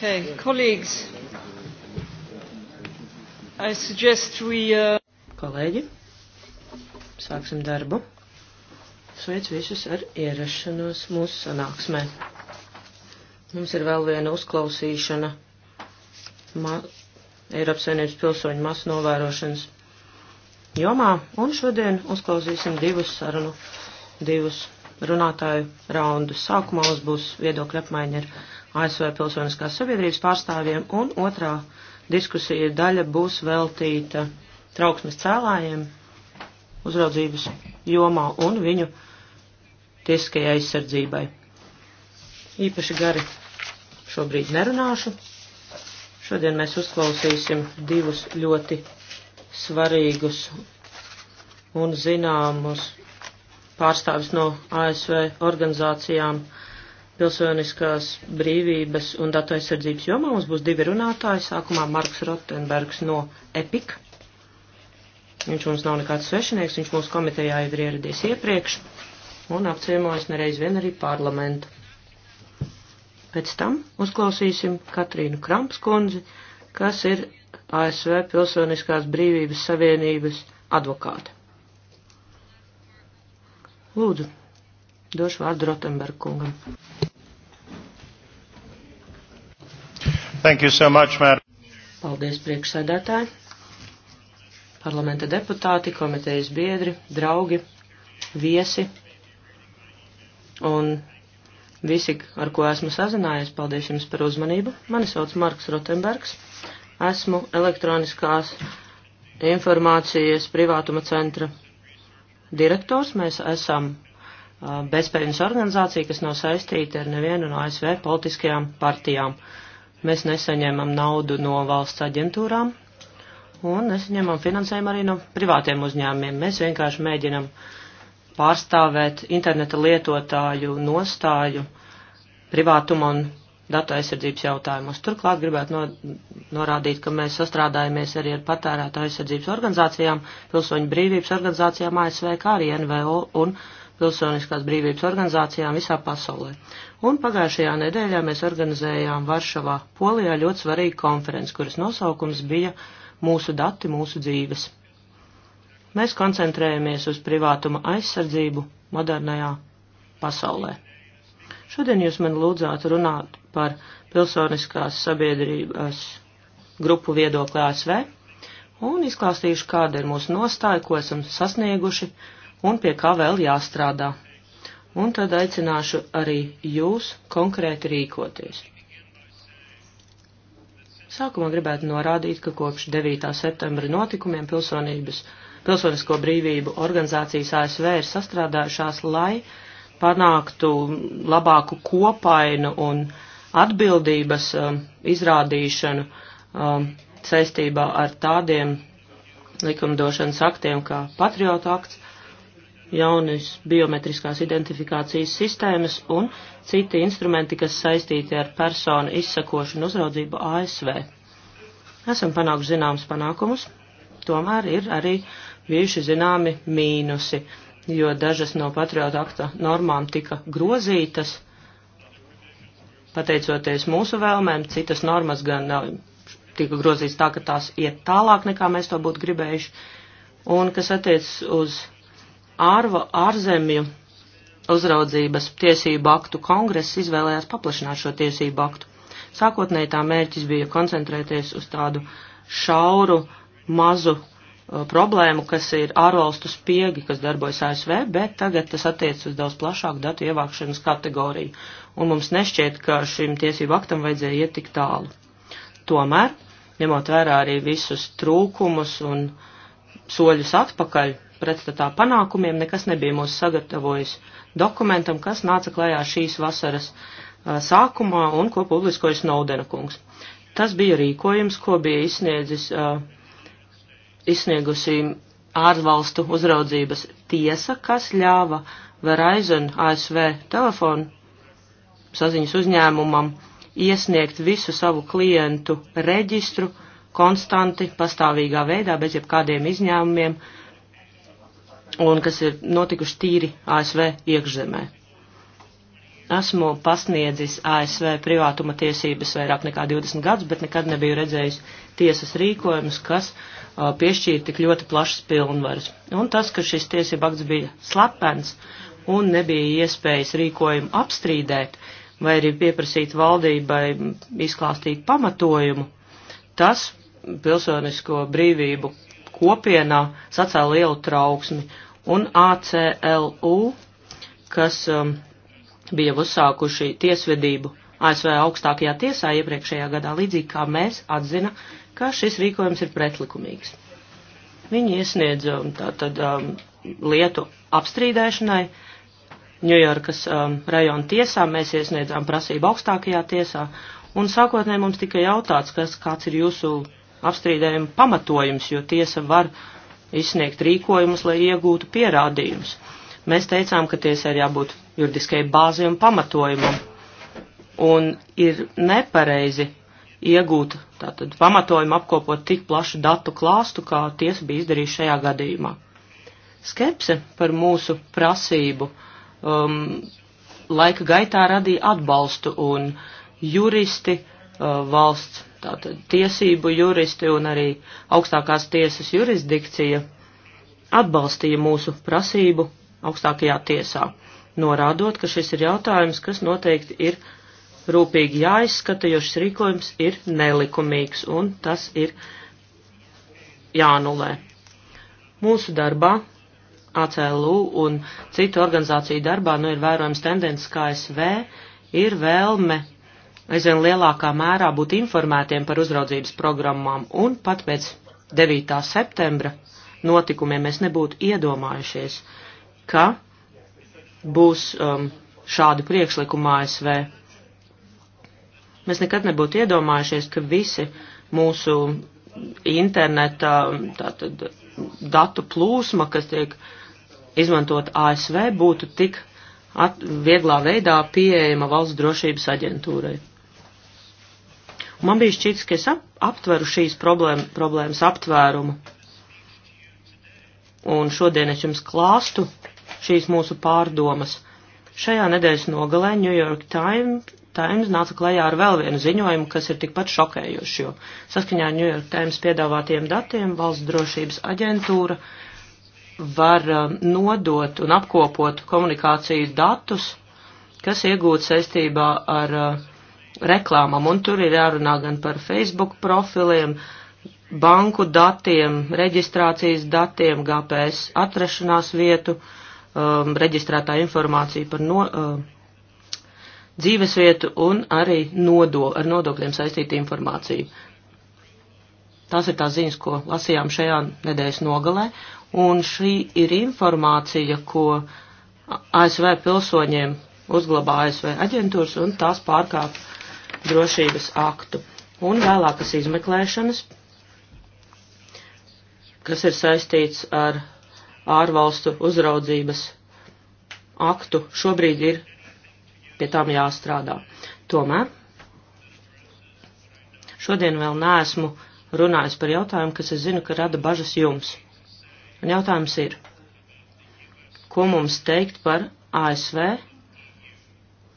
Okay, colleagues, I suggest we. Uh... Kolēģi, sāksim darbu. Sveic visus ar ierašanos mūsu sanāksmē. Mums ir vēl viena uzklausīšana ma Eiropas Savienības pilsoņu masu novērošanas jomā, un šodien uzklausīsim divus sarunu, divus runātāju raundus. Sākumā mums būs viedokļa apmaiņa ar ASV pilsoniskās sabiedrības pārstāvjiem, un otrā diskusija daļa būs veltīta trauksmes cēlājiem uzraudzības jomā un viņu tiesiskajai aizsardzībai. Īpaši gari šobrīd nerunāšu. Šodien mēs uzklausīsim divus ļoti svarīgus un zināmus pārstāvis no ASV organizācijām pilsoniskās brīvības un datu aizsardzības jomā. Mums būs divi runātāji. Sākumā Marks Rotenbergs no EPIK. Viņš mums nav nekāds svešinieks, viņš mūsu komitejā ir ieradies iepriekš un apciemojis nereiz vien arī parlamentu. Pēc tam uzklausīsim Katrīnu Krampskundzi, kas ir ASV Pilsoniskās brīvības savienības advokāte. Lūdzu, došu vārdu Rotenberg kungam. Thank you so much, Madam. Paldies, priekšsēdētāji, parlamenta deputāti, komitejas biedri, draugi, viesi un visi, ar ko esmu sazinājies. Paldies jums par uzmanību. Mani sauc Marks Rotenbergs. Esmu elektroniskās informācijas privātuma centra direktors. Mēs esam bezpējas organizācija, kas nav saistīta ar nevienu no ASV politiskajām partijām. Uh, Mēs nesaņēmam naudu no valsts aģentūrām un nesaņēmam finansējumu arī no privātiem uzņēmumiem. Mēs vienkārši mēģinam pārstāvēt interneta lietotāju nostāju privātuma un datu aizsardzības jautājumos. Turklāt gribētu no, norādīt, ka mēs sastrādājamies arī ar patērētāju aizsardzības organizācijām, pilsoņu brīvības organizācijām ASV, kā arī NVO un pilsoniskās brīvības organizācijām visā pasaulē. Un pagājušajā nedēļā mēs organizējām Varšavā, Polijā ļoti svarīgu konferenci, kuras nosaukums bija Mūsu dati, mūsu dzīves. Mēs koncentrējamies uz privātuma aizsardzību modernajā pasaulē. Šodien jūs man lūdzāt runāt par pilsoniskās sabiedrības grupu viedokli ASV un izklāstīšu, kāda ir mūsu nostāja, ko esam sasnieguši un pie kā vēl jāstrādā. Un tad aicināšu arī jūs konkrēti rīkoties. Sākumā gribētu norādīt, ka kopš 9. septembra notikumiem pilsonības, pilsonisko brīvību organizācijas ASV ir sastrādājušās, lai panāktu labāku kopainu un atbildības um, izrādīšanu um, saistībā ar tādiem likumdošanas aktiem kā Patriotu akts, jaunas biometriskās identifikācijas sistēmas un citi instrumenti, kas saistīti ar personu izsakošanu uzraudzību ASV. Esam panākuši zināmas panākumus, tomēr ir arī bijuši zināmi mīnusi, jo dažas no patriota akta normām tika grozītas, pateicoties mūsu vēlmēm, citas normas gan tika grozīts tā, ka tās iet tālāk, nekā mēs to būtu gribējuši. Un kas attiec uz ārva, ārzemju uzraudzības tiesību aktu kongress izvēlējās paplašināt šo tiesību aktu. Sākotnēji tā mērķis bija koncentrēties uz tādu šauru, mazu uh, problēmu, kas ir ārvalstu spiegi, kas darbojas ASV, bet tagad tas attiec uz daudz plašāku datu ievākšanas kategoriju, un mums nešķiet, ka šim tiesību aktam vajadzēja iet tik tālu. Tomēr, ņemot vērā arī visus trūkumus un soļus atpakaļ, pretstatā panākumiem nekas nebija mūs sagatavojis dokumentam, kas nāca klajā šīs vasaras uh, sākumā un ko publiskoja Snowdena kungs. Tas bija rīkojums, ko bija izsniedzis, uh, izsniegusi ārvalstu uzraudzības tiesa, kas ļāva Verizon ASV telefonu saziņas uzņēmumam iesniegt visu savu klientu reģistru konstanti, pastāvīgā veidā, bez jebkādiem izņēmumiem, uh, un kas ir notikuši tīri ASV iekšzemē. Esmu pasniedzis ASV privātuma tiesības vairāk nekā 20 gadus, bet nekad nebiju redzējis tiesas rīkojumus, kas uh, piešķīra tik ļoti plašas pilnvaras. Un tas, ka šis tiesība akts bija slepens un nebija iespējas rīkojumu apstrīdēt vai arī pieprasīt valdībai izklāstīt pamatojumu, tas pilsonisko brīvību kopienā sacēla lielu trauksmi, un ACLU, kas um, bija uzsākuši tiesvedību ASV augstākajā tiesā iepriekšējā gadā, līdzīgi kā mēs atzina, ka šis rīkojums ir pretlikumīgs. Viņi iesniedz um, tātad um, lietu apstrīdēšanai Ņujorkas um, rajona tiesā, mēs iesniedzām prasību augstākajā tiesā, un sākotnē mums tika jautāts, kas, kāds ir jūsu apstrīdējumi pamatojums, jo tiesa var izsniegt rīkojumus, lai iegūtu pierādījumus. Mēs teicām, ka tiesa ir jābūt juridiskai bāzei un pamatojumam, un ir nepareizi iegūt tātad pamatojumu apkopot tik plašu datu klāstu, kā tiesa bija izdarījusi šajā gadījumā. Skepse par mūsu prasību um, laika gaitā radīja atbalstu, un juristi Uh, valsts tātad, tiesību juristi un arī augstākās tiesas jurisdikcija atbalstīja mūsu prasību augstākajā tiesā, norādot, ka šis ir jautājums, kas noteikti ir rūpīgi jāizskata, jo šis rīkojums ir nelikumīgs un tas ir jānulē. Mūsu darbā, ACLU un citu organizāciju darbā, nu ir vērojams tendence, kā SV ir vēlme aizvien lielākā mērā būt informētiem par uzraudzības programmām, un pat pēc 9. septembra notikumiem mēs nebūtu iedomājušies, ka būs um, šādi priekšlikumi ASV. Mēs nekad nebūtu iedomājušies, ka visi mūsu interneta tātad, datu plūsma, kas tiek izmantot ASV, būtu tik at, vieglā veidā pieejama valsts drošības aģentūrai. Man bija šķits, ka es ap, aptveru šīs problēma, problēmas aptvērumu. Un šodien es jums klāstu šīs mūsu pārdomas. Šajā nedēļas nogalē New York Times, Times nāca klajā ar vēl vienu ziņojumu, kas ir tikpat šokējoši, jo saskaņā ar New York Times piedāvātiem datiem valsts drošības aģentūra var um, nodot un apkopot komunikācijas datus, kas iegūti saistībā ar uh, reklāmam, un tur ir jārunā gan par Facebook profiliem, banku datiem, reģistrācijas datiem, GPS atrašanās vietu, um, reģistrētā informācija par no, uh, dzīvesvietu un arī nodo, ar nodokļiem saistīta informācija. Tās ir tās ziņas, ko lasījām šajā nedēļas nogalē, un šī ir informācija, ko ASV pilsoņiem uzglabā ASV aģentūras, un tās pārkāpj drošības aktu un vēlākas izmeklēšanas, kas ir saistīts ar ārvalstu uzraudzības aktu, šobrīd ir pie tām jāstrādā. Tomēr šodien vēl neesmu runājis par jautājumu, kas es zinu, ka rada bažas jums. Un jautājums ir, ko mums teikt par ASV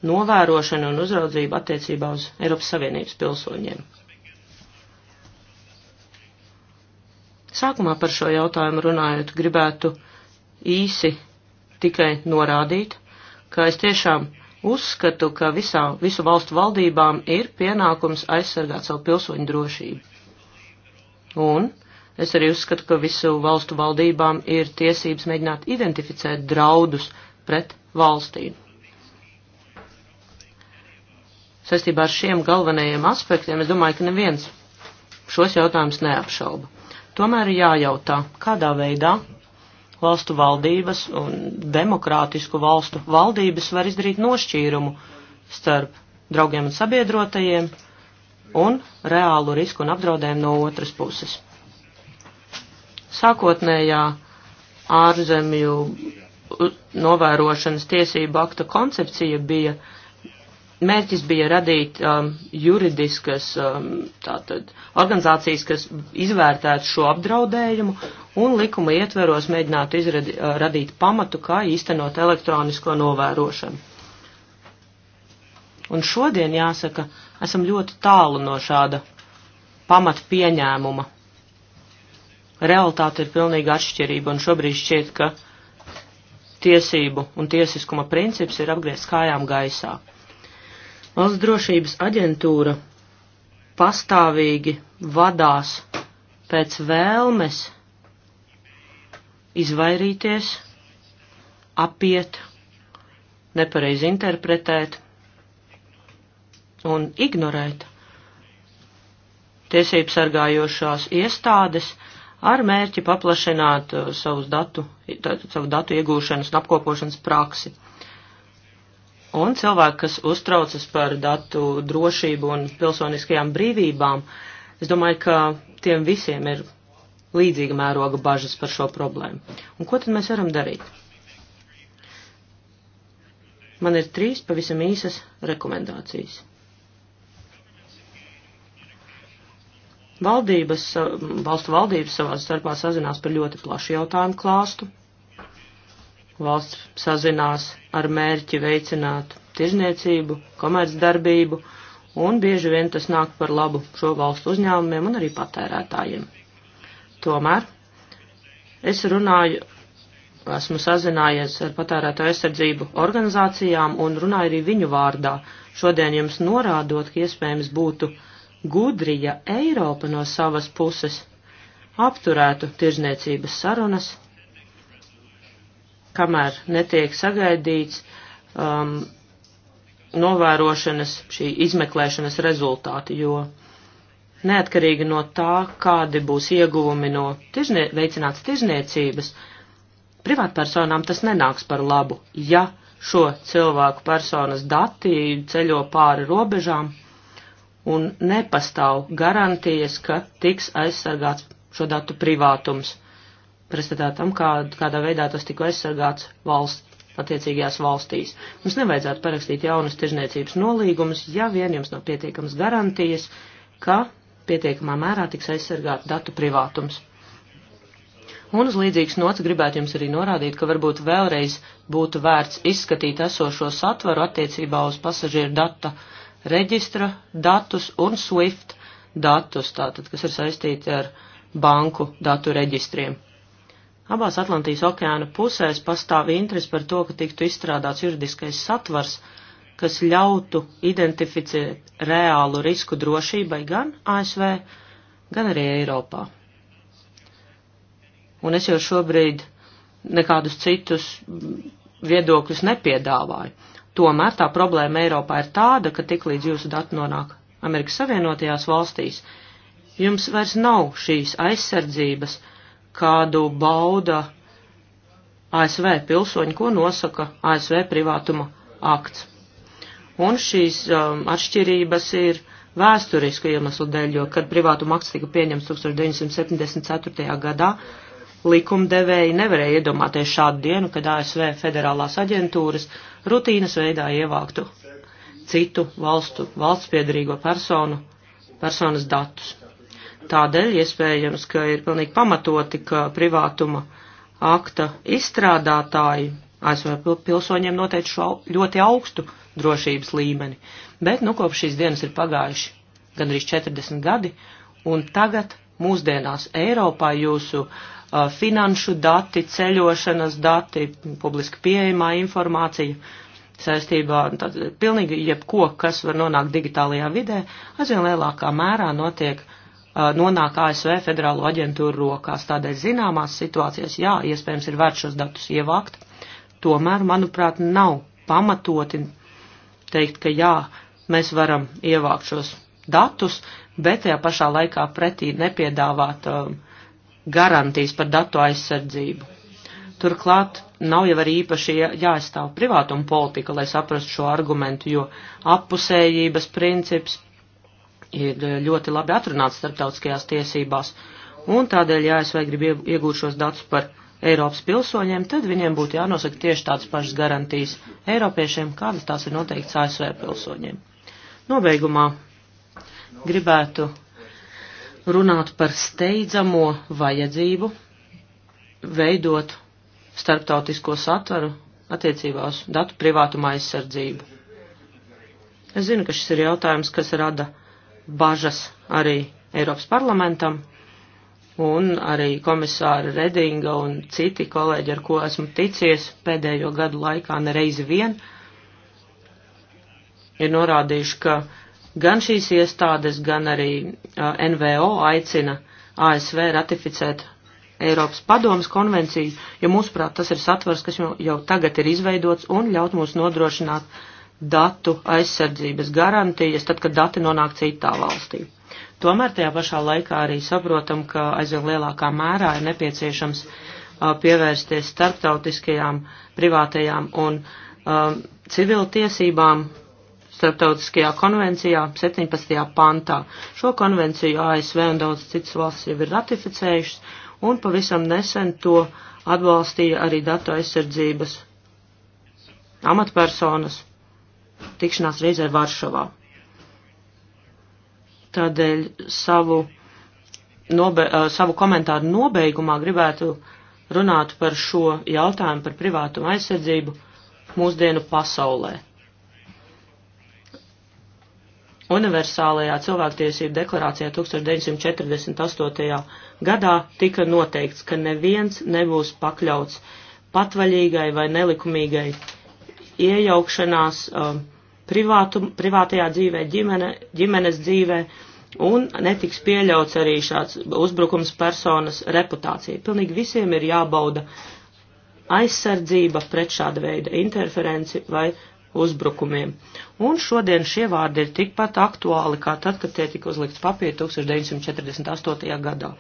novērošanu un uzraudzību attiecībā uz Eiropas Savienības pilsoņiem. Sākumā par šo jautājumu runājot, gribētu īsi tikai norādīt, ka es tiešām uzskatu, ka visā, visu valstu valdībām ir pienākums aizsargāt savu pilsoņu drošību. Un es arī uzskatu, ka visu valstu valdībām ir tiesības mēģināt identificēt draudus pret valstīm. Sastībā ar šiem galvenajiem aspektiem es domāju, ka neviens šos jautājumus neapšauba. Tomēr ir jājautā, kādā veidā valstu valdības un demokrātisku valstu valdības var izdarīt nošķīrumu starp draugiem un sabiedrotajiem un reālu risku un apdraudējumu no otras puses. Sākotnējā ārzemju novērošanas tiesību akta koncepcija bija uh, mērķis bija radīt um, juridiskas um, tātad, organizācijas, kas izvērtētu šo apdraudējumu un likuma ietveros mēģinātu izradi, uh, radīt pamatu, kā īstenot elektronisko novērošanu. Un šodien, jāsaka, esam ļoti tālu no šāda pamata pieņēmuma. Realtāte ir pilnīgi atšķirība, un šobrīd šķiet, ka tiesību un tiesiskuma princips ir apgriezt kājām gaisā. Valsts drošības aģentūra pastāvīgi vadās pēc vēlmes izvairīties, apiet, nepareizi interpretēt un ignorēt tiesību sargājošās iestādes ar mērķi paplašināt uh, savus datu, savu datu iegūšanas un apkopošanas praksi. Un cilvēki, kas uztraucas par datu drošību un pilsoniskajām brīvībām, es domāju, ka tiem visiem ir līdzīga mēroga bažas par šo problēmu. Un ko tad mēs varam darīt? Man ir trīs pavisam īsas rekomendācijas. Valdības, valstu valdības savā starpā sazinās par ļoti plašu jautājumu klāstu Valsts sazinās ar mērķi veicināt tirzniecību, komercdarbību, un bieži vien tas nāk par labu šo valstu uzņēmumiem un arī patērētājiem. Tomēr es runāju, esmu sazinājies ar patērētāju aizsardzību organizācijām un runāju arī viņu vārdā, šodien jums norādot, ka iespējams būtu gudri, ja Eiropa no savas puses apturētu tirzniecības sarunas kamēr netiek sagaidīts um, novērošanas, šī izmeklēšanas rezultāti, jo neatkarīgi no tā, kādi būs ieguvumi no tirznie, veicināts tirzniecības, privātpersonām tas nenāks par labu, ja šo cilvēku personas dati ceļo pāri robežām un nepastāv garantijas, ka tiks aizsargāts šo datu privātums pretstatā tam, kā, kādā veidā tas tika aizsargāts valsts, attiecīgajās valstīs. Mums nevajadzētu parakstīt jaunas tirzniecības nolīgumus, ja vien jums nav pietiekams garantijas, ka pietiekamā mērā tiks aizsargāt datu privātums. Un uz līdzīgas nots gribētu jums arī norādīt, ka varbūt vēlreiz būtu vērts izskatīt esošo satvaru attiecībā uz pasažieru data reģistra datus un SWIFT datus, tātad, kas ir saistīti ar banku datu reģistriem. Abās Atlantijas okeāna pusēs pastāv interesi par to, ka tiktu izstrādāts juridiskais satvars, kas ļautu identificēt reālu risku drošībai gan ASV, gan arī Eiropā. Un es jau šobrīd nekādus citus viedokļus nepiedāvāju. Tomēr tā problēma Eiropā ir tāda, ka tiklīdz jūsu dati nonāk Amerikas Savienotajās valstīs, jums vairs nav šīs aizsardzības, kādu bauda ASV pilsoņi, ko nosaka ASV privātuma akts. Un šīs um, atšķirības ir vēsturisku iemeslu dēļ, jo, kad privātuma akts tika pieņemts 1974. gadā, likumdevēji nevarēja iedomāties šādu dienu, kad ASV federālās aģentūras rutīnas veidā ievāktu citu valstu, valsts piedarīgo personu, personas datus. Tādēļ iespējams, ka ir pilnīgi pamatoti, ka privātuma akta izstrādātāji ASV pilsoņiem noteikti šo ļoti augstu drošības līmeni. Bet, nu, kopš šīs dienas ir pagājuši gandrīz 40 gadi, un tagad mūsdienās Eiropā jūsu uh, finanšu dati, ceļošanas dati, publiski pieejamā informācija saistībā nu, ar pilnīgi jebko, kas var nonākt digitālajā vidē, aizvien lielākā mērā notiek uh, Uh, nonāk ASV federālo aģentūru rokās. Tādēļ zināmās situācijās, jā, iespējams ir vērts šos datus ievākt, tomēr, manuprāt, nav pamatoti teikt, ka jā, mēs varam ievākt šos datus, bet tajā pašā laikā pretī nepiedāvāt um, garantijas par datu aizsardzību. Turklāt nav jau arī īpaši jāaizstāv privātuma politika, lai saprastu šo argumentu, jo appusējības princips, ir eh, ļoti labi atrunāts starptautiskajās tiesībās, un tādēļ, ja ASV grib iegūt šos datus par Eiropas pilsoņiem, tad viņiem būtu jānosaka tieši tādas pašas garantijas Eiropiešiem, kādas tās ir noteikts ASV pilsoņiem. Nobeigumā gribētu runāt par steidzamo vajadzību veidot starptautisko satvaru attiecībā uz datu privātuma aizsardzību. Es zinu, ka šis ir jautājums, kas rada bažas arī Eiropas parlamentam un arī komisāra Redinga un citi kolēģi, ar ko esmu ticies pēdējo gadu laikā nereizi vien, ir norādījuši, ka gan šīs iestādes, gan arī uh, NVO aicina ASV ratificēt Eiropas padomas konvenciju, jo mūsuprāt tas ir satvers, kas jau, jau tagad ir izveidots un ļaut mums nodrošināt datu aizsardzības garantijas, tad, kad dati nonāk citā valstī. Tomēr tajā pašā laikā arī saprotam, ka aizvien lielākā mērā ir nepieciešams uh, pievērsties starptautiskajām, privātajām un um, civiltiesībām starptautiskajā konvencijā 17. pantā. Šo konvenciju ASV un daudz citas valsts jau ir ratificējušas, un pavisam nesen to atbalstīja arī datu aizsardzības amatpersonas tikšanās reizē Varšavā. Tādēļ savu, nobe, savu komentāru nobeigumā gribētu runāt par šo jautājumu par privātumu aizsardzību mūsdienu pasaulē. Universālajā cilvēktiesību deklarācijā 1948. gadā tika noteikts, ka neviens nebūs pakļauts patvaļīgai vai nelikumīgai iejaukšanās um, privātu, privātajā dzīvē, ģimene, ģimenes dzīvē, un netiks pieļauts arī šāds uzbrukums personas reputācijai. Pilnīgi visiem ir jābauda aizsardzība pret šāda veida interferenci vai uzbrukumiem. Un šodien šie vārdi ir tikpat aktuāli kā tad, kad tie tika uzlikts papīri 1948. gadā.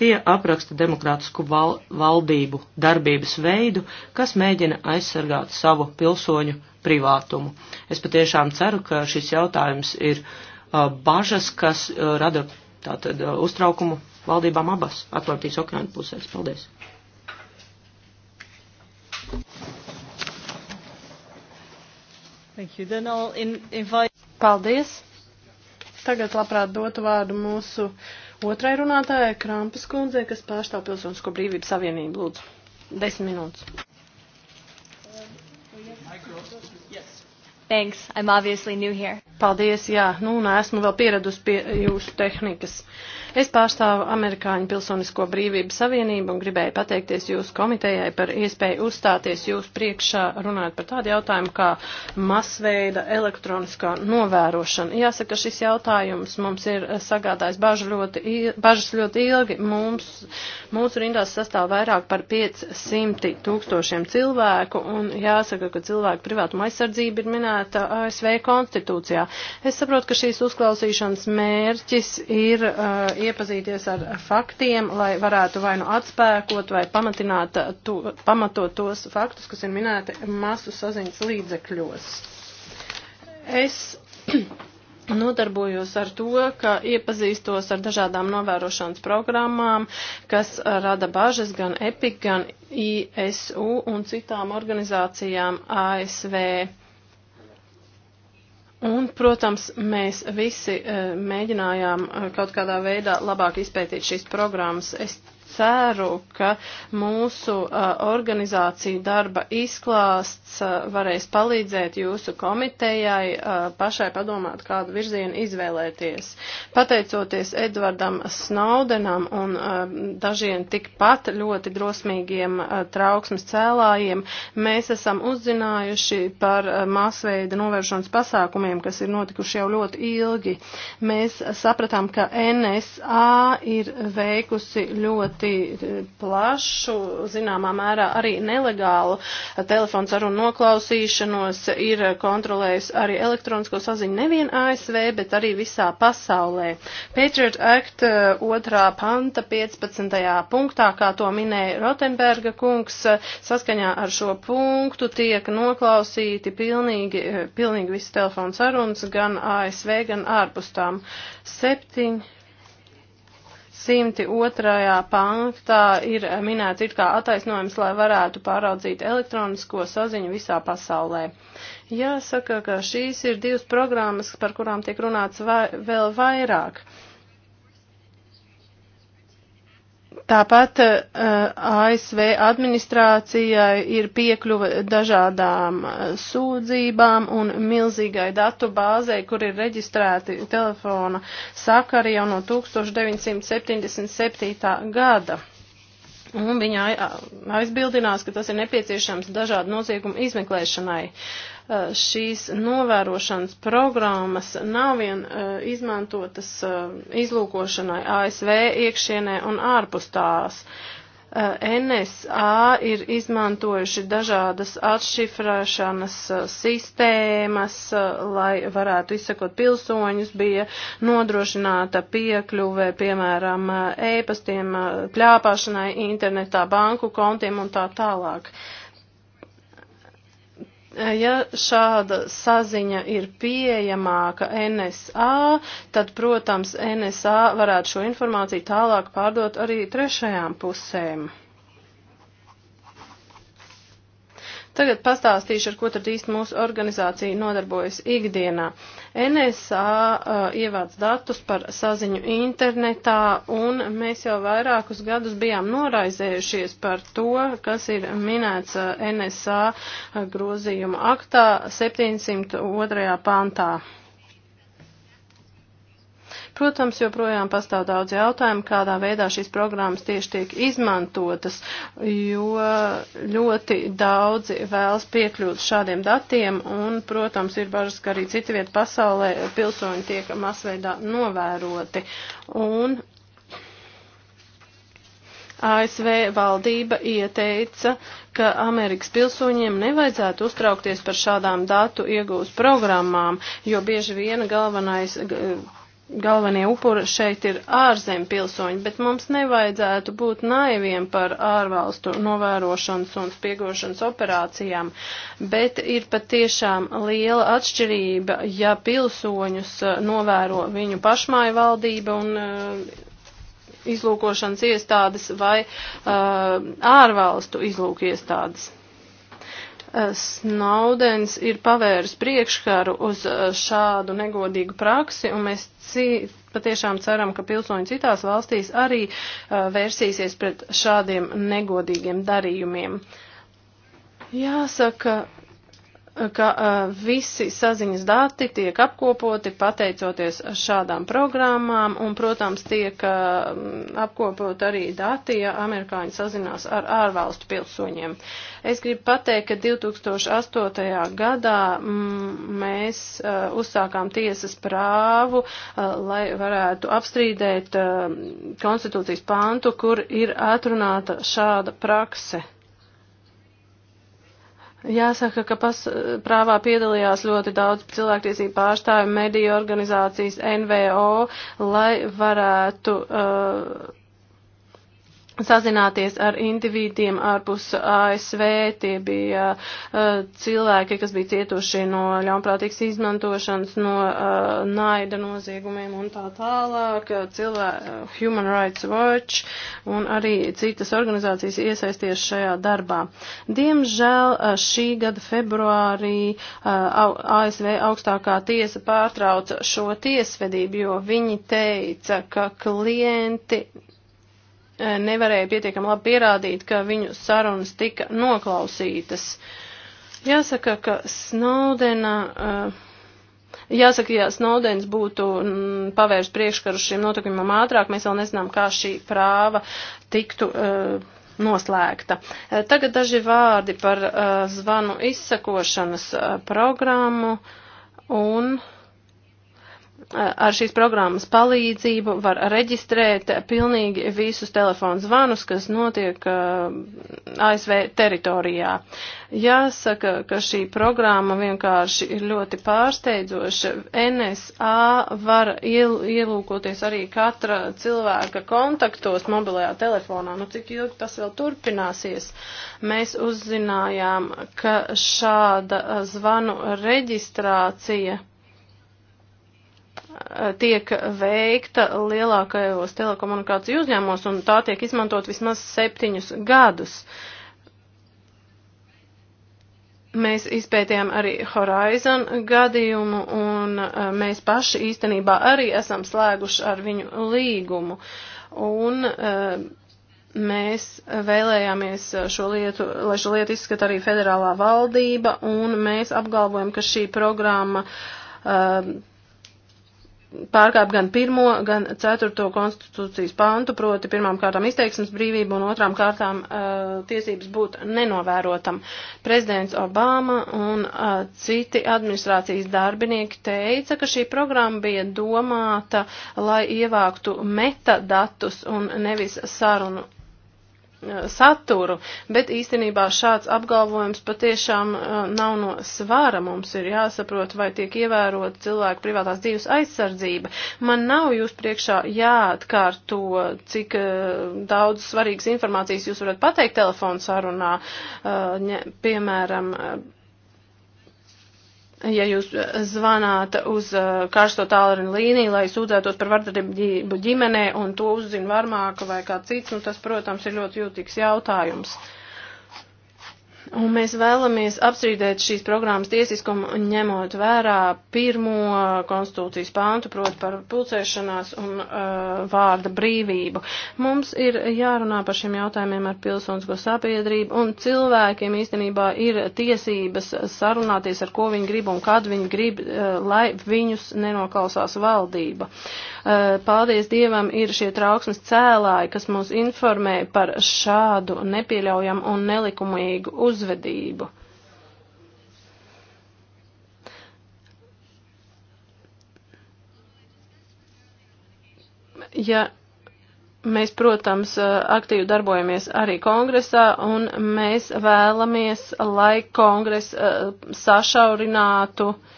Tie apraksta demokrātisku val valdību darbības veidu, kas mēģina aizsargāt savu pilsoņu privātumu. Es patiešām ceru, ka šis jautājums ir uh, bažas, kas uh, rada tātad uh, uztraukumu valdībām abas Atlantijas okeāna pusēs. Paldies! Thank you. Then I'll in invite... Paldies! Tagad labprāt dotu vārdu mūsu otrai runātājai, Krampas kundzei, kas pārstāv Pilsonisko brīvību savienību. Lūdzu, desmit minūtes. Thanks, I'm obviously new here. Paldies, jā, nu un esmu vēl pieredus pie jūsu tehnikas. Es pārstāvu Amerikāņu Pilsonisko brīvību savienību un gribēju pateikties jūsu komitejai par iespēju uzstāties jūsu priekšā runāt par tādu jautājumu kā masveida elektroniskā novērošana. Jāsaka, šis jautājums mums ir sagādājis bažas ļoti, bažas ļoti ilgi. Mums, mūsu rindās sastāv vairāk par 500 tūkstošiem cilvēku un jāsaka, ka cilvēku privātuma aizsardzība ir minēta minēta ASV konstitūcijā. Es saprotu, ka šīs uzklausīšanas mērķis ir uh, iepazīties ar faktiem, lai varētu vai nu atspēkot vai pamatināt, uh, to, pamatot tos faktus, kas ir minēti masu saziņas līdzekļos. Es nodarbojos ar to, ka iepazīstos ar dažādām novērošanas programmām, kas rada bažas gan EPIC, gan ISU un citām organizācijām ASV. Un, protams, mēs visi eh, mēģinājām eh, kaut kādā veidā labāk izpētīt šīs programmas. Es ceru, ka mūsu eh, organizācija darba izklāsts teksts uh, varēs palīdzēt jūsu komitejai uh, pašai padomāt, kādu virzienu izvēlēties. Pateicoties Edvardam Snowdenam un uh, dažiem tikpat ļoti drosmīgiem trauksmes cēlājiem, mēs esam uzzinājuši par masveida novēršanas pasākumiem, kas ir notikuši jau ļoti ilgi. Mēs sapratām, ka NSA ir veikusi ļoti plašu, zināmā mērā arī nelegālu telefonu sarunu noklausīšanos ir kontrolējis arī elektronisko saziņu nevien ASV, bet arī visā pasaulē. Patriot Act eh, otrā panta 15. punktā, kā to minēja Rotenberga kungs, saskaņā ar šo punktu tiek noklausīti pilnīgi, eh, pilnīgi visi telefons sarunas gan ASV, gan ārpus tām. 7 102. pantā ir minēts it kā attaisnojums, lai varētu pāraudzīt elektronisko saziņu visā pasaulē. Jāsaka, ka šīs ir divas programmas, par kurām tiek runāts vai, vēl vairāk. Uh, Tāpat uh, eh, ASV administrācijai ir piekļuva dažādām uh, sūdzībām un milzīgai datu bāzei, kur ir reģistrēti telefona sakari jau no 1977. gada. Un viņa aizbildinās, ka tas ir nepieciešams dažādu noziegumu izmeklēšanai. Uh, Uh, šīs novērošanas programmas nav vien uh, izmantotas uh, izlūkošanai ASV iekšienē un ārpus tās. NSA ir izmantojuši dažādas atšifrēšanas sistēmas, lai varētu izsakot pilsoņus, bija nodrošināta piekļuve, piemēram, ēpastiem, kļāpāšanai internetā, banku kontiem un tā tālāk. Ja šāda saziņa ir pieejamāka NSA, tad, protams, NSA varētu šo informāciju tālāk pārdot arī trešajām pusēm. Tagad pastāstīšu, ar ko tad īsti mūsu organizācija nodarbojas ikdienā. NSA uh, ievāc datus par saziņu internetā, un mēs jau vairākus gadus bijām noraizējušies par to, kas ir minēts uh, NSA uh, grozījuma aktā 702. pantā. Protams, joprojām pastāv daudz jautājumu, kādā veidā šīs programmas tieši tiek izmantotas, jo ļoti daudzi vēlas piekļūt šādiem datiem, un, protams, ir bažas, ka arī citviet pasaulē pilsoņi tiek masveidā novēroti. Un ASV valdība ieteica, ka Amerikas pilsoņiem nevajadzētu uztraukties par šādām datu iegūst programmām, jo bieži viena galvenais galvenie upuri šeit ir ārzem pilsoņi, bet mums nevajadzētu būt naiviem par ārvalstu novērošanas un spiegošanas operācijām, bet ir patiešām liela atšķirība, ja pilsoņus eh, novēro viņu pašmāju valdība un eh, izlūkošanas iestādes vai uh, ārvalstu izlūku iestādes. Snaudens ir pavērs priekškaru uz eh, šādu negodīgu praksi, un mēs patiešām ceram, ka pilsoņi citās valstīs arī eh, vērsīsies pret šādiem negodīgiem darījumiem. Jāsaka, ka uh, visi saziņas dati tiek apkopoti pateicoties šādām programmām, un, protams, tiek uh, apkopot arī dati, ja amerikāņi sazinās ar ārvalstu pilsoņiem. Es gribu pateikt, ka 2008. gadā mm, mēs uh, uzsākām tiesas prāvu, uh, lai varētu apstrīdēt uh, konstitūcijas pantu, kur ir atrunāta šāda prakse. Jāsaka, ka prāvā piedalījās ļoti daudz cilvēktiesību pārstāvju, mediju organizācijas, NVO, lai varētu uh, sazināties ar individiem ārpus ASV, tie bija uh, cilvēki, kas bija cietuši no ļaunprātīgas izmantošanas, no uh, naida noziegumiem un tā tālāk, uh, cilvē, uh, Human Rights Watch un arī citas organizācijas iesaisties šajā darbā. Diemžēl uh, šī gada februārī uh, ASV augstākā tiesa pārtrauca šo tiesvedību, jo viņi teica, ka klienti nevarēja pietiekami labi pierādīt, ka viņu sarunas tika noklausītas. Jāsaka, ka Snowdena. Uh, Jāsaka, ja Snowdens būtu mm, pavērs priekškaru šiem notikumam ātrāk, mēs vēl nezinām, kā šī prāva tiktu uh, noslēgta. Eh, tagad daži vārdi par uh, zvanu izsakošanas uh, programmu un. Uh, ar šīs programmas palīdzību var reģistrēt pilnīgi visus telefonu zvanus, kas notiek uh, ASV teritorijā. Jāsaka, ka šī programma vienkārši ir ļoti pārsteidzoša. NSA var iel ielūkoties arī katra cilvēka kontaktos mobilajā telefonā. Nu, cik ilgi tas vēl turpināsies? Mēs uzzinājām, ka šāda uh, zvanu reģistrācija tiek veikta lielākajos telekomunikāciju uzņēmumos, un tā tiek izmantot vismaz septiņus gadus. Mēs izpētījām arī Horizon gadījumu, un e, mēs paši īstenībā arī esam slēguši ar viņu līgumu. Un e, mēs vēlējāmies šo lietu, lai šo lietu izskata arī federālā valdība, un mēs apgalvojam, ka šī programma uh, pārkāp gan pirmo, gan ceturto konstitūcijas pantu, proti pirmām kārtām izteiksmes brīvību un otrām kārtām uh, tiesības būt nenovērotam. Prezidents Obama un uh, citi administrācijas darbinieki teica, ka šī programma bija domāta, lai ievāktu metadatus un nevis sarunu Eh, saturu, bet īstenībā šāds apgalvojums patiešām eh, nav no svāra. Mums ir jāsaprot, vai tiek ievērot cilvēku privātās dzīves aizsardzība. Man nav jūs priekšā jāatkārto, cik eh, daudz svarīgas informācijas jūs varat pateikt telefonu sarunā, piemēram, ja jūs eh, zvanāt uz eh, karsto tālruņa līniju, lai sūdzētos par vardarbību ģimenē un to uzzina varmāka vai kā cits, nu tas, protams, ir ļoti jūtīgs jautājums. Uh, Un mēs vēlamies apstrīdēt šīs programmas tiesiskumu, ņemot vērā pirmo konstitūcijas pāntu, proti par pulcēšanās un uh, vārda brīvību. Mums ir jārunā par šiem jautājumiem ar pilsonsko sabiedrību, un cilvēkiem īstenībā ir tiesības sarunāties, ar ko viņi grib un kad viņi grib, uh, lai viņus nenoklausās valdība. Uh, Eh, paldies Dievam ir šie trauksmes cēlāji, kas mūs informē par šādu nepieļaujamu un nelikumīgu uzvedību. Ja Mēs, protams, eh, aktīvi darbojamies arī kongresā, un mēs vēlamies, lai kongress eh, sašaurinātu uh,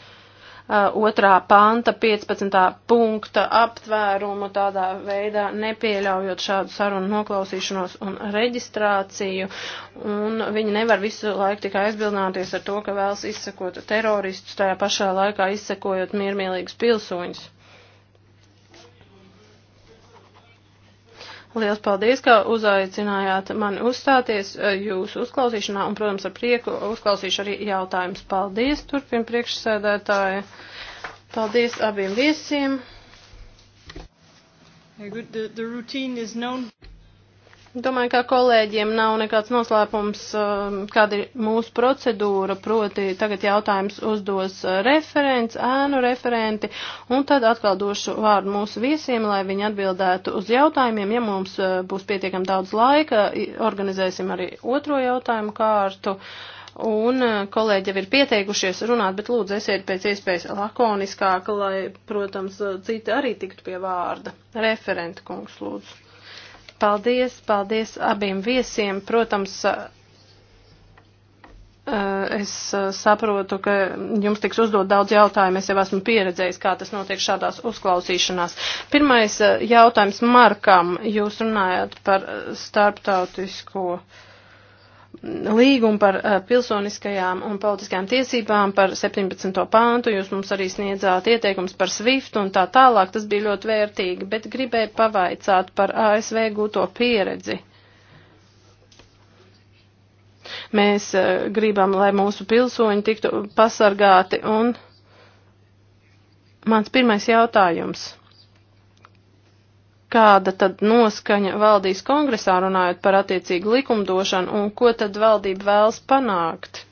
Uh, otrā panta 15. punkta aptvērumu tādā veidā nepieļaujot šādu sarunu noklausīšanos un reģistrāciju, un viņi nevar visu laiku tikai aizbildināties ar to, ka vēlas izsekot teroristus, tajā pašā laikā izsekojot miermīlīgus pilsoņus. Liels paldies, ka uzaicinājāt mani uzstāties eh, jūsu uzklausīšanā un, protams, ar prieku uzklausīšu arī jautājumus. Paldies, turpin priekšsēdētāji. Paldies abiem viesiem. Good, the, the routine is known. Domāju, ka kolēģiem nav nekāds noslēpums, um, kāda ir mūsu procedūra, proti tagad jautājums uzdos referents, ēnu referenti, un tad atkal došu vārdu mūsu viesiem, lai viņi atbildētu uz jautājumiem. Ja mums uh, būs pietiekam daudz laika, organizēsim arī otro jautājumu kārtu, un uh, kolēģi jau ir pieteikušies runāt, bet lūdzu esiet pēc iespējas lakoniskāk, lai, protams, citi arī tiktu pie vārda. Referenta kungs, lūdzu. Paldies, paldies abiem viesiem. Protams, es saprotu, ka jums tiks uzdot daudz jautājumu. Es jau esmu pieredzējis, kā tas notiek šādās uzklausīšanās. Pirmais jautājums Markam. Jūs runājāt par starptautisko. Uh, līgumu par eh, pilsoniskajām un politiskajām tiesībām, par 17. pāntu, jūs mums arī sniedzāt ieteikums par SWIFT un tā tālāk, tas bija ļoti vērtīgi, bet gribēju pavaicāt par ASV gūto pieredzi. Mēs eh, gribam, lai mūsu pilsoņi tiktu pasargāti un mans pirmais jautājums kāda tad noskaņa valdīs kongresā runājot par attiecīgu likumdošanu un ko tad valdība vēlas panākt.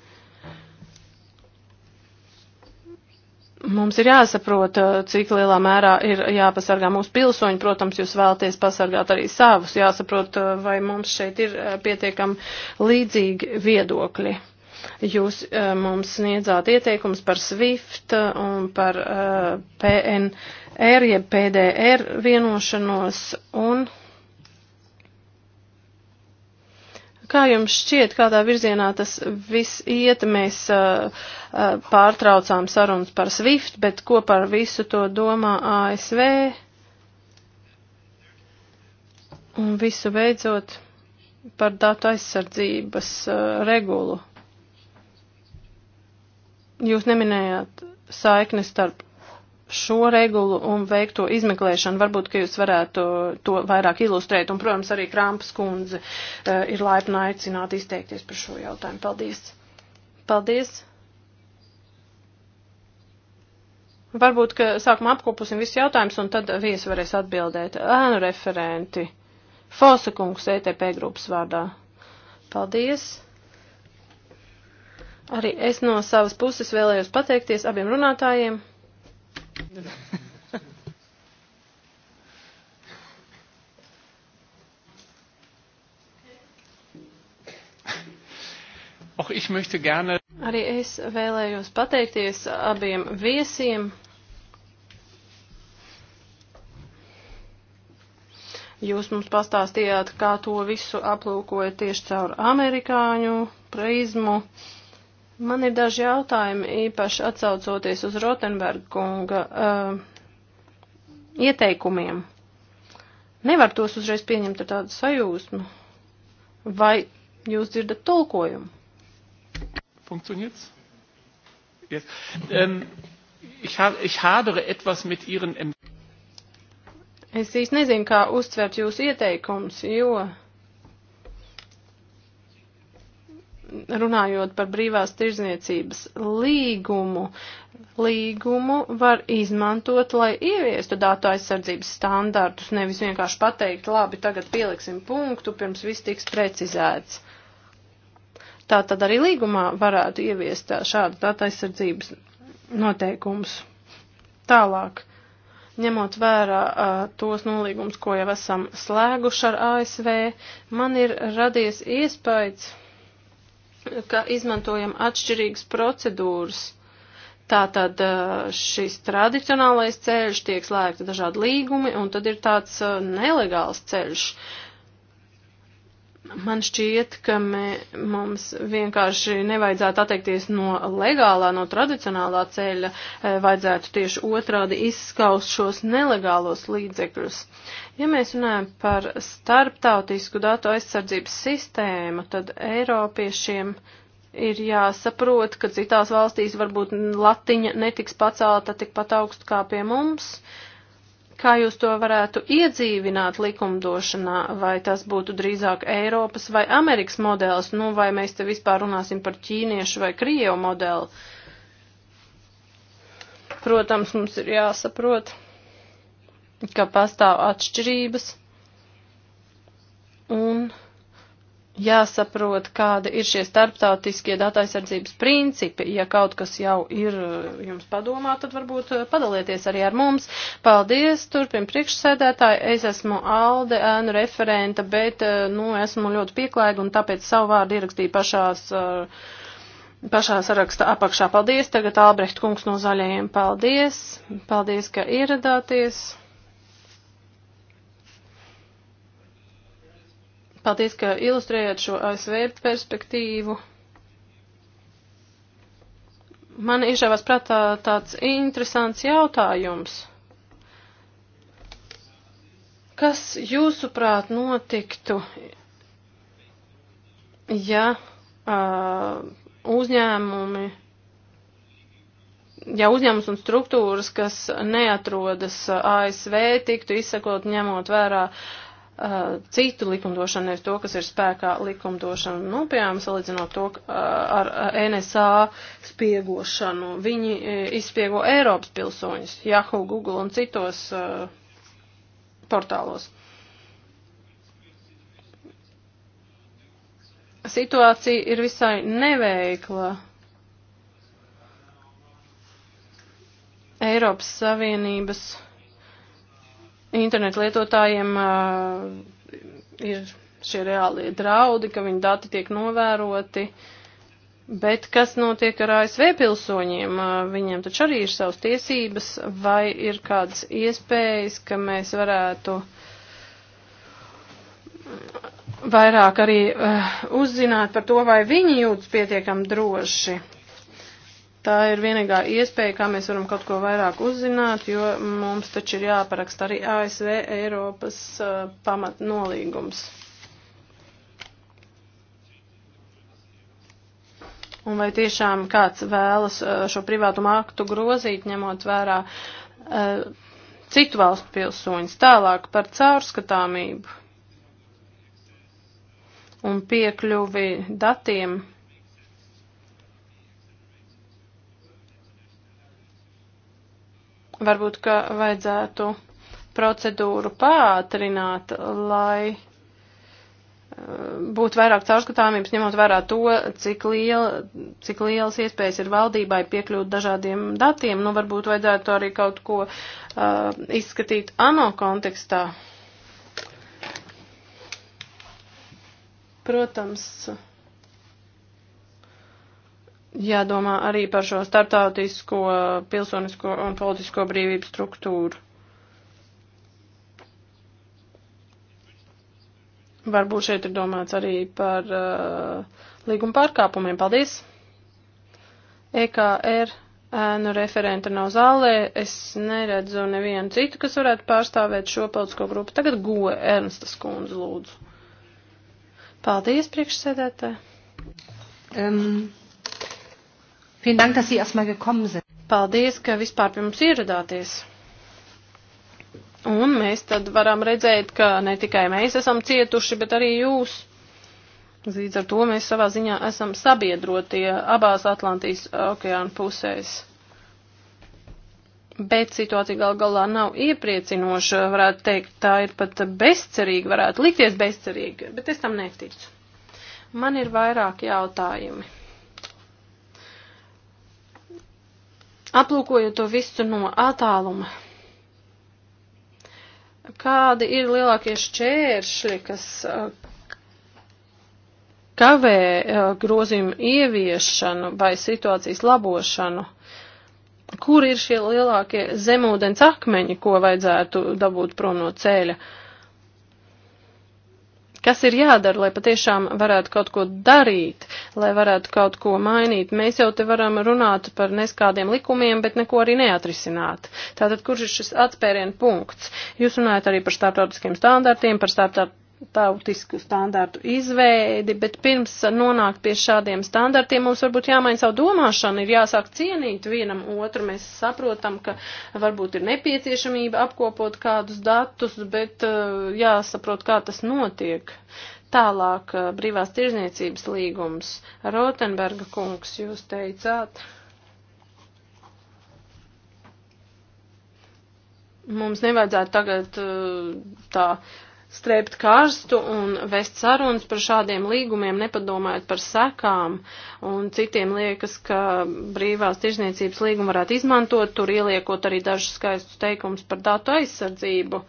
Mums ir jāsaprot, eh, cik lielā mērā ir jāpasargā mūsu pilsoņi, protams, jūs vēlaties pasargāt arī savus, jāsaprot, eh, vai mums šeit ir eh, pietiekami līdzīgi viedokļi. Jūs mums sniedzāt ieteikums par SWIFT un par PNR PNR, jeb PDR vienošanos un. Kā jums šķiet, kādā virzienā tas viss iet? Mēs uh, uh pārtraucām sarunas par SWIFT, bet ko par visu to domā ASV? Un visu beidzot par datu aizsardzības uh, regulu. Jūs neminējāt saikni starp šo regulu un veikto izmeklēšanu. Varbūt, ka jūs varētu to vairāk ilustrēt. Un, protams, arī Krāmpas kundze eh, ir laipna aicināta izteikties par šo jautājumu. Paldies! Paldies! Varbūt, ka sākumā apkopusim visus jautājumus, un tad viesi varēs atbildēt. Ēnu referenti. Fosa kungs ETP grupas vārdā. Paldies! Arī es no savas puses vēlējos pateikties abiem runātājiem. Auch ich möchte gerne. Arī es vēlējos pateikties abiem viesiem. Jūs mums pastāstījāt, kā to visu aplūkoja tieši caur amerikāņu prizmu. Uh, Man ir daži jautājumi, īpaši atsaucoties uz Rotenberga kunga uh, ieteikumiem. Nevar tos uzreiz pieņemt ar tādu sajūsmu. Vai jūs dzirdat tulkojumu? Funkcioniert's? Yes. Um, ich, ha ich hadere etwas mit Ihren. Es īsti nezinu, kā uztvert jūsu ieteikums, jo. Uh, runājot par brīvās tirzniecības līgumu, līgumu var izmantot, lai ieviestu datu aizsardzības standartus, nevis vienkārši pateikt, labi, tagad pieliksim punktu, pirms viss tiks precizēts. Tā tad arī līgumā varētu ieviest šādu datu aizsardzības noteikumus. Tālāk ņemot vērā uh, tos nolīgumus, ko jau esam slēguši ar ASV, man ir radies iespējas, ka izmantojam atšķirīgas procedūras. Tātad šis tradicionālais ceļš tiek slēgta dažādi līgumi, un tad ir tāds nelegāls ceļš. Uh, Man šķiet, ka mē, mums vienkārši nevajadzētu atteikties no legālā, no tradicionālā ceļa, e, vajadzētu tieši otrādi izskaust šos nelegālos līdzekļus. Ja mēs runājam par starptautisku datu aizsardzības sistēmu, tad Eiropiešiem ir jāsaprot, ka citās valstīs varbūt latiņa netiks pacelta tikpat augstu kā pie mums. Uh, Kā jūs to varētu iedzīvināt likumdošanā, vai tas būtu drīzāk Eiropas vai Amerikas modelis, nu vai mēs te vispār runāsim par ķīniešu vai krievu modeli? Protams, mums ir jāsaprot, ka pastāv atšķirības un jāsaprot, kāda ir šie starptautiskie datu aizsardzības principi. Ja kaut kas jau ir uh, jums padomā, tad varbūt uh, padalieties arī ar mums. Paldies, turpin priekšsēdētāji. Es esmu Alde, ēnu referenta, bet, uh, nu, esmu ļoti pieklājīga un tāpēc savu vārdu ierakstīju pašās. Pašā saraksta apakšā paldies, tagad Albrecht kungs no zaļajiem paldies, paldies, ka ieradāties. Paldies, ka ilustrējāt šo ASV perspektīvu. Man iešāvās prātā tāds interesants jautājums. Kas jūsuprāt notiktu, ja uh, uzņēmumi ja uzņēmums un struktūras, kas neatrodas ASV, tiktu izsakot ņemot vērā uh, citu likumdošanu, nevis to, kas ir spēkā likumdošana. Nu, piemēram, salīdzinot to uh, ar uh, NSA spiegošanu. Viņi uh, izspiego Eiropas pilsoņus, Yahoo, Google un citos uh, portālos. Situācija ir visai neveikla. Eiropas Savienības internetu lietotājiem uh, ir šie reālie draudi, ka viņu dati tiek novēroti. Bet kas notiek ar ASV pilsoņiem? Viņiem taču arī ir savas tiesības, vai ir kādas iespējas, ka mēs varētu vairāk arī uzzināt par to, vai viņi jūtas pietiekami droši. Tā ir vienīgā iespēja, kā mēs varam kaut ko vairāk uzzināt, jo mums taču ir jāparaksta arī ASV Eiropas uh, pamatnolīgums. Un vai tiešām kāds vēlas uh, šo privātumu aktu grozīt, ņemot vērā uh, citu valstu pilsoņus tālāk par caurskatāmību un piekļuvi datiem? Varbūt, ka vajadzētu procedūru pātrināt, lai eh, būtu vairāk caurskatāmības, ņemot vērā to, cik, liela, cik lielas iespējas ir valdībai piekļūt dažādiem datiem. Nu, varbūt vajadzētu arī kaut ko uh, izskatīt ANO kontekstā. Protams. Uh, jādomā arī par šo starptautisko, pilsonisko un politisko brīvību struktūru. Varbūt šeit ir domāts arī par uh, līguma pārkāpumiem. Paldies! EKR ēnu referenta nav zālē. Es neredzu nevienu citu, kas varētu pārstāvēt šo politisko grupu. Tagad goe Ernstas kundze lūdzu. Paldies, priekšsēdētāji! Um. Vielen Dank, dass Sie erstmal gekommen sind. Paldies, ka vispār pie mums ieradāties. Un mēs tad varam redzēt, ka ne tikai mēs esam cietuši, bet arī jūs. Līdz ar to mēs savā ziņā esam sabiedrotie abās Atlantijas okeāna pusēs. Bet situācija gal galā nav iepriecinoša, varētu teikt, tā ir pat bezcerīga, varētu likties bezcerīga, bet es tam neticu. Man ir vairāk jautājumi. aplūkojot to visu no attāluma, kādi ir lielākie šķēršļi, kas eh, kavē eh, grozījumu ieviešanu vai situācijas labošanu? Kur ir šie lielākie zemūdens akmeņi, ko vajadzētu dabūt prom no ceļa? Uh, Kas ir jādara, lai patiešām varētu kaut ko darīt, lai varētu kaut ko mainīt? Mēs jau te varam runāt par neskādiem likumiem, bet neko arī neatrisināt. Tātad, kurš ir šis atspērienu punkts? Jūs runājat arī par starptautiskiem standartiem, par starptaut tautisku standārtu izveidi, bet pirms nonākt pie šādiem standartiem mums varbūt jāmaina savu domāšanu, ir jāsāk cienīt vienam otru. Mēs saprotam, ka varbūt ir nepieciešamība apkopot kādus datus, bet uh, jāsaprot, kā tas notiek. Tālāk uh, brīvās tirzniecības līgums. Rotenberga kungs, jūs teicāt. Mums nevajadzētu tagad uh, tā strēpt karstu un vest sarunas par šādiem līgumiem, nepadomājot par sekām, un citiem liekas, ka brīvās tirzniecības līgumu varētu izmantot, tur ieliekot arī dažus skaistus teikumus par datu aizsardzību.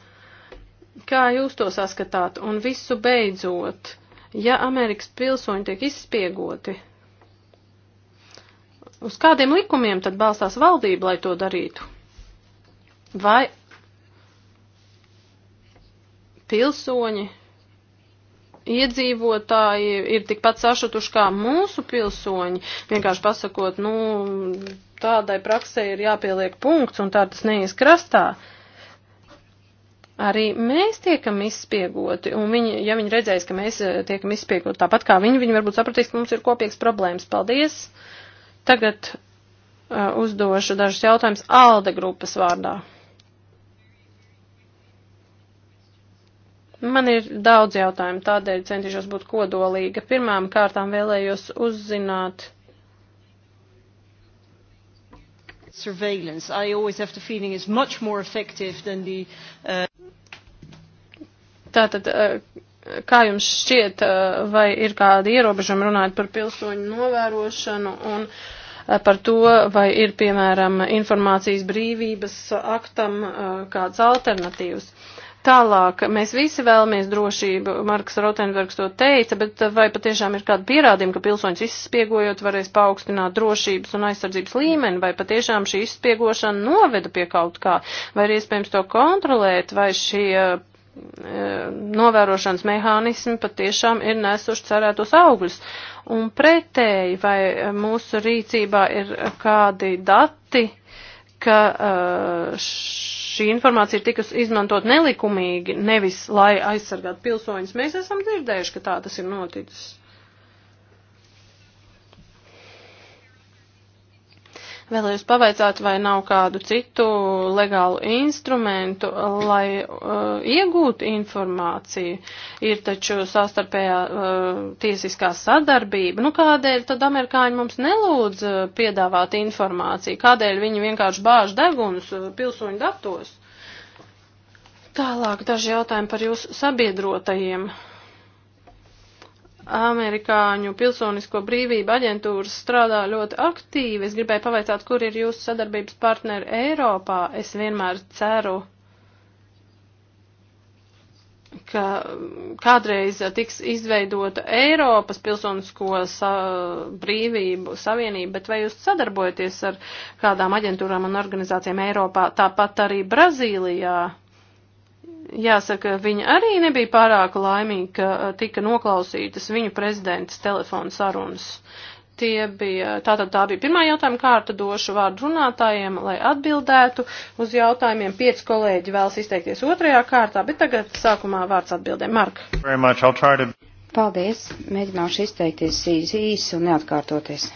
Kā jūs to saskatāt? Un visu beidzot, ja Amerikas pilsoņi tiek izspiegoti, uz kādiem likumiem tad balstās valdība, lai to darītu? Vai pilsoņi, iedzīvotāji ir tikpat sašutuši kā mūsu pilsoņi. Vienkārši pasakot, nu, tādai praksē ir jāpieliek punkts un tā tas neies krastā. Arī mēs tiekam izspiegoti, un viņi, ja viņi redzēs, ka mēs eh, tiekam izspiegoti tāpat kā viņi, viņi varbūt sapratīs, ka mums ir kopīgs problēmas. Paldies! Tagad uh, uzdošu dažus jautājumus Alde grupas vārdā. Man ir daudz jautājumu, tādēļ centīšos būt kodolīga. Pirmām kārtām vēlējos uzzināt. Surveillance. I always have the feeling it's much more effective than the. Uh... Tātad, uh, kā jums šķiet, uh, vai ir kādi ierobežojumi runājot par pilsoņu novērošanu un uh, par to, vai ir, piemēram, informācijas brīvības aktam uh, kāds alternatīvs? Tālāk, mēs visi vēlamies drošību, Marks Rotenbergs to teica, bet vai patiešām ir kāda pierādījuma, ka pilsoņus izspiegojot varēs paaugstināt drošības un aizsardzības līmeni, vai patiešām šī izspiegošana noveda pie kaut kā, vai ir iespējams to kontrolēt, vai šie e, novērošanas mehānismi patiešām ir nesuši cerētos augļus. Un pretēji, vai mūsu rīcībā ir kādi dati, ka e, š šī informācija ir tikus izmantot nelikumīgi, nevis lai aizsargātu pilsoņus. Mēs esam dzirdējuši, ka tā tas ir noticis. Vēlējos pavaicāt, vai nav kādu citu legālu instrumentu, lai uh, iegūtu informāciju. Ir taču sastarpējā uh, tiesiskā sadarbība. Nu, kādēļ tad amerikāņi mums nelūdz uh, piedāvāt informāciju? Kādēļ viņi vienkārši bāž degunus uh, pilsoņu datos? Tālāk daži jautājumi par jūsu sabiedrotajiem. Uh, amerikāņu pilsonisko brīvību aģentūras strādā ļoti aktīvi. Es gribēju pavaicāt, kur ir jūsu sadarbības partneri Eiropā. Es vienmēr ceru, ka kādreiz tiks izveidota Eiropas pilsonisko sa brīvību savienība, bet vai jūs sadarbojaties ar kādām aģentūrām un organizācijām Eiropā, tāpat arī Brazīlijā? jāsaka, viņa arī nebija pārāk laimīga, ka eh, tika noklausītas viņu prezidentas telefona sarunas. Tie bija, tātad tā bija pirmā jautājuma kārta, došu vārdu runātājiem, lai atbildētu uz jautājumiem. Pieci kolēģi vēlas izteikties otrajā kārtā, bet tagad sākumā vārds atbildē. Mark. To... Paldies, mēģināšu izteikties īsi, īsi un neatkārtoties.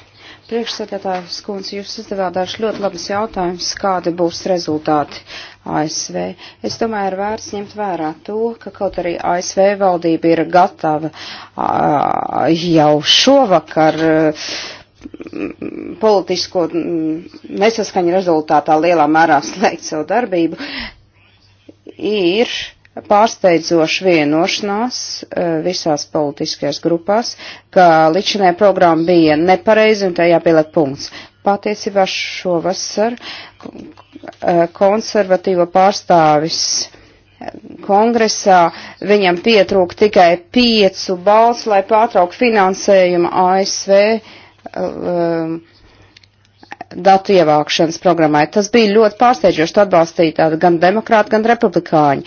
Priekšsēdētājs Kunz, jūs uzdevāt dažus ļoti labus jautājumus, kādi būs rezultāti ASV. Es domāju, ir vērts ņemt vērā to, ka kaut arī ASV valdība ir gatava jau šovakar politisko nesaskaņu rezultātā lielā mērā slēgt savu darbību, ir pārsteidzoša vienošanās eh, visās politiskajās grupās, ka ličinē programma bija nepareizi un tajā pieliek punkts. Patiesībā šovasar eh, konservatīva pārstāvis eh, kongresā viņam pietrūk tikai piecu balsu, lai pārtrauk finansējumu ASV. Um, datu ievākšanas programmai. Tas bija ļoti pārsteidzoši atbalstīt gan demokrāti, gan republikāņi.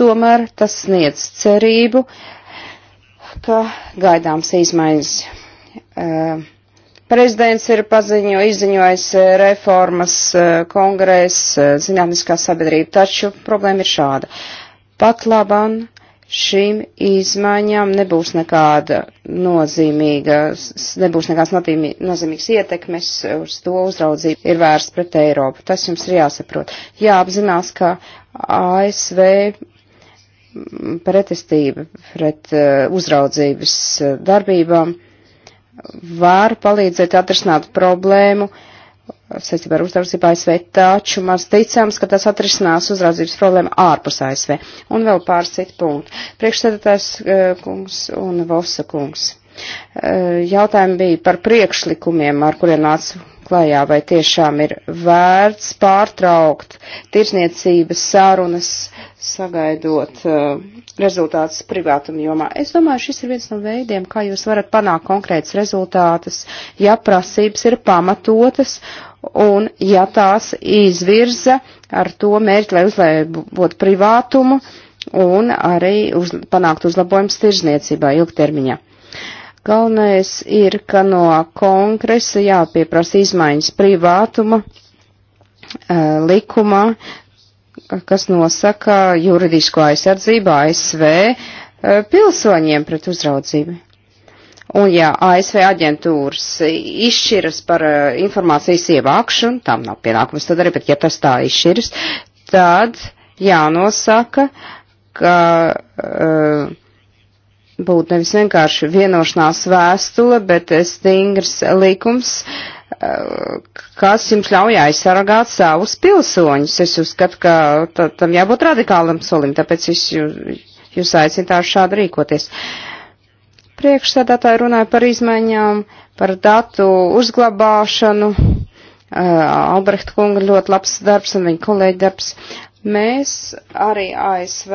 Tomēr tas sniedz cerību, ka gaidāms izmaiņas. Uh, Prezidents ir paziņo, izziņojis reformas kongres, zinātniskā sabiedrība, taču problēma ir šāda. Pat labam šīm izmaiņām nebūs nekāda nozīmīga, nebūs nekāds nozīmīgs ietekmes uz to uzraudzību ir vērsts pret Eiropu. Tas jums ir jāsaprot. Jāapzinās, ka ASV pretestība pret eh, uzraudzības eh, darbībām var palīdzēt atrisināt problēmu, uh, saistībā ar uzraudzību ASV, taču maz ticams, ka tas atrisinās uzraudzības problēmu ārpus ASV. Un vēl pāris citu punktu. Priekšsēdētājs eh, kungs un Vosa kungs. Eh, jautājumi bija par priekšlikumiem, ar kuriem nāca klajā, vai tiešām ir vērts pārtraukt tirsniecības sārunas, sagaidot uh, rezultātus privātuma jomā. Es domāju, šis ir viens no veidiem, kā jūs varat panākt konkrētas rezultātus, ja prasības ir pamatotas un ja tās izvirza ar to mērķi, lai uzlabotu privātumu un arī uz, panākt uzlabojums tirzniecībā ilgtermiņā. Galvenais ir, ka no kongresa jāpieprasa izmaiņas privātuma uh, likumā, kas nosaka juridisko aizsardzību ASV uh, eh, pilsoņiem pret uzraudzību. Un ja ASV aģentūras izšķiras par uh, informācijas ievākšanu, tam nav pienākums tad arī, bet ja tas tā izšķiras, tad jānosaka, ka uh, būtu nevis vienkārši vienošanās vēstule, bet stingrs likums, uh, kas jums ļauj aizsargāt savus pilsoņus. Es uzskatu, ka tam jābūt radikālam solim, tāpēc es jūs, jūs aicinu tā šādi rīkoties. Uh, Priekšsēdētāji runāja par izmaiņām, par datu uzglabāšanu. Uh, Albrecht kunga ļoti labs darbs un viņa kolēģi darbs. Mēs arī ASV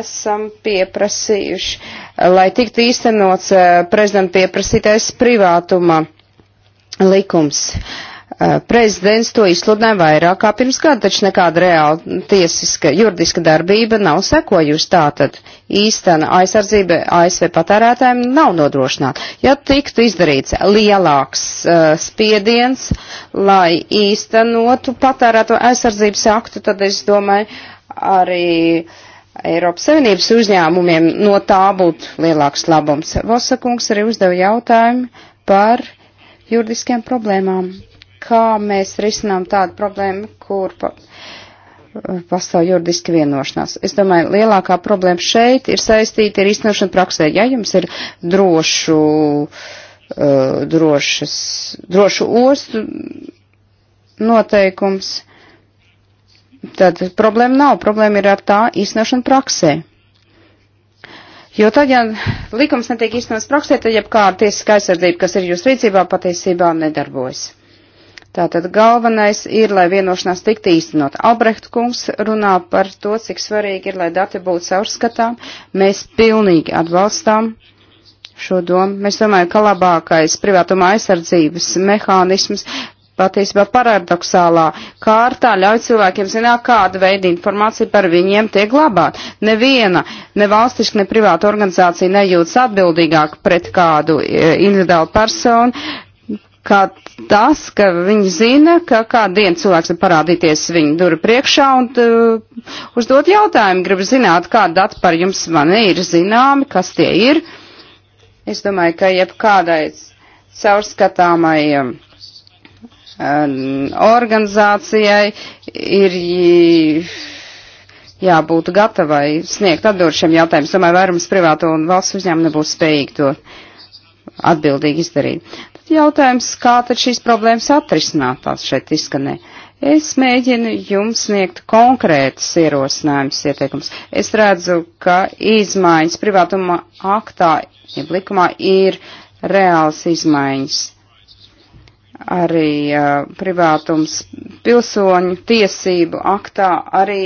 esam pieprasījuši, lai tiktu īstenots eh, prezidenta pieprasītais privātuma likums. Eh, prezidents to izsludināja vairāk kā pirms gada, taču nekāda reāla tiesiska juridiska darbība nav sekojusi tātad. Uh, īstena aizsardzība ASV patērētājiem nav nodrošināta. Ja tiktu izdarīts lielāks uh, spiediens, lai īstenotu patērēto aizsardzības aktu, tad es domāju, arī Eiropas Savienības uzņēmumiem no tā būtu lielāks labums. Vosakungs arī uzdeva jautājumu par juridiskiem problēmām. Kā mēs risinām tādu problēmu, kur. Pa, uh, pastāv juridiski vienošanās. Es domāju, lielākā problēma šeit ir saistīta ar īstenošanu praksē. Ja jums ir drošu, uh, drošas, drošu ostu noteikums, tad problēma nav. Problēma ir ar tā īstenošanu praksē. Jo tad, ja likums netiek īstenots praksē, tad jebkāda tiesiskā aizsardzība, kas ir jūsu rīcībā, patiesībā nedarbojas. Tātad galvenais ir, lai vienošanās tiktu īstenot. Albrecht kungs runā par to, cik svarīgi ir, lai dati būtu caurskatām. Mēs pilnīgi atbalstām šo domu. Mēs domājam, ka labākais privātuma aizsardzības mehānisms patiesībā paradoxālā kārtā ļauj cilvēkiem zināt, kāda veida informācija par viņiem tiek glabāta. Neviena, ne valstiska, ne privāta organizācija nejūtas atbildīgāk pret kādu e, individuālu personu, kā tas, ka viņi zina, ka kādu dienu cilvēks ir parādīties viņu duru priekšā un uh, uzdot jautājumu, grib zināt, kāda data par jums man ir zināmi, kas tie ir. Es domāju, ka jebkādai caurskatāmai um, uh, organizācijai ir jābūt gatavai sniegt atbildi šiem jautājumiem. Es domāju, vairums privāto un valsts uzņēmumu nebūs spējīgi to atbildīgi izdarīt jautājums, kā tad šīs problēmas atrisinātās šeit izskanē. Es mēģinu jums sniegt konkrētas ierosinājumus, ieteikums. Es redzu, ka izmaiņas privātuma aktā, jeb likumā, ir reāls izmaiņas. Arī uh, privātums pilsoņu tiesību aktā arī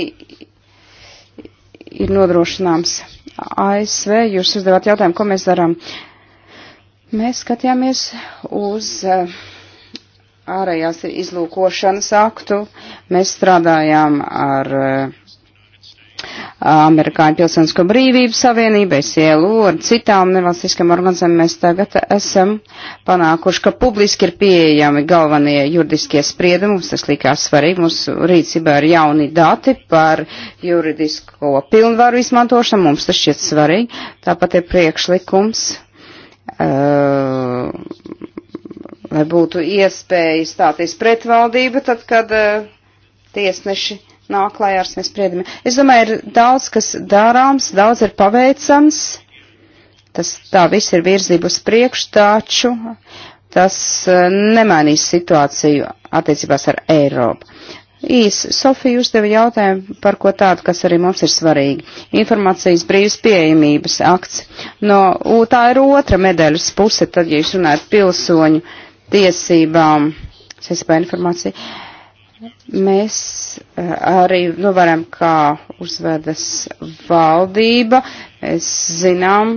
ir nodrošināms. ASV jūs uzdevāt jautājumu, ko mēs darām. Uh, Mēs skatījāmies uz eh, ārējās izlūkošanas aktu. Mēs strādājām ar eh, Amerikāņu Pilsonisko brīvību savienību, SILU, e ar citām nevalstiskām organizācijām mēs tagad esam panākuši, ka publiski ir pieejami galvenie juridiskie spriedumi, mums tas likās svarīgi, mums rīcībā ir jauni dati par juridisko pilnvaru izmantošanu, mums tas šķiet svarīgi, tāpat ir priekšlikums uh, lai būtu iespēja stāties pretvaldība, tad, kad uh, tiesneši nāk klājā ar saviem spriedumiem. Es domāju, ir daudz, kas darāms, daudz ir paveicams, tas tā viss ir virzības priekš, taču tas uh, nemainīs situāciju attiecībās ar Eiropu. Īs, Sofija uzdeva jautājumu par ko tādu, kas arī mums ir svarīgi. Informācijas brīvas pieejamības akts. No, tā ir otra medaļas puse, tad, ja jūs runājat pilsoņu tiesībām, saistībā informāciju. Mēs e, arī novaram, nu, kā uzvedas valdība. Mēs zinām,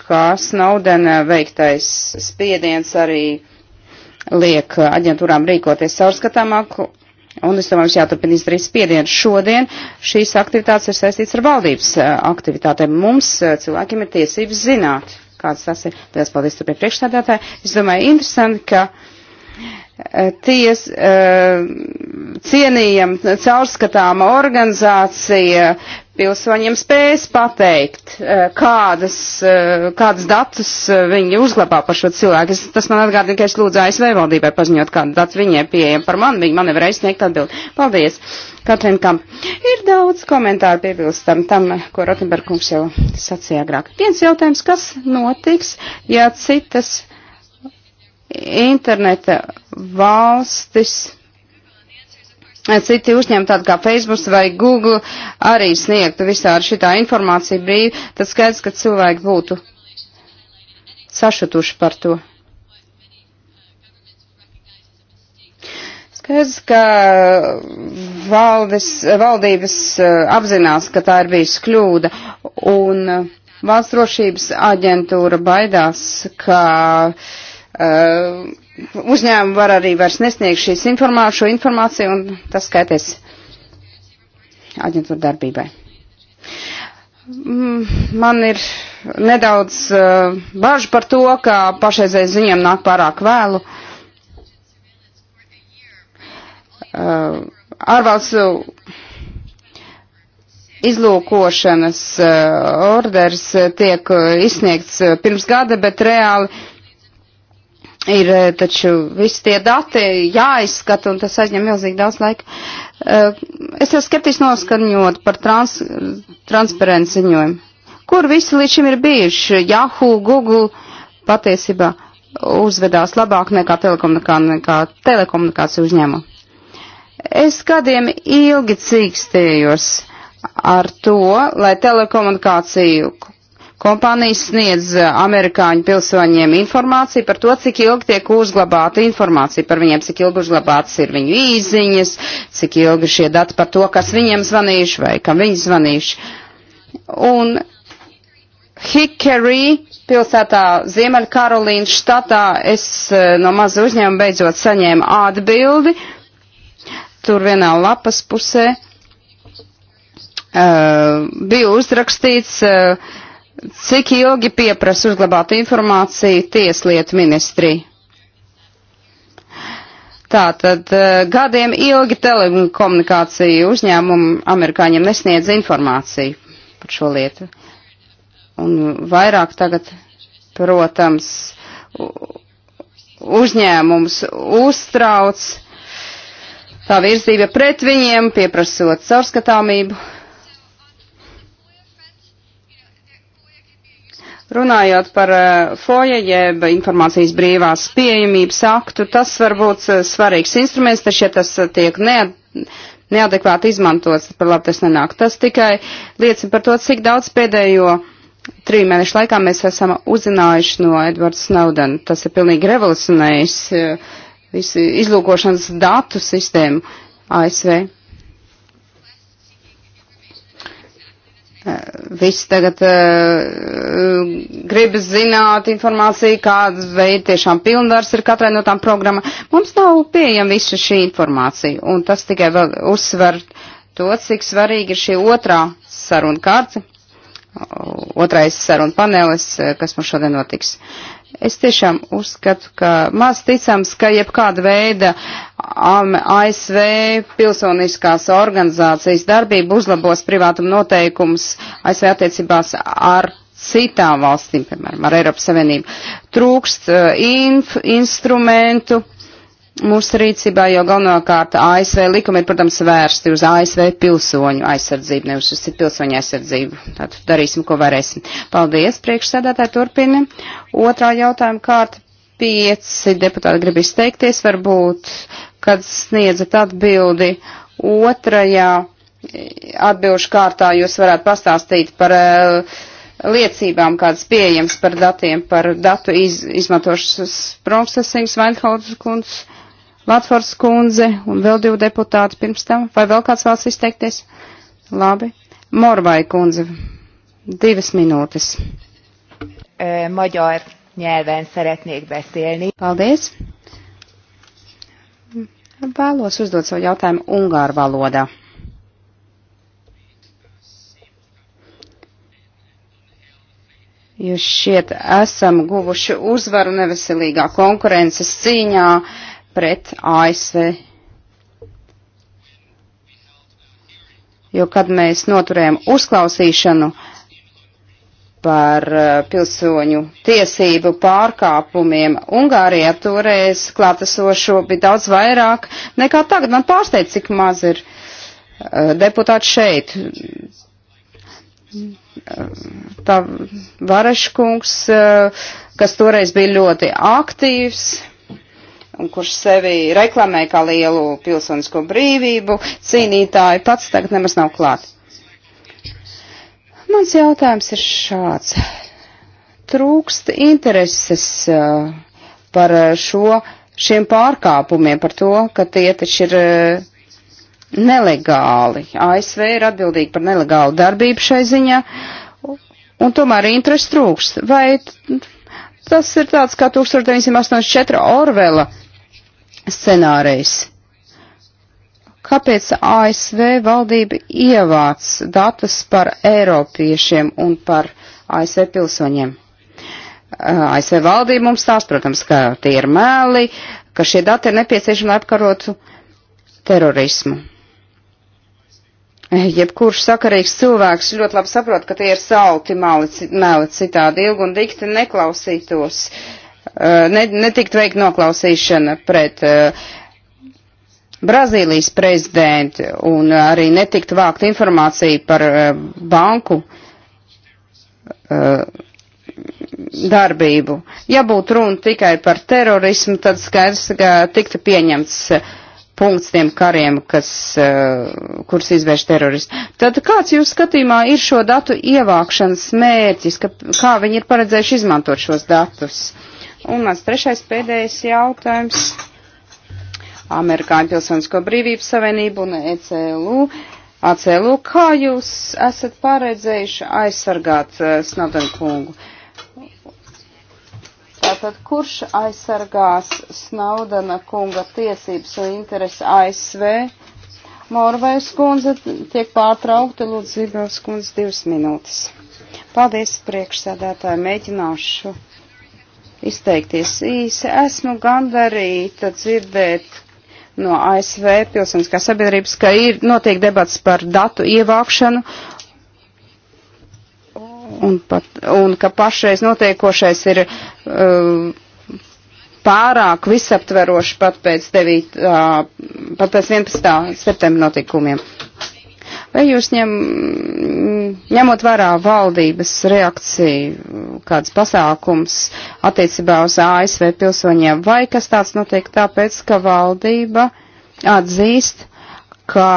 kā Snowdena veiktais spiediens arī liek aģentūrām rīkoties caurskatāmāk Un es domāju, mums jāturpina izdarīt spiedienu. Šodien šīs aktivitātes ir saistīts ar valdības eh, aktivitātēm. Mums eh, cilvēkiem ir tiesības zināt, kāds tas ir. Lielas paldies, turpina priekšstādātāji. Es domāju, interesanti, ka ties, e, cienījama, caurskatāma organizācija pilsoņiem spējas pateikt, e, kādas, e, kādas datus viņi uzglabā par šo cilvēku. Es, tas man atgādina, ka es lūdzu ASV valdībai paziņot, kādu datu viņiem pieejam par mani. Viņi man nevarēja sniegt atbildi. Paldies, Katrin Kamp. Ir daudz komentāru piebilstam tam, ko Rotenberg kungs jau sacīja agrāk. Viens jautājums, kas notiks, ja citas interneta valstis. Citi uzņēmumi, tādi kā Facebook vai Google, arī sniegtu visādi šitā informācija brīvi, tad skaidrs, ka cilvēki būtu sašutuši par to. Skaidrs, ka valdes, valdības eh, apzinās, ka tā ir bijusi kļūda, un eh, valsts drošības aģentūra baidās, ka uh, Uh, uzņēmumi var arī vairs nesniegt šīs informā, šo informāciju, un tas skaities aģentūra darbībai. Mm, man ir nedaudz uh, bažu par to, ka pašreizēji ziņām nāk pārāk vēlu. Uh, ārvalstu izlūkošanas uh, orders uh, tiek uh, izsniegts pirms gada, bet reāli Ir eh, taču visi tie dati jāizskata, un tas aizņem milzīgi daudz laika. Eh, es esmu skeptiski noskaņot par trans, transparentu ziņojumu. Kur visi līdz šim ir bijuši? Yahoo, Google patiesībā uzvedās labāk nekā, telekomunikā, nekā telekomunikāciju uzņēmumu. Es gadiem ilgi cīkstējos ar to, lai telekomunikāciju Kompānijas sniedz eh, amerikāņu pilsoņiem informāciju par to, cik ilgi tiek uzglabāta informācija par viņiem, cik ilgi uzglabātas ir viņu īziņas, cik ilgi šie dati par to, kas viņiem zvanījuši vai kam viņi zvanījuši. Un Hickory pilsētā Ziemeļkarolīnas štatā es eh, no maza uzņēmuma beidzot saņēmu atbildi. Tur vienā lapas pusē uh, bija uzrakstīts uh, Cik ilgi pieprasa uzglabāt informāciju tieslietu ministrija? Tātad eh, gadiem ilgi telekomunikāciju uzņēmumu amerikāņiem nesniedz informāciju par šo lietu. Un vairāk tagad, protams, uzņēmums uztrauc tā virzība pret viņiem, pieprasot caurskatāmību Runājot par eh, foja jeb informācijas brīvās pieejamības aktu, tas var būt eh, svarīgs instruments, taču, ja tas eh, tiek neat, neadekvāti izmantots, tad par labu tas nenāk. Tas tikai liecina par to, cik daudz pēdējo trīs mēnešu laikā mēs esam uzzinājuši no Edvarda Snowdena. Tas ir pilnīgi revolucionējis visu izlūkošanas datu sistēmu ASV. Viss tagad uh, eh, gribas zināt informāciju, kāda veida tiešām pilndars ir katrai no tām programma. Mums nav pieejama visa šī informācija, un tas tikai vēl uzsver to, cik svarīgi ir šī otrā saruna kārta, otrais saruna panelis, eh, kas mums šodien notiks. Uh, Es tiešām uzskatu, ka maz ticams, ka jebkāda veida ASV pilsoniskās organizācijas darbība uzlabos privātuma noteikumus ASV attiecībās ar citām valstīm, piemēram, ar Eiropas Savienību. Trūkst uh, inf, instrumentu, mūsu rīcībā, jo galvenokārt ASV likumi ir, protams, vērsti uz ASV pilsoņu aizsardzību, nevis uz pilsoņu aizsardzību. Tātad darīsim, ko varēsim. Paldies, priekšsēdētāji turpina. Otrā jautājuma kārta pieci deputāti grib izteikties, varbūt, kad sniedzat atbildi otrajā e, atbilžu kārtā jūs varētu pastāstīt par uh, liecībām, kādas pieejams par datiem, par datu iz, izmantošanas procesings, Vainhaudas kundze. Latvors kundze un vēl divi deputāti pirms tam. Vai vēl kāds vēlas izteikties? Labi. Morvai kundze, divas minūtes. E, magyar nyelven szeretnék beszélni. Paldies. Vēlos uzdot savu jautājumu ungāru valodā. Jūs šķiet esam guvuši uzvaru neveselīgā konkurences cīņā pret ASV. Jo, kad mēs noturējam uzklausīšanu par eh, pilsoņu tiesību pārkāpumiem Ungārijā, toreiz klātesošo bija daudz vairāk nekā tagad. Man pārsteidz, cik maz ir eh, deputāti šeit. Tā Vareškungs, eh, kas toreiz bija ļoti aktīvs, kurš sevi reklamē kā lielu pilsonisko brīvību, cīnītāji pats tagad nemaz nav klāt. Mans jautājums ir šāds. Trūkst intereses uh, par uh, šo, šiem pārkāpumiem, par to, ka tie taču ir uh, nelegāli. ASV ir atbildīgi par nelegālu darbību šai ziņā, un tomēr interesi trūkst. Vai tas ir tāds kā 1984 Orvela scenārijs. Kāpēc ASV valdība ievāc datus par Eiropiešiem un par ASV pilsoņiem? Uh, ASV valdība mums stāsta, protams, ka tie ir mēli, ka šie dati ir nepieciešami, lai apkarotu terorismu. Eh, jebkurš sakarīgs cilvēks ļoti labi saprot, ka tie ir salti meli citādi ilgi un dikti neklausītos uh, Eh, ne, netikt veikt noklausīšana pret uh, Brazīlijas prezidentu un arī netikt vākt informāciju par uh, banku uh, darbību. Ja būtu runa tikai par terorismu, tad skaidrs, ka tiktu pieņemts punkts tiem kariem, kas, kurus izvērš teroristi. Tad kāds jūs skatījumā ir šo datu ievākšanas mērķis, ka, kā viņi ir paredzējuši izmantot šos datus? Uh, Un mans trešais pēdējais jautājums. Amerikāņu Pilsonisko brīvības savienību un ECLU. ACLU, e kā jūs esat paredzējuši aizsargāt uh, Snowden kungu? Tātad, kurš aizsargās Snowdena kunga tiesības un interesi ASV? Morvēs kundze tiek pārtraukta, lūdzu, Zibels kundze divas minūtes. Paldies, priekšsēdētāji, mēģināšu izteikties īsi. Esmu gandarīta dzirdēt no ASV pilsoniskās sabiedrības, ka ir notiek debats par datu ievākšanu un, pat, un ka pašreiz notiekošais ir uh, pārāk visaptveroši pat pēc, 9, uh, pat pēc 11. septembra notikumiem. Vai jūs ņem, ņemot vērā valdības reakciju, kāds pasākums attiecībā uz ASV pilsoņiem, vai kas tāds notiek tāpēc, ka valdība atzīst, ka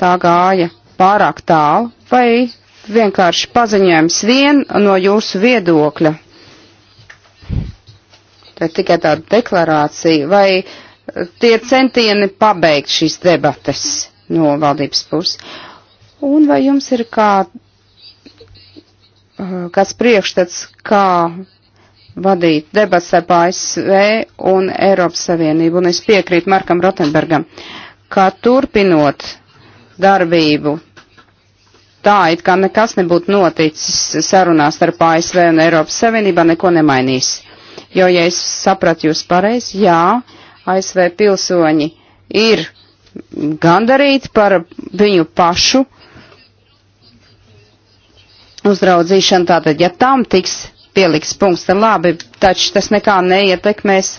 tā gāja pārāk tālu, vai vienkārši paziņojums vien no jūsu viedokļa? Tā ir tikai tāda deklarācija, vai tie centieni pabeigt šīs debates no valdības puses. Un vai jums ir kā, uh, kāds priekšstats, kā vadīt debats starp ASV un Eiropas Savienību? Un es piekrītu Markam Rotenbergam, kā turpinot darbību tā, it kā nekas nebūtu noticis sarunās starp ASV un Eiropas Savienībā, neko nemainīs. Jo, ja es sapratu jūs pareizi, jā, ASV pilsoņi ir gandarīti par viņu pašu uzraudzīšanu. Tātad, ja tam tiks pieliks punkts, tad labi, taču tas nekā neietekmēs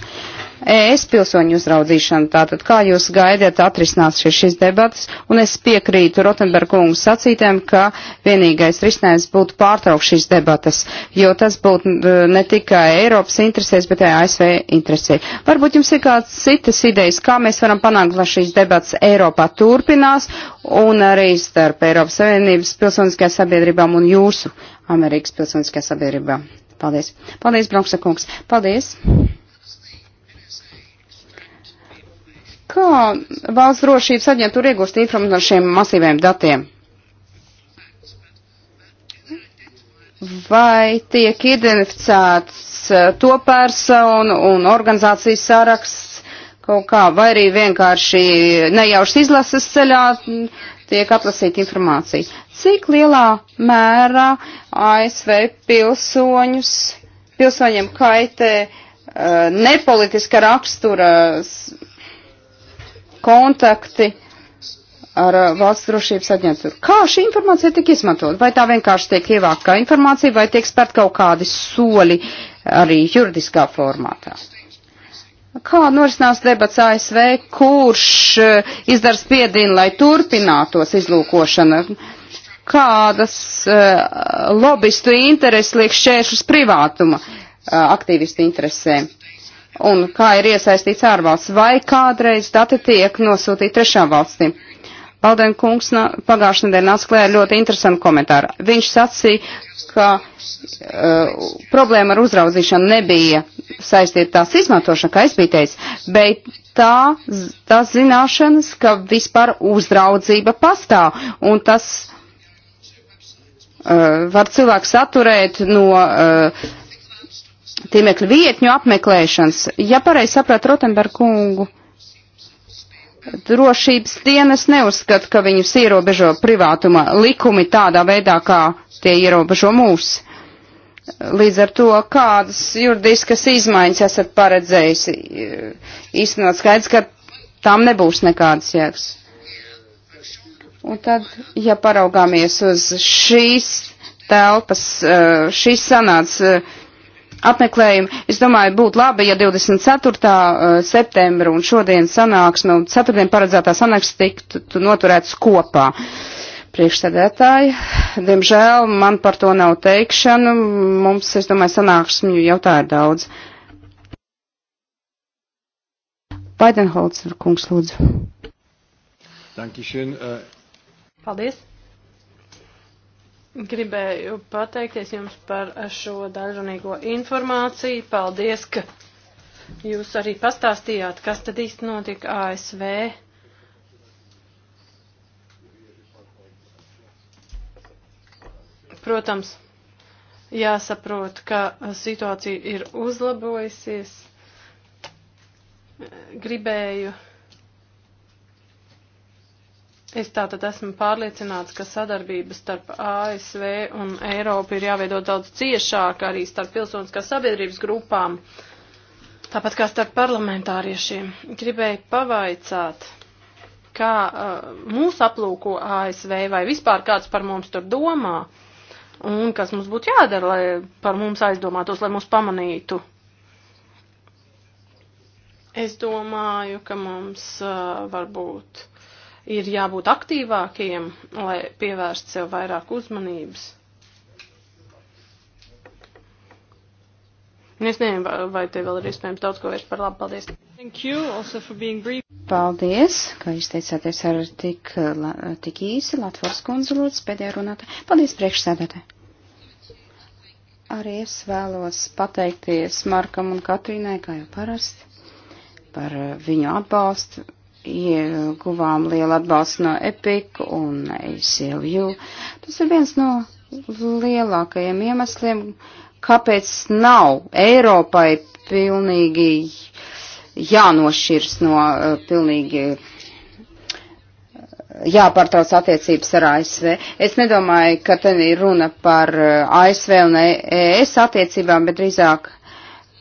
ES pilsoņu uzraudzīšanu. Tātad, kā jūs gaidiet atrisināt šis, šis debats? Un es piekrītu Rotenbergungu sacītēm, ka vienīgais risinājums būtu pārtraukt šīs debatas, jo tas būtu ne tikai Eiropas interesēs, bet arī ASV interesē. Varbūt jums ir kāds citas idejas, kā mēs varam panākt, lai šīs debatas Eiropā turpinās un arī starp Eiropas Savienības pilsoniskajām sabiedrībām un jūsu Amerikas pilsoniskajām sabiedrībām. Paldies. Paldies, Bronksa kungs. Paldies. Kā valsts drošības aģentūra iegūst informāciju no šiem masīviem datiem? Vai tiek identificēts e, to personu un organizācijas saraksts kaut kā, vai arī vienkārši nejauši izlases ceļā tiek atlasīta informācija? Cik lielā mērā ASV pilsoņus, pilsoņiem kaitē e, nepolitiska rakstura kontakti ar uh, valsts drošības aģentūru. Kā šī informācija tiek izmantot? Vai tā vienkārši tiek ievākt kā informācija, vai tiek spērt kaut kādi soļi arī juridiskā formātā? Kā norisinās debats ASV, kurš uh, izdara spiedienu, lai turpinātos izlūkošana? Kādas uh, lobistu intereses liek šķēršus privātuma uh, aktīvistu interesēm? un kā ir iesaistīts ārvalsts, vai kādreiz dati tiek nosūtīti trešām valstīm. Baldēna kungs pagājušajā nedēļā nāca klēja ļoti interesantu komentāru. Viņš sacīja, ka uh, problēma ar uzraudzīšanu nebija saistīta tās izmantošana, kā es biju teicis, bet tā, tās zināšanas, ka vispār uzraudzība pastāv, un tas uh, var cilvēku saturēt no. Uh, tiemekļu vietņu apmeklēšanas. Ja pareizi sapratu Rotenberg kungu, drošības dienas neuzskata, ka viņus ierobežo privātuma likumi tādā veidā, kā tie ierobežo mūs. Līdz ar to, kādas juridiskas izmaiņas esat paredzējusi, īstenot skaidrs, ka tam nebūs nekādas jēgas. Un tad, ja paraugāmies uz šīs telpas, eh, šīs sanāca eh, apmeklējumu. Es domāju, būtu labi, ja 24. Eh, septembra un šodien sanāksme un nu, ceturtdien paredzētā sanāksme tiktu noturētas kopā. Priekšsēdētāji, diemžēl man par to nav teikšanu. Mums, es domāju, sanāksmju nu, jau tā ir daudz. Baidenholzer kungs, lūdzu. Dankišen. Uh... Äh. Paldies. Gribēju pateikties jums par šo dažunīgo informāciju. Paldies, ka jūs arī pastāstījāt, kas tad īsti notika ASV. Protams, jāsaprot, ka situācija ir uzlabojusies. Gribēju Es tātad esmu pārliecināts, ka sadarbība starp ASV un Eiropu ir jāveido daudz ciešāk arī starp pilsoniskās sabiedrības grupām, tāpat kā starp parlamentāriešiem. Gribēju pavaicāt, kā uh, mūs aplūko ASV vai vispār kāds par mums tur domā un kas mums būtu jādara, lai par mums aizdomātos, lai mūs pamanītu. Es domāju, ka mums uh, varbūt ir jābūt aktīvākiem, lai pievērst sev vairāk uzmanības. Es nezinu, vai te vēl ir iespējams daudz ko vairs par labu. Paldies! Paldies, ka izteicāties ar tik, la, tik īsi Latvijas kundze lūdzu pēdējā runātā. Paldies, priekšsēdētē! Arī es vēlos pateikties Markam un Katrīnai, kā jau parasti, par viņu atbalstu ieguvām lielu atbalstu no EPIC un ACLU. Tas ir viens no lielākajiem iemesliem, kāpēc nav Eiropai pilnīgi jānošķirs no uh, pilnīgi uh, jāpārtrauc attiecības ar ASV. Es nedomāju, ka te ir runa par uh, ASV un ES attiecībām, bet drīzāk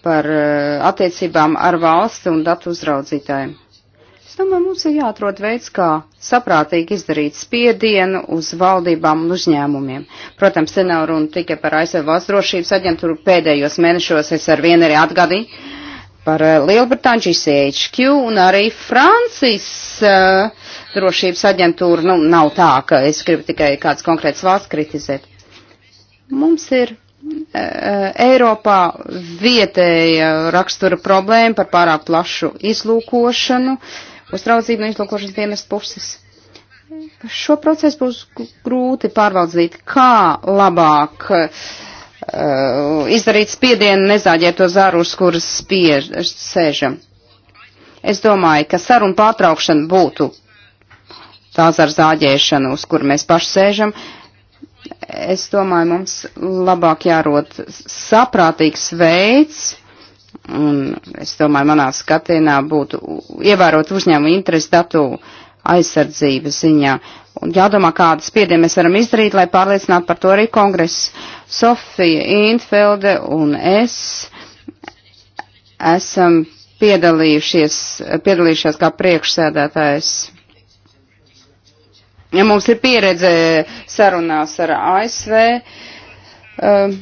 par uh, attiecībām ar valsti un datu uzraudzītājiem. Es domāju, mums ir jāatrod veids, kā saprātīgi izdarīt spiedienu uz valdībām un uzņēmumiem. Protams, te nav runa tikai par ASV valsts drošības aģentūru. Pēdējos mēnešos es ar vienu arī atgadīju par eh, Lielbritāņu GCHQ un arī Francijas uh, drošības aģentūru. Nu, nav tā, ka es gribu tikai kāds konkrēts valsts kritizēt. Mums ir eh, Eiropā vietēja rakstura problēma par pārāk plašu izlūkošanu, uztraudzību no izlūkošanas dienas puses. Šo procesu būs grūti pārvaldzīt, kā labāk uh, izdarīt spiedienu, nezāģēt to zāru, uz kuras spiež, sēžam. Es domāju, ka saruna pārtraukšana būtu tās ar zāģēšanu, uz kur mēs paši sēžam. Es domāju, mums labāk jārod saprātīgs veids, Un es domāju, manā skatienā būtu ievērot uzņēmumu interesi datu aizsardzības ziņā. Un jādomā, kādas spiedienu mēs varam izdarīt, lai pārliecinātu par to arī kongresu. Sofija Intfelde un es esam piedalījušies, piedalījušies kā priekšsēdētājs. Ja mums ir pieredze sarunās ar ASV. Um,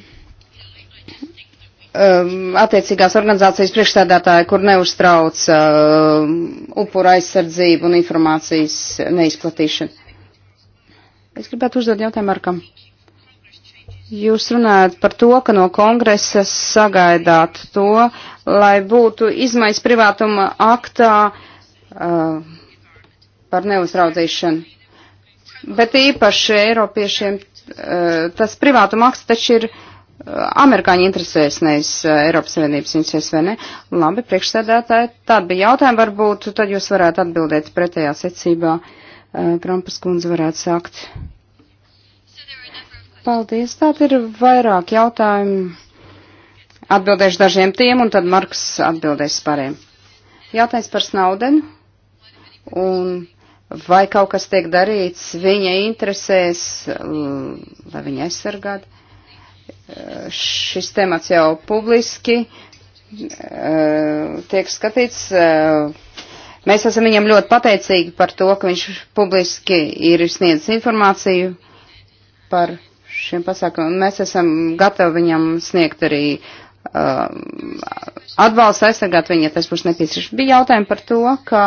um, attiecīgās organizācijas priekšstādātāji, kur neuztrauc um, upura aizsardzību un informācijas neizplatīšanu. Es gribētu uzdot jautājumu Arkam. Jūs runājat par to, ka no kongresa sagaidāt to, lai būtu izmaiņas privātuma aktā uh, par neuzraudzīšanu. Bet īpaši Eiropiešiem uh, tas privātuma akts taču ir uh, amerikāņu interesēs, nevis eh, Eiropas Savienības interesēs, vai ne? Labi, priekšsēdētāji, tāda bija jautājuma, varbūt tad jūs varētu atbildēt pretējā secībā. Krampas eh, kundze varētu sākt. Paldies, tātad ir vairāk jautājumu. Atbildēšu dažiem tiem, un tad Marks atbildēs pārējiem. Jautājums par Snaudenu. Un vai kaut kas tiek darīts viņa interesēs, lai viņa aizsargātu? šis temats jau publiski eh, tiek skatīts. Eh, mēs esam viņam ļoti pateicīgi par to, ka viņš publiski ir sniedzis informāciju par šiem pasākumiem. Mēs esam gatavi viņam sniegt arī eh, atbalstu aizsargāt viņu, ja tas būs nepieciešams. Bija jautājumi par to, ka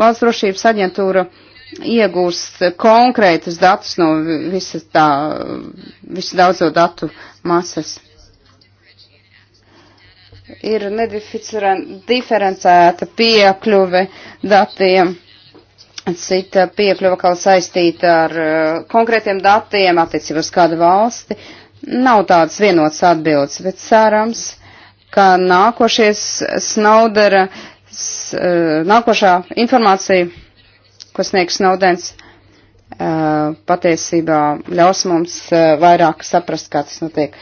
valsts drošības aģentūra iegūst konkrētus datus no visa tā, visu daudzo datu masas. Ir nediferencēta piekļuve datiem. Cita piekļuva kaut saistīta ar uh, konkrētiem datiem attiecībā uz kādu valsti. Nav tādas vienotas atbildes, bet cerams, ka nākošies Snaudera, s, uh, nākošā informācija, ko sniegs Snaudens, Eh, patiesībā ļaus mums eh, vairāk saprast, kā tas notiek.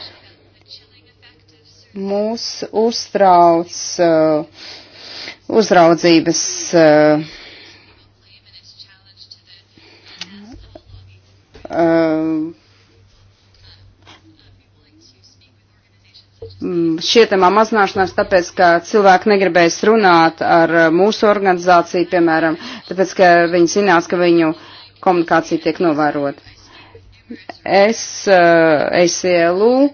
Mūs uztrauc eh, uzraudzības šietamā mazināšanās, tāpēc, ka cilvēki negribēs runāt ar mūsu organizāciju, piemēram, tāpēc, ka viņi zinās, ka viņu uh, komunikācija tiek novērota. Es, eh, es ielu,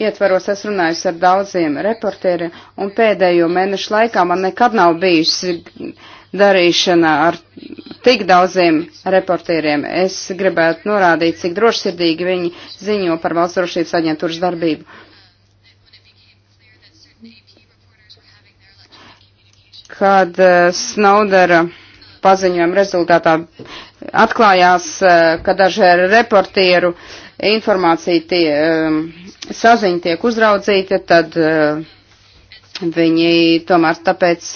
ietvaros es runājusi ar daudziem reportieriem, un pēdējo mēnešu laikā man nekad nav bijusi darīšana ar tik daudziem reportieriem. Es gribētu norādīt, cik drošsirdīgi viņi ziņo par valsts drošības aģentūras darbību. Kad uh, Snaudera. Uh, paziņojuma rezultātā atklājās, eh, ka daži reportieru informācija tie, eh, saziņa tiek uzraudzīta, tad eh, viņi tomēr tāpēc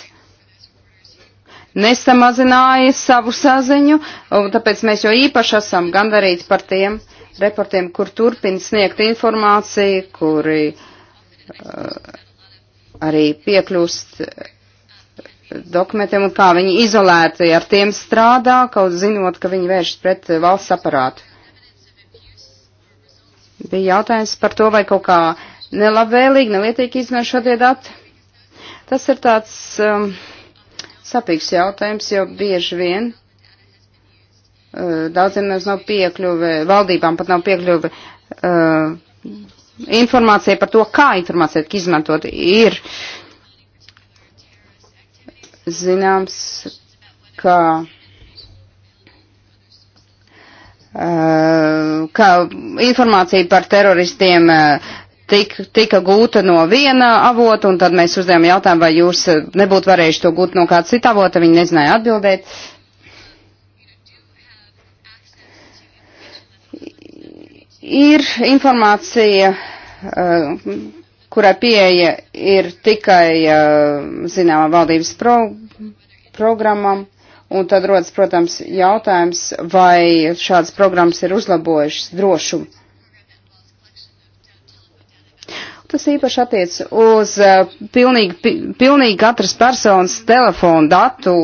nesamazināja savu saziņu, un tāpēc mēs jau īpaši esam gandarīti par tiem reportiem, kur turpin sniegt informāciju, kuri uh, arī piekļūst uh, dokumentiem un kā viņi izolēti ar tiem strādā, kaut zinot, ka viņi vēršas pret valsts aparātu. Bija jautājums par to, vai kaut kā nelabvēlīgi, nelietīgi izmēr šodie dati. Tas ir tāds um, sapīgs jautājums, jo bieži vien uh, daudziem mums nav piekļuve, valdībām pat nav piekļuve uh, informācija par to, kā informācija tiek izmantot, ir uh, zināms, ka, uh, ka informācija par teroristiem uh, tik, tika gūta no viena avota, un tad mēs uzdevām jautājumu, vai jūs uh, nebūtu varējuši to gūt no kāda cita avota, viņi nezināja atbildēt. Ir informācija kurai pieeja ir tikai, zināmā, valdības pro programmam. Un tad rodas, protams, jautājums, vai šādas programmas ir uzlabojušas drošumu. Tas īpaši attiec uz pilnīgi, pilnīgi katras personas telefonu datu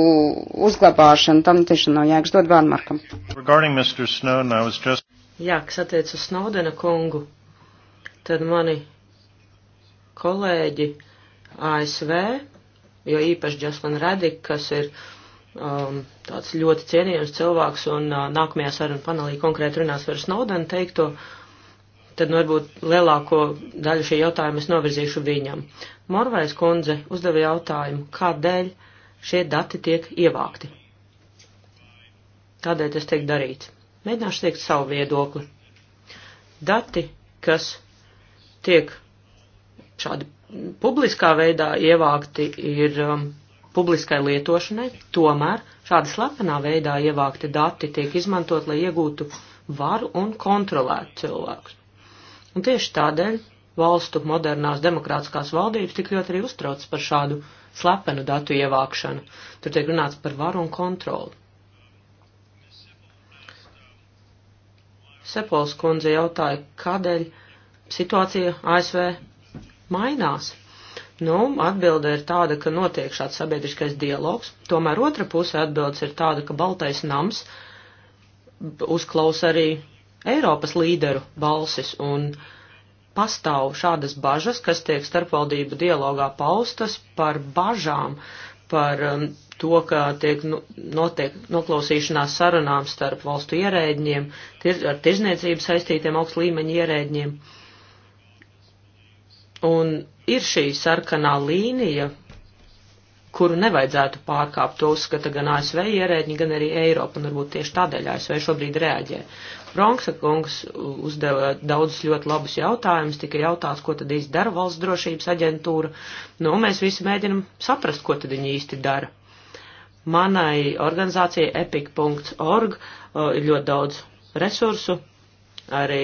uzglabāšanu. Tam tiešām nav jēgas dot Vārnmarkam. Just... Jā, kas attiec uz Snowdena kungu, tad mani kolēģi ASV, jo īpaši Džaslan Redik, kas ir um, tāds ļoti cienījams cilvēks un uh, nākamajā saruna panelī konkrēti runās par Snowdenu teikto, tad nu, varbūt lielāko daļu šī jautājuma es novirzīšu viņam. Morvais kundze uzdeva jautājumu, kādēļ šie dati tiek ievākti. Tādēļ tas tiek darīts. Mēģināšu teikt savu viedokli. Dati, kas tiek šādi publiskā veidā ievākti ir um, publiskai lietošanai, tomēr šādi slepenā veidā ievākti dati tiek izmantot, lai iegūtu varu un kontrolētu cilvēkus. Un tieši tādēļ valstu modernās demokrātiskās valdības tik ļoti arī uztrauc par šādu slepenu datu ievākšanu. Tur tiek runāts par varu un kontroli. Sepols kundze jautāja, kādēļ situācija ASV mainās. Nu, atbilde ir tāda, ka notiek šāds sabiedriskais dialogs, tomēr otra puse atbildes ir tāda, ka Baltais nams uzklaus arī Eiropas līderu balsis un pastāv šādas bažas, kas tiek starpvaldību dialogā paustas par bažām, par um, to, ka tiek nu, notiek noklausīšanās sarunām starp valstu ierēģiem, tir, ar tirzniecību saistītiem augstu līmeņu ierēģiem. Uh, Un ir šī sarkanā līnija, kuru nevajadzētu pārkāpt. To uzskata gan ASV ierēģi, gan arī Eiropa, un varbūt tieši tādēļ ASV šobrīd reaģē. Bronksa kungs uzdeva daudzus ļoti labus jautājumus, tika jautāts, ko tad īsti dara valsts drošības aģentūra. Nu, mēs visi mēģinam saprast, ko tad viņi īsti dara. Manai organizācijai epic.org uh, ir ļoti daudz resursu, arī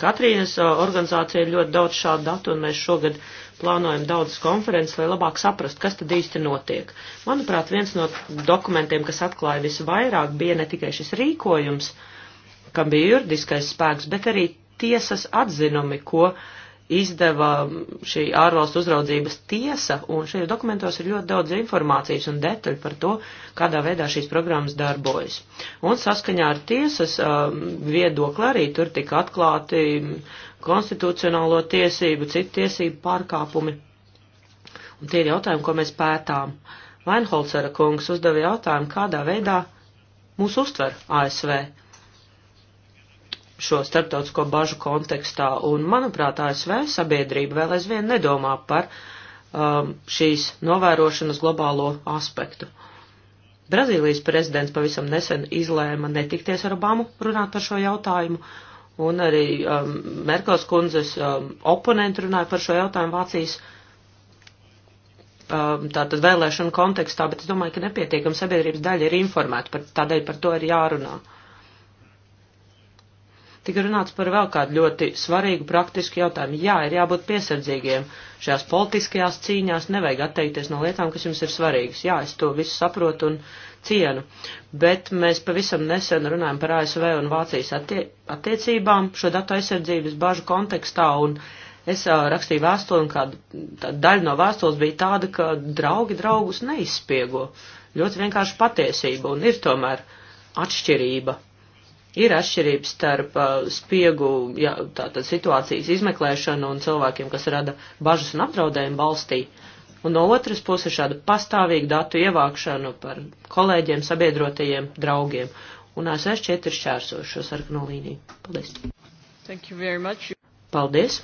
Katrīnas organizācija ir ļoti daudz šādu datu, un mēs šogad plānojam daudzas konferences, lai labāk saprastu, kas tad īsti notiek. Manuprāt, viens no dokumentiem, kas atklāja visvairāk, bija ne tikai šis rīkojums, kam bija juridiskais spēks, bet arī tiesas atzinumi, ko uh, izdeva šī ārvalstu uzraudzības tiesa, un šajos dokumentos ir ļoti daudz informācijas un detaļu par to, kādā veidā šīs programmas darbojas. Un saskaņā ar tiesas um, viedokli arī tur tika atklāti konstitucionālo tiesību, citu tiesību pārkāpumi. Un tie ir jautājumi, ko mēs pētām. Vainholcera kungs uzdeva jautājumu, kādā veidā mūs uztver ASV šo starptautisko bažu kontekstā, un, manuprāt, ASV sabiedrība vēl aizvien nedomā par um, šīs novērošanas globālo aspektu. Brazīlijas prezidents pavisam nesen izlēma netikties ar Obamu runāt par šo jautājumu, un arī um, Merkels kundzes um, oponenti runāja par šo jautājumu Vācijas um, tātad vēlēšanu kontekstā, bet es domāju, ka nepietiekama sabiedrības daļa ir informēta, par, tādēļ par to ir jārunā. Uh, Tika runāts par vēl kādu ļoti svarīgu praktisku jautājumu. Jā, ir jābūt piesardzīgiem. Šajās politiskajās cīņās nevajag atteikties no lietām, kas jums ir svarīgas. Jā, es to visu saprotu un cienu. Bet mēs pavisam nesen runājam par ASV un Vācijas attie attiecībām šo datu aizsardzības bažu kontekstā. Un es uh, rakstīju vēstuli, un kāda daļa no vēstules bija tāda, ka draugi draugus neizspiego. Ļoti vienkārši patiesība un ir tomēr atšķirība Ir atšķirības starp uh, spiegu jā, tā, tā, situācijas izmeklēšanu un cilvēkiem, kas rada bažas un apdraudējumu valstī. Un no otras puses šādu pastāvīgu datu ievākšanu par kolēģiem, sabiedrotajiem, draugiem. Un ASV šķiet ir šķērsojuši šo sarkano līniju. Paldies. Thank you very much. Paldies.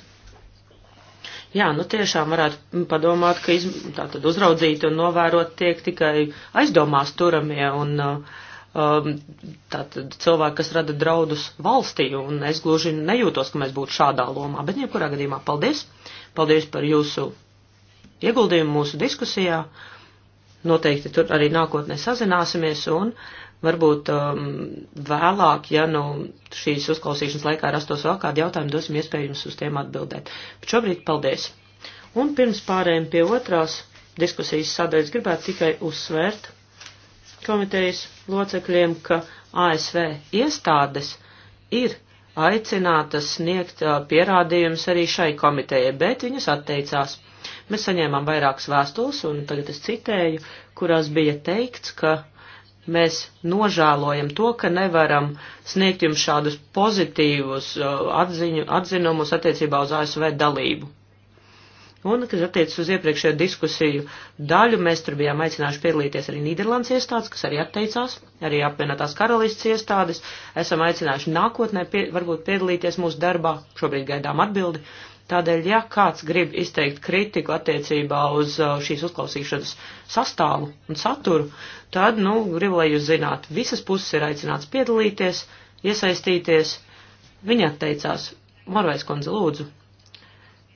Jā, nu tiešām varētu padomāt, ka iz, tā tad uzraudzīt un novērot tiek tikai aizdomās turamie un uh, um, tātad cilvēki, kas rada draudus valstī, un es gluži nejūtos, ka mēs būtu šādā lomā, bet jebkurā gadījumā paldies, paldies par jūsu ieguldījumu mūsu diskusijā, noteikti tur arī nākotnē sazināsimies, un varbūt um, vēlāk, ja nu šīs uzklausīšanas laikā rastos vēl kādi jautājumi, dosim iespēju jums uz tiem atbildēt. Bet šobrīd paldies! Un pirms pārējiem pie otrās diskusijas sadaļas gribētu tikai uzsvērt, komitejas locekļiem, ka ASV iestādes ir aicinātas sniegt pierādījumus arī šai komitejai, bet viņas atteicās. Mēs saņēmām vairākas vēstules, un tagad es citēju, kurās bija teikts, ka mēs nožēlojam to, ka nevaram sniegt jums šādus pozitīvus atziņu, atzinumus attiecībā uz ASV dalību Un, kas attiecas uz iepriekšējo diskusiju daļu, mēs tur bijām aicinājuši piedalīties arī Nīderlandes iestādes, kas arī atteicās, arī apvienotās karalists iestādes. Esam aicinājuši nākotnē pie, varbūt piedalīties mūsu darbā, šobrīd gaidām atbildi. Tādēļ, ja kāds grib izteikt kritiku attiecībā uz uh, šīs uzklausīšanas sastāvu un saturu, tad, nu, gribu, lai jūs zināt, visas puses ir aicināts piedalīties, iesaistīties. Viņa atteicās. Morvais kundze, lūdzu,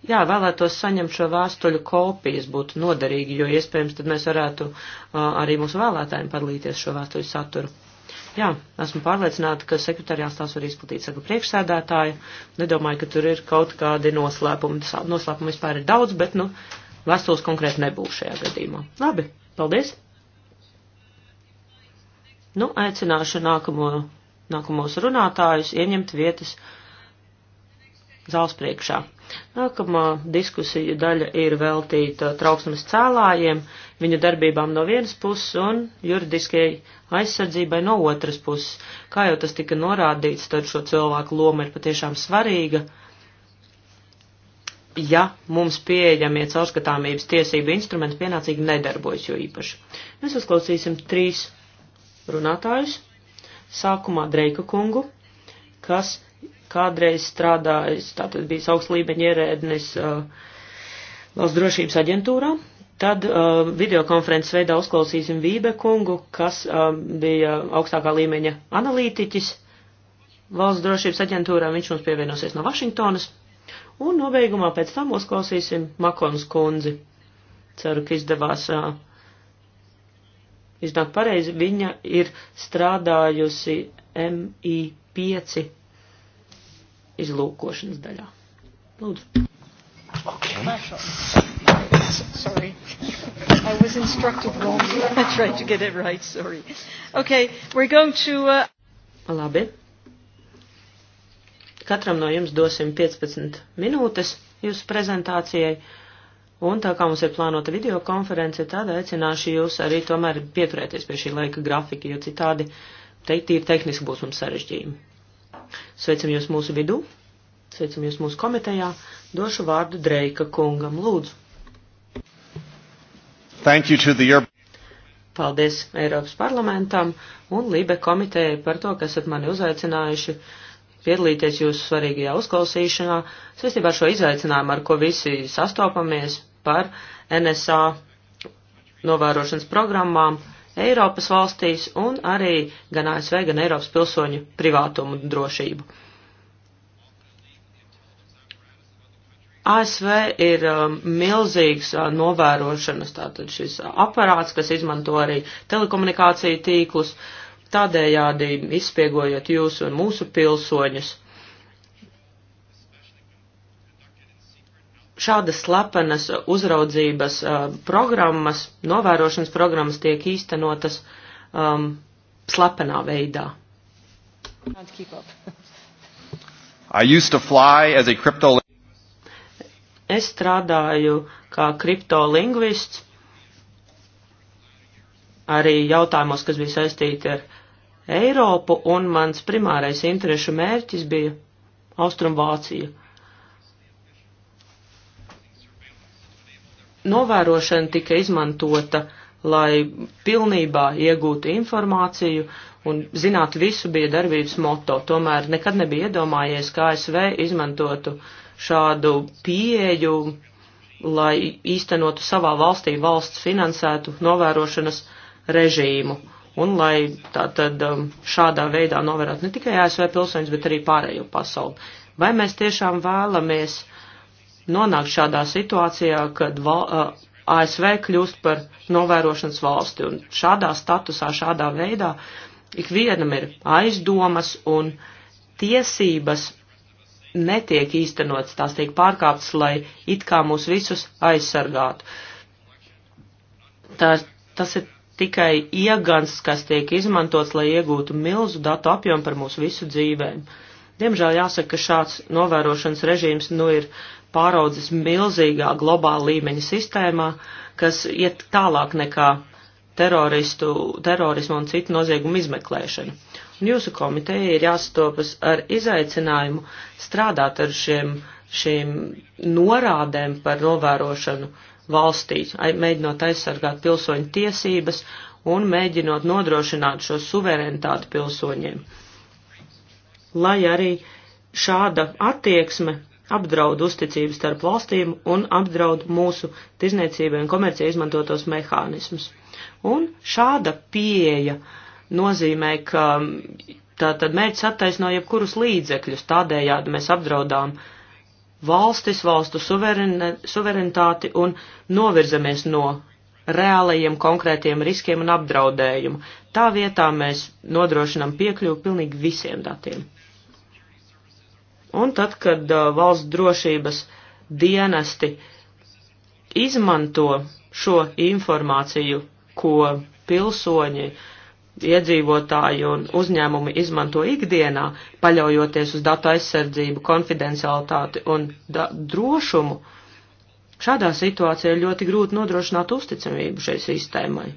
Jā, vēlētos saņemt šo vēstuļu kopijas, būtu noderīgi, jo iespējams tad mēs varētu uh, arī mūsu vēlētājiem padalīties šo vēstuļu saturu. Jā, esmu pārliecināta, ka sekretariāts tās var izplatīt saka priekšsēdētāju. Nedomāju, ka tur ir kaut kādi noslēpumi. Noslēpumi vispār ir daudz, bet, nu, vēstules konkrēti nebūs šajā gadījumā. Labi, paldies! Nu, aicināšu nākamo, nākamos runātājus ieņemt vietas zāles priekšā. Nākamā diskusija daļa ir veltīta trauksmes cēlājiem, viņu darbībām no vienas puses un juridiskajai aizsardzībai no otras puses. Kā jau tas tika norādīts, tad šo cilvēku loma ir patiešām svarīga. Ja mums pieejamie caurskatāmības tiesību instrumenti pienācīgi nedarbojas, jo īpaši. Mēs uzklausīsim trīs runātājus. Sākumā Dreika kungu, kas kādreiz strādājis, tātad bijis augsts līmeņa ierēdnis uh, valsts drošības aģentūrā. Tad uh, videokonferences veidā uzklausīsim Vībe kungu, kas uh, bija augstākā līmeņa analītiķis valsts drošības aģentūrā. Viņš mums pievienosies no Vašingtonas. Un nobeigumā pēc tam uzklausīsim Makons kundzi. Ceru, ka izdevās uh, iznāk pareizi. Viņa ir strādājusi MI5 izlūkošanas daļā. Lūdzu. Okay. Sorry. I was instructed wrong. I tried to get it right. Sorry. Okay, we're going to. Uh... Labi. Katram no jums dosim 15 minūtes jūsu prezentācijai. Un tā kā mums ir plānota video konference, tad aicināšu jūs arī tomēr pieturēties pie šī laika grafika, jo citādi te, tīri tehniski būs mums sarežģījumi. Sveicam jūs mūsu vidū, sveicam jūs mūsu komitejā. Došu vārdu Dreika kungam, lūdzu. Thank you to the Europe. Paldies Eiropas parlamentam un Lībe komitejai par to, ka esat mani uzaicinājuši piedalīties jūsu svarīgajā uzklausīšanā, saistībā ar šo izaicinājumu, ar ko visi sastopamies par NSA novērošanas programmām Eiropas valstīs un arī gan ASV, gan Eiropas pilsoņu privātumu drošību. ASV ir um, milzīgs uh, novērošanas tātad šis aparāts, kas izmanto arī telekomunikāciju tīklus, tādējādi izspiegojot jūs un mūsu pilsoņus. Uh, šādas slepenas uzraudzības uh, programmas, novērošanas programmas tiek īstenotas um, slepenā veidā. Crypto... Es strādāju kā kriptolingvists arī jautājumos, kas bija saistīti ar Eiropu, un mans primārais interešu mērķis bija Austrumvācija novērošana tika izmantota, lai pilnībā iegūtu informāciju un zinātu visu bija darbības moto. Tomēr nekad nebija iedomājies, kā ASV izmantotu šādu pieeju, lai īstenotu savā valstī valsts finansētu novērošanas režīmu. Un lai tātad um, šādā veidā novērot ne tikai ASV pilsoņus, bet arī pārējo pasauli. Vai mēs tiešām vēlamies nonākt šādā situācijā, kad val, ASV kļūst par novērošanas valsti. Un šādā statusā, šādā veidā ikvienam ir aizdomas un tiesības netiek īstenotas, tās tiek pārkāptas, lai it kā mūs visus aizsargātu. Tā, tas ir tikai iegans, kas tiek izmantots, lai iegūtu milzu datu apjomu par mūsu visu dzīvēm. Diemžēl jāsaka, ka šāds novērošanas režīms nu ir pāraudzis milzīgā globāla līmeņa sistēmā, kas iet tālāk nekā teroristu, terorismu un citu noziegumu izmeklēšanu. Un jūsu komiteja ir jāsastopas ar izaicinājumu strādāt ar šiem, šiem norādēm par novērošanu valstī, mēģinot aizsargāt pilsoņu tiesības un mēģinot nodrošināt šo suverenitāti pilsoņiem. Lai arī šāda attieksme apdraud uzticību starp valstīm un apdraud mūsu tirzniecībai un komercijai izmantotos mehānismus. Un šāda pieeja nozīmē, ka mm, tātad mērķis attaisno jebkurus līdzekļus, tādējādi mēs apdraudām valstis, valstu suverenitāti un novirzamies no reālajiem konkrētiem riskiem un apdraudējumu. Tā vietā mēs nodrošinām piekļuvu pilnīgi visiem datiem. Un tad, kad uh, valsts drošības dienesti izmanto šo informāciju, ko pilsoņi, iedzīvotāji un uzņēmumi izmanto ikdienā, paļaujoties uz datu aizsardzību, konfidencialitāti un drošumu, šādā situācijā ir ļoti grūti nodrošināt uzticamību šai sistēmai.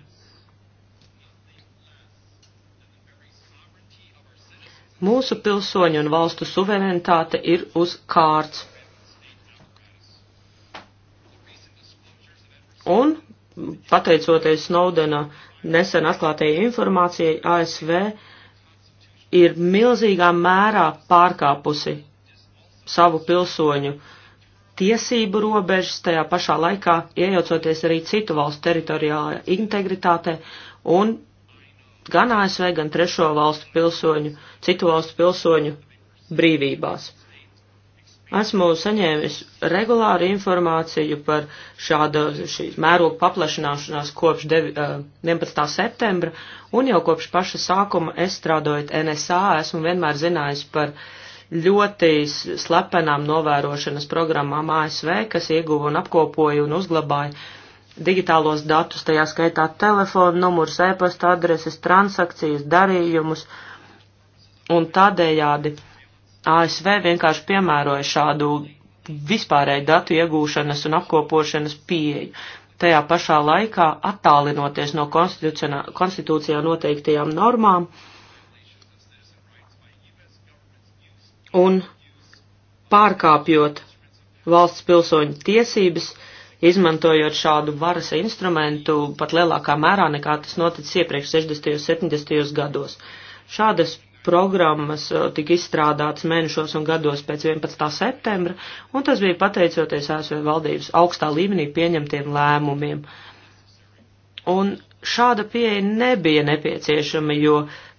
Mūsu pilsoņu un valstu suverenitāte ir uz kārts. Un, pateicoties Snowdena nesen atklātajai informācijai, ASV ir milzīgā mērā pārkāpusi savu pilsoņu tiesību robežas, tajā pašā laikā iejaucoties arī citu valstu teritoriālajā integritātē un gan ASV, gan trešo valstu pilsoņu, citu valstu pilsoņu brīvībās. Esmu saņēmis regulāru informāciju par šādu šīs mērogu paplašināšanās kopš devi, uh, 11. septembra, un jau kopš paša sākuma es strādājot NSA, esmu vienmēr zinājis par ļoti slepenām novērošanas programmām ASV, kas ieguva un apkopoja un uzglabāja digitālos datus, tajā skaitā telefonu numurus, e-pasta adreses, transakcijas, darījumus, un tādējādi ASV vienkārši piemēroja šādu vispārēju datu iegūšanas un apkopošanas pieeju, tajā pašā laikā attālinoties no konstitūcijā noteiktajām normām un pārkāpjot valsts pilsoņu tiesības, uh, izmantojot šādu varas instrumentu pat lielākā mērā nekā tas noticis iepriekš 60. un 70. gados. Šādas programmas uh, tika izstrādātas mēnešos un gados pēc 11. septembra, un tas bija pateicoties ASV valdības augstā līmenī pieņemtiem lēmumiem. Un šāda pieeja nebija nepieciešama, jo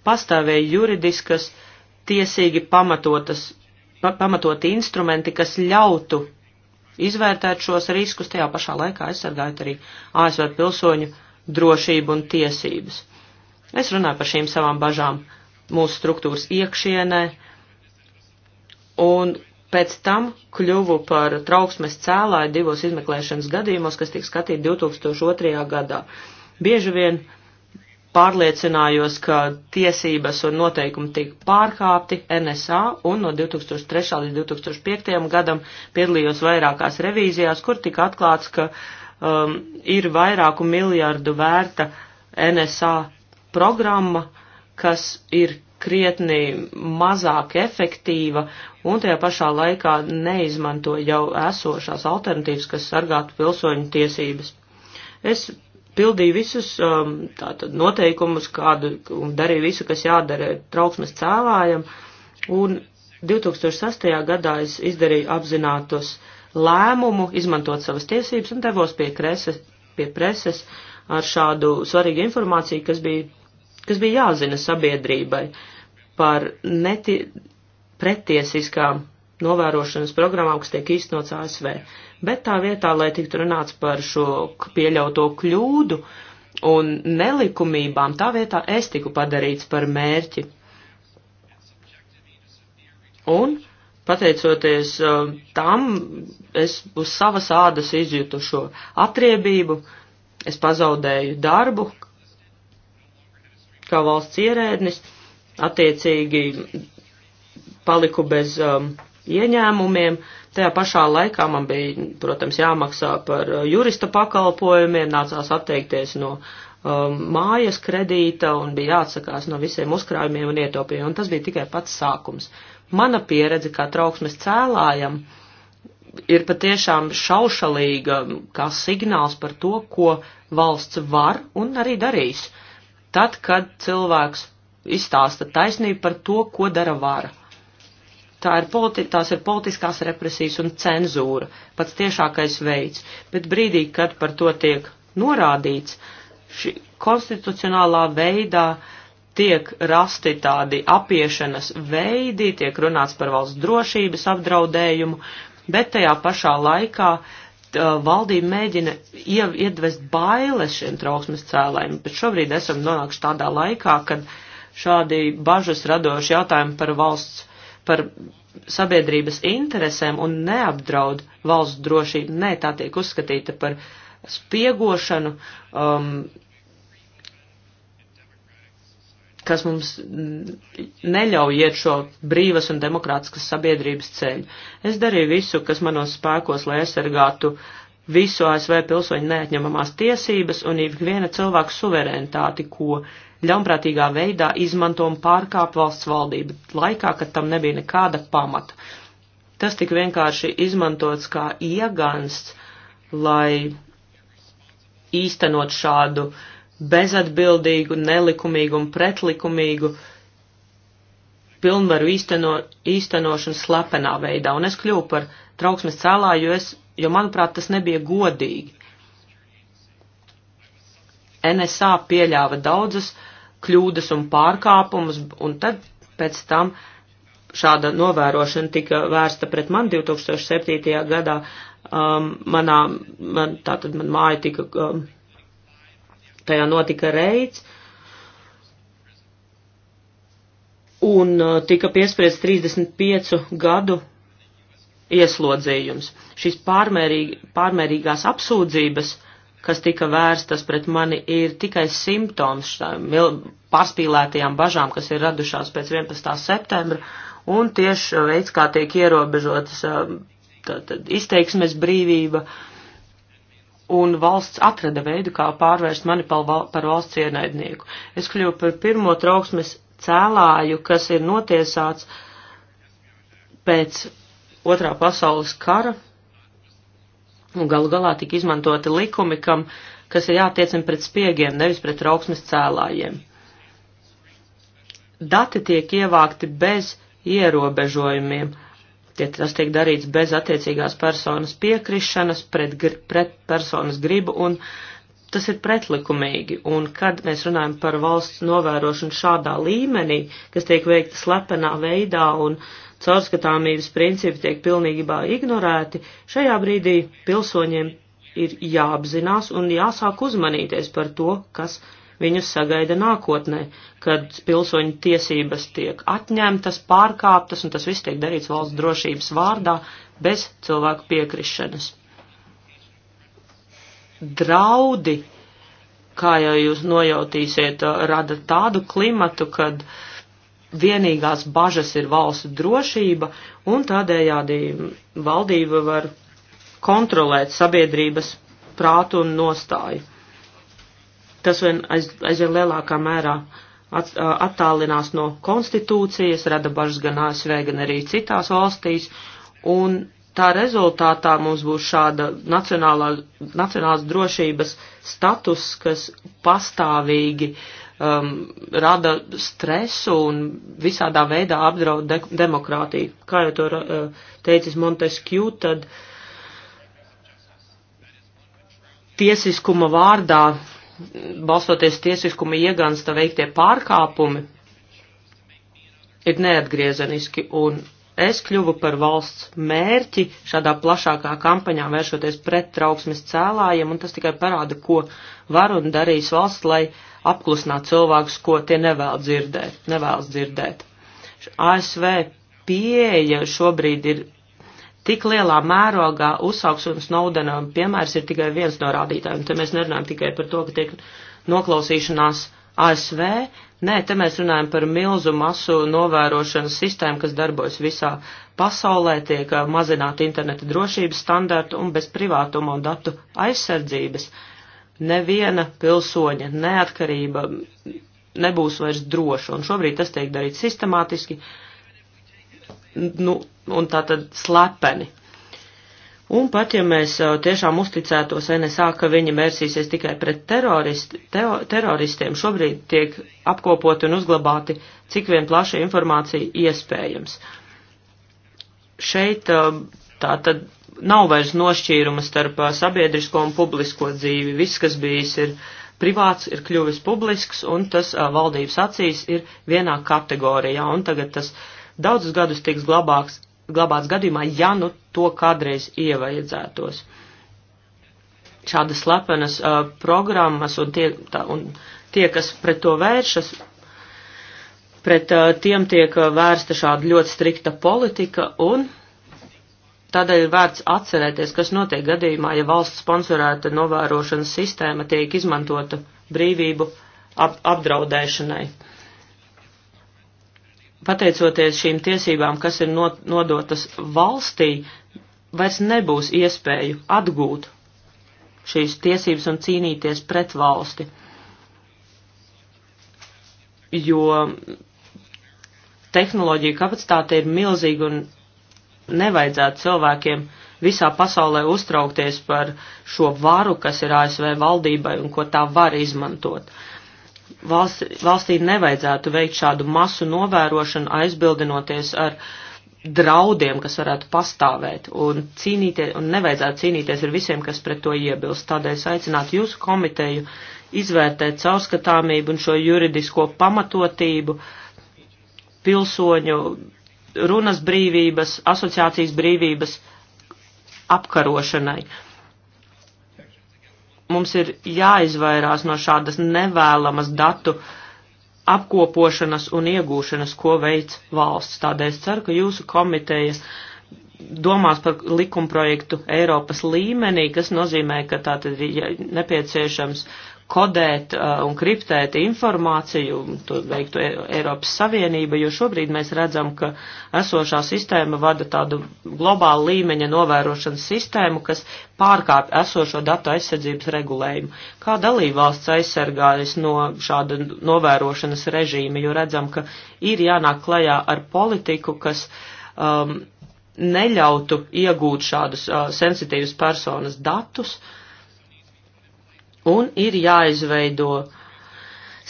pastāvēja juridiskas, tiesīgi pamatotas, pa, pamatoti instrumenti, kas ļautu izvērtēt šos riskus, tajā pašā laikā aizsargājot arī ASV pilsoņu drošību un tiesības. Es runāju par šīm savām bažām mūsu struktūras iekšienē, un pēc tam kļuvu par trauksmes cēlāju divos izmeklēšanas gadījumos, kas tika skatīti 2002. gadā. Bieži vien uh, pārliecinājos, ka tiesības un noteikumi tika pārkāpti NSA un no 2003. līdz 2005. gadam piedalījos vairākās revīzijās, kur tika atklāts, ka um, ir vairāku miljardu vērta NSA programma, kas ir krietni mazāk efektīva un tajā pašā laikā neizmanto jau esošās alternatīvas, kas sargātu pilsoņu tiesības. Es pildīja visus um, tātad noteikumus, kādu, un darīja visu, kas jādara trauksmes cēlājam, un 2006. gadā es izdarīju apzinātos lēmumu, izmantot savas tiesības un devos pie, kreses, pie preses ar šādu svarīgu informāciju, kas bija, kas bija jāzina sabiedrībai par neti, pretiesiskām novērošanas programmām, kas tiek īstenots ASV. Bet tā vietā, lai tiktu runāts par šo pieļauto kļūdu un nelikumībām, tā vietā es tiku padarīts par mērķi. Un pateicoties uh, tam, es uz savas ādas izjūtu šo atriebību, es pazaudēju darbu kā valsts ierēdnis, attiecīgi paliku bez um, ieņēmumiem. Tajā pašā laikā man bija, protams, jāmaksā par uh, jurista pakalpojumiem, nācās atteikties no um, mājas kredīta un bija jāatsakās no visiem uzkrājumiem un ietaupījumiem, un tas bija tikai pats sākums. Mana pieredze kā trauksmes cēlājam ir patiešām šaušalīga kā signāls par to, ko valsts var un arī darīs. Tad, kad cilvēks izstāsta taisnību par to, ko dara vara Tā ir politi tās ir politiskās represijas un cenzūra, pats tiešākais veids, bet brīdī, kad par to tiek norādīts, šī konstitucionālā veidā tiek rasti tādi apiešanas veidi, tiek runāts par valsts drošības apdraudējumu, bet tajā pašā laikā tā, valdība mēģina iedvest bailes šiem trauksmes cēlājiem, bet šobrīd esam nonākuši tādā laikā, kad šādi bažas radoši jautājumi par valsts par sabiedrības interesēm un neapdraud valsts drošību. Nē, tā tiek uzskatīta par spiegošanu, um, kas mums neļauj iet šo brīvas un demokrātiskas sabiedrības ceļu. Es darīju visu, kas manos spēkos, lai aizsargātu visu ASV pilsoņu neatņemamās tiesības un ikviena cilvēka suverenitāti, ko ļaunprātīgā veidā izmanto un pārkāp valsts valdību laikā, kad tam nebija nekāda pamata. Tas tik vienkārši izmantots kā iegansts, lai īstenot šādu bezatbildīgu, nelikumīgu un pretlikumīgu uh, pilnvaru īsteno, īstenošanu slepenā veidā, un es kļuvu par trauksmes cēlāju, jo, es, jo manuprāt, tas nebija godīgi. NSA pieļāva daudzus kļūdas un pārkāpumus, un tad pēc tam šāda novērošana tika vērsta pret mani 2007. gadā. Um, manā, man, tātad man māja tika, um, tajā notika reids, un uh, tika piespriedz 35 gadu ieslodzījums. Šīs pārmērīg, pārmērīgās apsūdzības uh, kas tika vērstas pret mani, ir tikai simptoms pārspīlētajām bažām, kas ir radušās pēc 11. septembra, un tieši veids, kā tiek ierobežotas izteiksmes brīvība, un valsts atrada veidu, kā pārvērst mani par valsts ienaidnieku. Es kļuvu par pirmo trauksmes cēlāju, kas ir notiesāts pēc otrā pasaules kara Un nu, galu galā tika izmantoti likumi, kam, kas ir jātiecina pret spiegiem, nevis pret trauksmes cēlājiem. Dati tiek ievākti bez ierobežojumiem. Tie, tas tiek darīts bez attiecīgās personas piekrišanas, pret, pret personas gribu, un tas ir pretlikumīgi. Un kad mēs runājam par valsts novērošanu šādā līmenī, kas tiek veikta slepenā veidā un caurskatāmības principi tiek pilnībā ignorēti, šajā brīdī pilsoņiem ir jāapzinās un jāsāk uzmanīties par to, kas viņus sagaida nākotnē, kad pilsoņu tiesības tiek atņemtas, pārkāptas, un tas viss tiek darīts valsts drošības vārdā bez cilvēku piekrišanas. Draudi, kā jau jūs nojautīsiet, rada tādu klimatu, kad uh, vienīgās bažas ir valstu drošība, un tādējādi valdība var kontrolēt sabiedrības prātu un nostāju. Tas vien aiz, aizvien lielākā mērā at, attālinās no konstitūcijas, rada bažas gan ASV, gan arī citās valstīs, un tā rezultātā mums būs šāda nacionālās drošības status, kas pastāvīgi uh, um, rada stresu un visādā veidā apdraud de demokrātiju. Kā jau to uh, teicis Montesquieu, tad tiesiskuma vārdā, balstoties tiesiskuma iegansta veiktie pārkāpumi, ir neatgriezeniski un Es kļuvu par valsts mērķi šādā plašākā kampaņā vēršoties pret trauksmes cēlājiem, un tas tikai parāda, ko var un darīs valsts, lai uh, apklusināt cilvēkus, ko tie nevēl dzirdēt, nevēlas dzirdēt. ASV pieeja šobrīd ir tik lielā mērogā uzsauks un Snowdenam piemērs ir tikai viens no rādītājiem. Te mēs nerunājam tikai par to, ka tiek noklausīšanās ASV, nē, te mēs runājam par milzu masu novērošanas sistēmu, kas darbojas visā pasaulē, tiek mazināti interneta drošības standartu un bez privātuma un datu aizsardzības. Uh, neviena pilsoņa neatkarība nebūs vairs droša, un šobrīd tas tiek darīts sistemātiski, nu, un tā tad slepeni. Un pat ja mēs uh, tiešām uzticētos NSA, ka viņi mērsīsies tikai pret teroristi, teo, teroristiem, šobrīd tiek apkopoti un uzglabāti cik vien plaša informācija iespējams. Šeit uh, tā tad nav vairs nošķīruma starp sabiedrisko un publisko dzīvi. Viss, kas bijis, ir privāts, ir kļuvis publisks, un tas valdības acīs ir vienā kategorijā, un tagad tas daudzus gadus tiks glabāks, glabāts gadījumā, ja nu to kādreiz ievajadzētos. Šādas slepenas uh, programmas un tie, tā, un tie, kas pret to vēršas, pret uh, tiem tiek vērsta šāda ļoti strikta politika, un Tādēļ vērts atcerēties, kas notiek gadījumā, ja valsts sponsorēta novērošanas sistēma tiek izmantota brīvību ap apdraudēšanai. Pateicoties šīm tiesībām, kas ir not nodotas valstī, vairs nebūs iespēju atgūt šīs tiesības un cīnīties pret valsti. Jo tehnoloģija kapacitāte ir milzīga un nevajadzētu cilvēkiem visā pasaulē uztraukties par šo varu, kas ir ASV valdībai un ko tā var izmantot. Valst, valstī nevajadzētu veikt šādu masu novērošanu, aizbildinoties ar draudiem, kas varētu pastāvēt, un, cīnīties, un nevajadzētu cīnīties ar visiem, kas pret to iebilst. Tādēļ es aicinātu jūsu komiteju izvērtēt caurskatāmību un šo juridisko pamatotību pilsoņu runas brīvības, asociācijas brīvības apkarošanai. Mums ir jāizvairās no šādas nevēlamas datu apkopošanas un iegūšanas, ko veic valsts. Tādēļ es ceru, ka jūsu komitejas domās par likumprojektu Eiropas līmenī, kas nozīmē, ka tā tad ir nepieciešams kodēt uh, un kriptēt informāciju, to veiktu e- Eiropas Savienība, jo šobrīd mēs redzam, ka esošā sistēma vada tādu globālu līmeņa novērošanas sistēmu, kas pārkāp esošo datu aizsardzības regulējumu. Kā dalībvalsts aizsargājas no šāda novērošanas režīma, jo redzam, ka ir jānāk klajā ar politiku, kas um, neļautu iegūt šādus uh, sensitīvus personas datus, uh, un ir jāizveido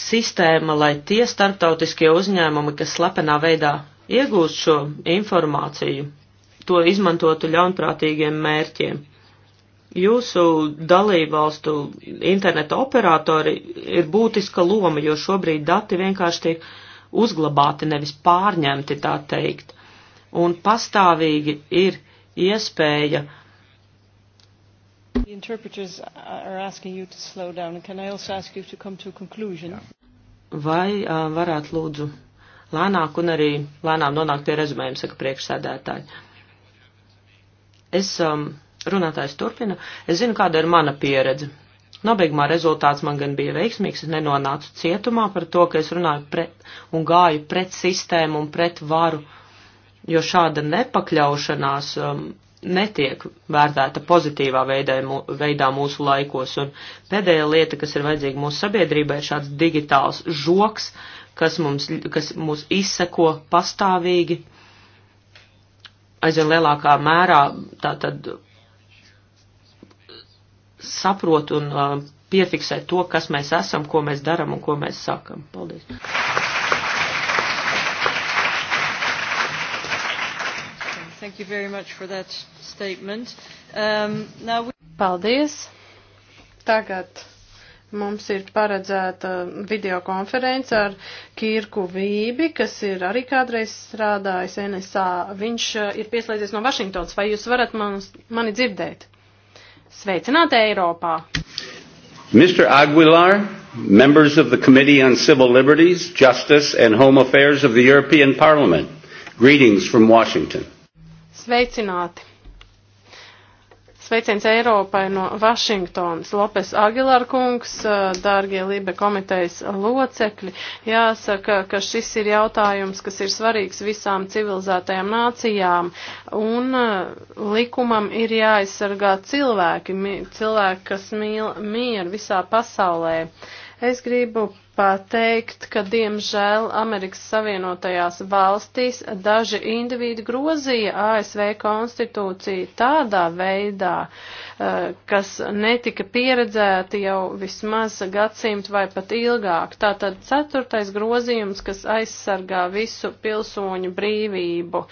sistēma, lai tie starptautiskie uzņēmumi, kas slepenā veidā iegūst šo informāciju, to izmantotu ļaunprātīgiem mērķiem. Jūsu dalībvalstu interneta operatori ir būtiska loma, jo šobrīd dati vienkārši tiek uzglabāti, nevis pārņemti, tā teikt. Un pastāvīgi ir iespēja uh, interpreters are asking you to slow down. Can I also ask you to come to a conclusion? Vai uh, varētu lūdzu lēnāk un arī lēnām nonākt pie rezumējuma, saka priekšsēdētāji. Es, um, runātājs turpina, es zinu, kāda ir mana pieredze. Nobeigumā rezultāts man gan bija veiksmīgs, es nenonācu cietumā par to, ka es runāju pret, un gāju pret sistēmu un pret varu, jo šāda nepakļaušanās um, netiek vērtēta pozitīvā veidā, veidā mūsu laikos. Un pēdējā lieta, kas ir vajadzīga mūsu sabiedrībai, ir šāds digitāls žoks, kas mums, kas mūs izseko pastāvīgi, aizvien lielākā mērā tātad saprot un uh, piefiksē to, kas mēs esam, ko mēs daram un ko mēs sakam. Paldies! Thank you very much for that statement. Um, now we... Paldies. Tagad mums ir paredzēta videokonference ar Kirku Vībi, kas ir arī kādreiz strādājis NSA. Viņš uh, ir pieslēdzies no Vašingtons. Vai jūs varat man, mani dzirdēt? Sveicināti Eiropā! Mr. Aguilar, members of the Committee on Civil Liberties, Justice and Home Affairs of the European Parliament, greetings from Washington. Sveicināti! Sveiciens Eiropai no Vašingtonas. Lopes Agilar kungs, dārgie Libe komitejas locekļi. Jāsaka, ka šis ir jautājums, kas ir svarīgs visām civilizētajām nācijām. Un likumam ir jāaizsargā cilvēki, cilvēki, kas mīl mieru visā pasaulē. Es gribu pateikt, ka diemžēl Amerikas Savienotajās valstīs daži individi grozīja ASV konstitūciju tādā veidā, eh, kas netika pieredzēti jau vismaz gadsimtu vai pat ilgāk. Tātad ceturtais grozījums, kas aizsargā visu pilsoņu brīvību.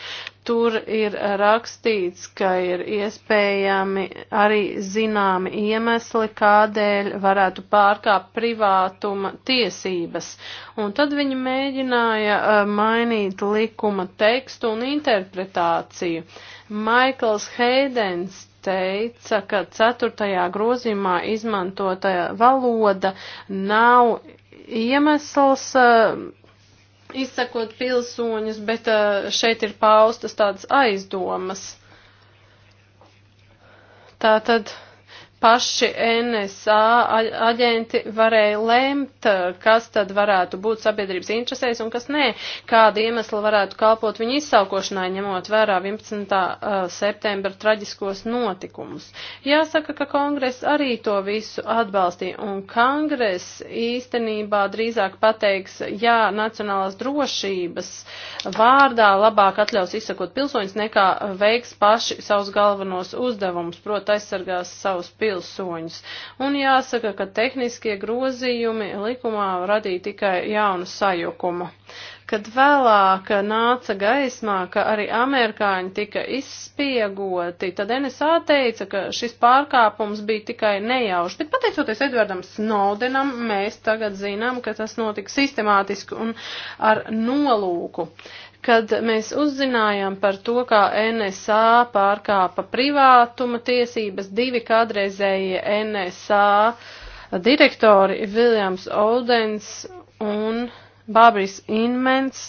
Tur ir rakstīts, ka ir iespējami arī zināmi iemesli, kādēļ varētu pārkāpt privātuma tiesības. Un tad viņi mēģināja uh, mainīt likuma tekstu un interpretāciju. Maikls Heidens teica, ka ceturtajā grozījumā izmantota valoda nav iemesls uh, izsakot pilsoņus, bet eh, šeit ir paustas tādas aizdomas. Tātad. tad paši NSA aģenti varēja lemt, kas tad varētu būt sabiedrības interesēs un kas nē, kāda iemesla varētu kalpot viņu izsaukošanai, ņemot vērā 11. septembra traģiskos notikumus. Jāsaka, ka kongress arī to visu atbalstīja, un kongress īstenībā drīzāk pateiks, jā, nacionālās drošības vārdā labāk atļaus izsakot pilsoņus, nekā veiks paši savus galvenos uzdevumus, proti aizsargās savus pilsoņus pilsoņus. Un jāsaka, ka tehniskie grozījumi likumā radīja tikai jaunu sajukumu kad vēlāk nāca gaismā, ka arī amerikāņi tika izspiegoti, tad NSA teica, ka šis pārkāpums bija tikai nejauši. Bet pateicoties Edvardam Snowdenam, mēs tagad zinām, ka tas notika sistemātiski un ar nolūku. Uh, kad mēs uzzinājām par to, kā NSA pārkāpa privātuma tiesības, divi kādreizējie NSA direktori Viljams Oldens un Babris Inmens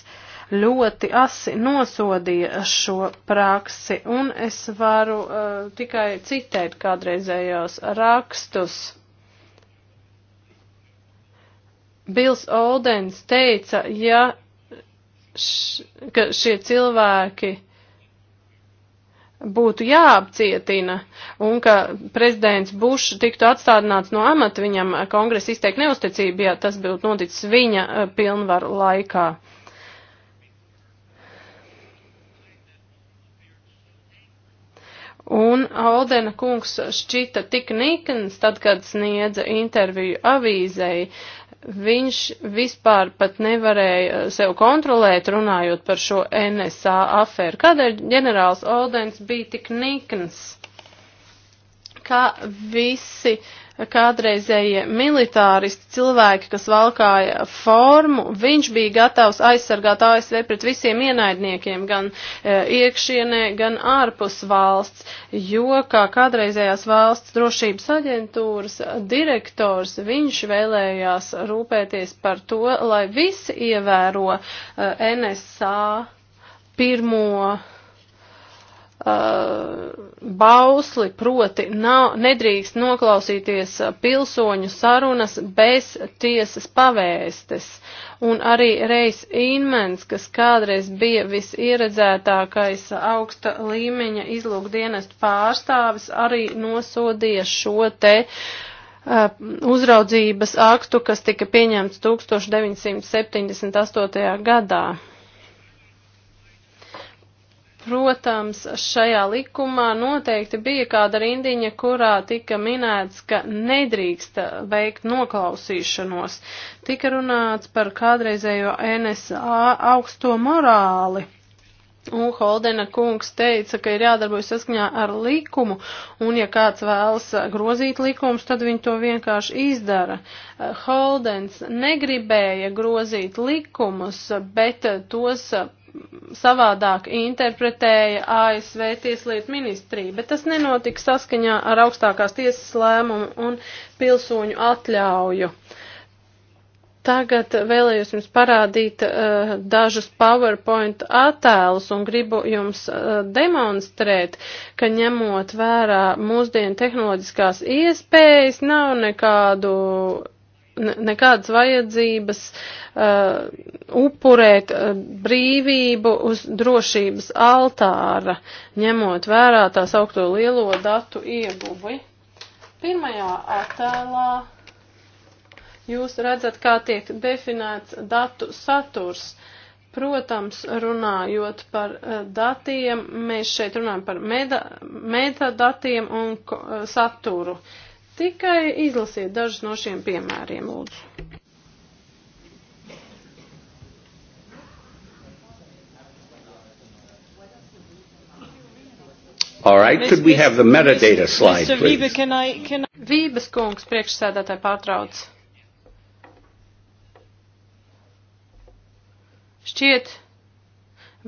ļoti asi nosodīja šo praksi, un es varu uh, tikai citēt kādreizējos rakstus. Bils Oldens teica, ja š, ka šie cilvēki būtu jāapcietina un ka prezidents Bušs tiktu atstādināts no amata, viņam kongresa izteikt neusticību, ja tas būtu noticis viņa eh, pilnvaru laikā. Un Aldena kungs šķita tik nikns, tad, kad sniedza interviju avīzei, viņš vispār pat nevarēja sev kontrolēt, runājot par šo NSA aferu. Kādēļ ģenerālis Oldens bija tik nikns? Kā visi uh, kādreizējie militāristi cilvēki, kas valkāja formu, viņš bija gatavs aizsargāt ASV pret visiem ienaidniekiem, gan e, iekšienē, gan ārpus valsts, jo kā kādreizējās valsts drošības aģentūras direktors, viņš vēlējās rūpēties par to, lai visi ievēro e, NSA pirmo Uh, bausli, proti nav, nedrīkst noklausīties pilsoņu sarunas bez tiesas pavēstes. Un arī Reis Inmens, kas kādreiz bija visieredzētākais augsta līmeņa izlūkdienestu pārstāvis, arī nosodīja šo te uh, uzraudzības aktu, kas tika pieņemts 1978. gadā. Protams, šajā likumā noteikti bija kāda rindiņa, kurā tika minēts, ka nedrīkst veikt noklausīšanos. Tika runāts par kādreizējo NSA augsto morāli. Un Holdena kungs teica, ka ir jādarbojas saskaņā ar likumu, un ja kāds vēlas grozīt likumus, tad viņi to vienkārši izdara. Holdens negribēja grozīt likumus, bet tos savādāk interpretēja ASV tieslietu ministrija, bet tas nenotika saskaņā ar augstākās tiesas lēmumu un pilsoņu atļauju. Tagad vēlējos jums parādīt uh, dažus PowerPoint attēlus un gribu jums uh, demonstrēt, ka ņemot vērā mūsdienu tehnoloģiskās iespējas nav nekādu nekādas vajadzības uh, upurēt uh, brīvību uz drošības altāra, ņemot vērā tās augto lielo datu ieguvi. Pirmajā attēlā jūs redzat, kā tiek definēts datu saturs. Protams, runājot par uh, datiem, mēs šeit runājam par meta, metadatiem un uh, saturu. Uh, tikai izlasiet dažus no šiem piemēriem, lūdzu. All right, could we have the metadata slide, please? Vības kungs priekšsēdētāji pārtrauc. Šķiet,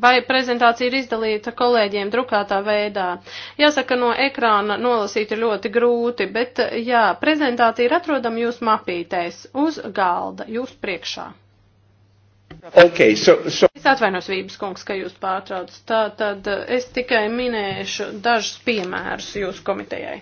Vai prezentācija ir izdalīta kolēģiem drukātā veidā? Jāsaka, no ekrāna nolasīt ir ļoti grūti, bet jā, prezentācija ir atrodama jūsu mapītēs uz galda, jūs priekšā. Okay, so, so... Es atvainos, Vības kungs, ka jūs pārtrauc. Tā tad es tikai minēšu dažus piemērus jūsu komitejai.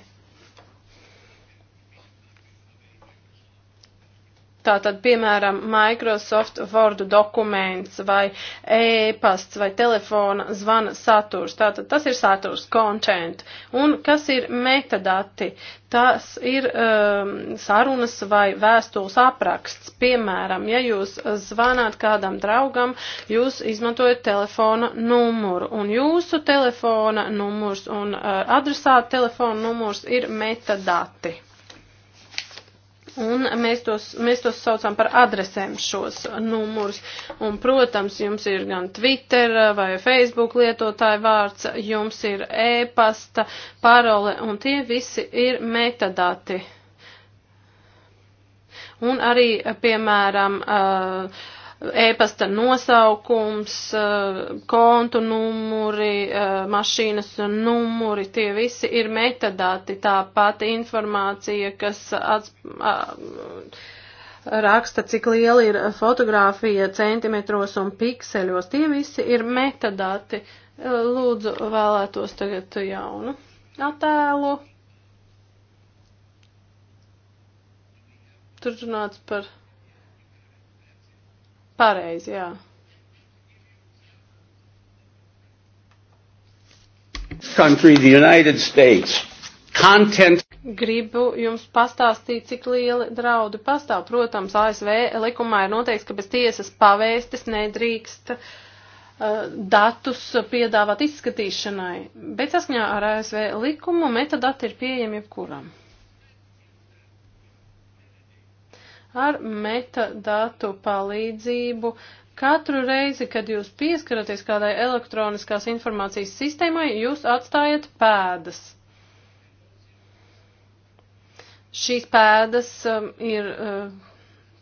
Tātad, piemēram, Microsoft Word dokuments vai e-pasts vai telefona zvana saturs. Tātad tas ir saturs, content. Un kas ir metadati? Tas ir um, sarunas vai vēstules apraksts. Piemēram, ja jūs zvanāt kādam draugam, jūs izmantojat telefona numuru. Un jūsu telefona numurs un uh, adresāta telefona numurs ir metadati. Un mēs tos, mēs tos saucam par adresēm šos numurus. Un, protams, jums ir gan Twitter vai Facebook lietotāja vārds, jums ir e-pasta, parole, un tie visi ir metadati. Un arī, piemēram, uh, e-pasta nosaukums, e, kontu numuri, e, mašīnas numuri, tie visi ir metadati, tā pati informācija, kas ats, raksta, cik liela ir fotografija centimetros un pikseļos, tie visi ir metadati. E, lūdzu, vēlētos tagad jaunu attēlu. Tur runāts par Pareizi, jā. Country, the United States. Content. Gribu jums pastāstīt, cik lieli draudi pastāv. Protams, ASV likumā ir noteikts, ka bez tiesas pavēstis nedrīkst uh, datus piedāvāt izskatīšanai, bet saskaņā ar ASV likumu metadati ir pieejami jebkuram. ar metadatu palīdzību. Katru reizi, kad jūs pieskaraties kādai elektroniskās informācijas sistēmai, jūs atstājat pēdas. Šīs pēdas um, ir uh,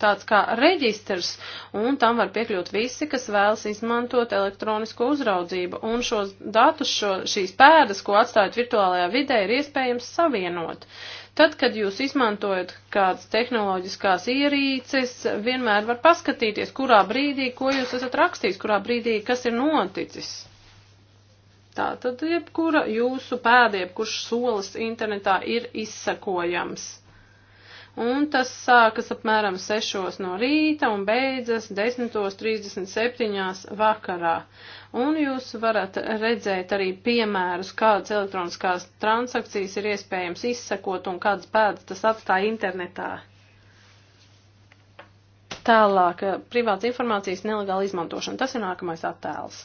tāds kā reģistrs, un tam var piekļūt visi, kas vēlas izmantot elektronisko uzraudzību, un šos datus, šo, šīs pēdas, ko atstājat virtuālajā vidē, ir iespējams savienot. Uh, Tad, kad jūs izmantojat kādas tehnoloģiskās ierīces, vienmēr var paskatīties, kurā brīdī, ko jūs esat rakstījis, kurā brīdī, kas ir noticis. Tā tad jebkura jūsu pēda, jebkurš solis internetā ir izsakojams un tas sākas apmēram 6 no rīta un beidzas 10.37 vakarā. Un jūs varat redzēt arī piemērus, kādas elektroniskās transakcijas ir iespējams izsekot un kādas pēdas tas atstāja internetā. Tālāk, privāts informācijas nelegāla izmantošana. Tas ir nākamais attēls.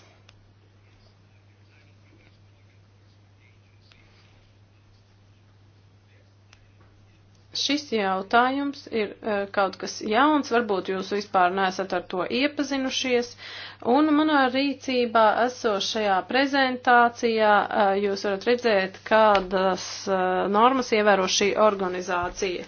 šis jautājums ir uh, kaut kas jauns, varbūt jūs vispār nesat ar to iepazinušies, un manā rīcībā esošajā prezentācijā uh, jūs varat redzēt, kādas uh, normas ievēro šī organizācija.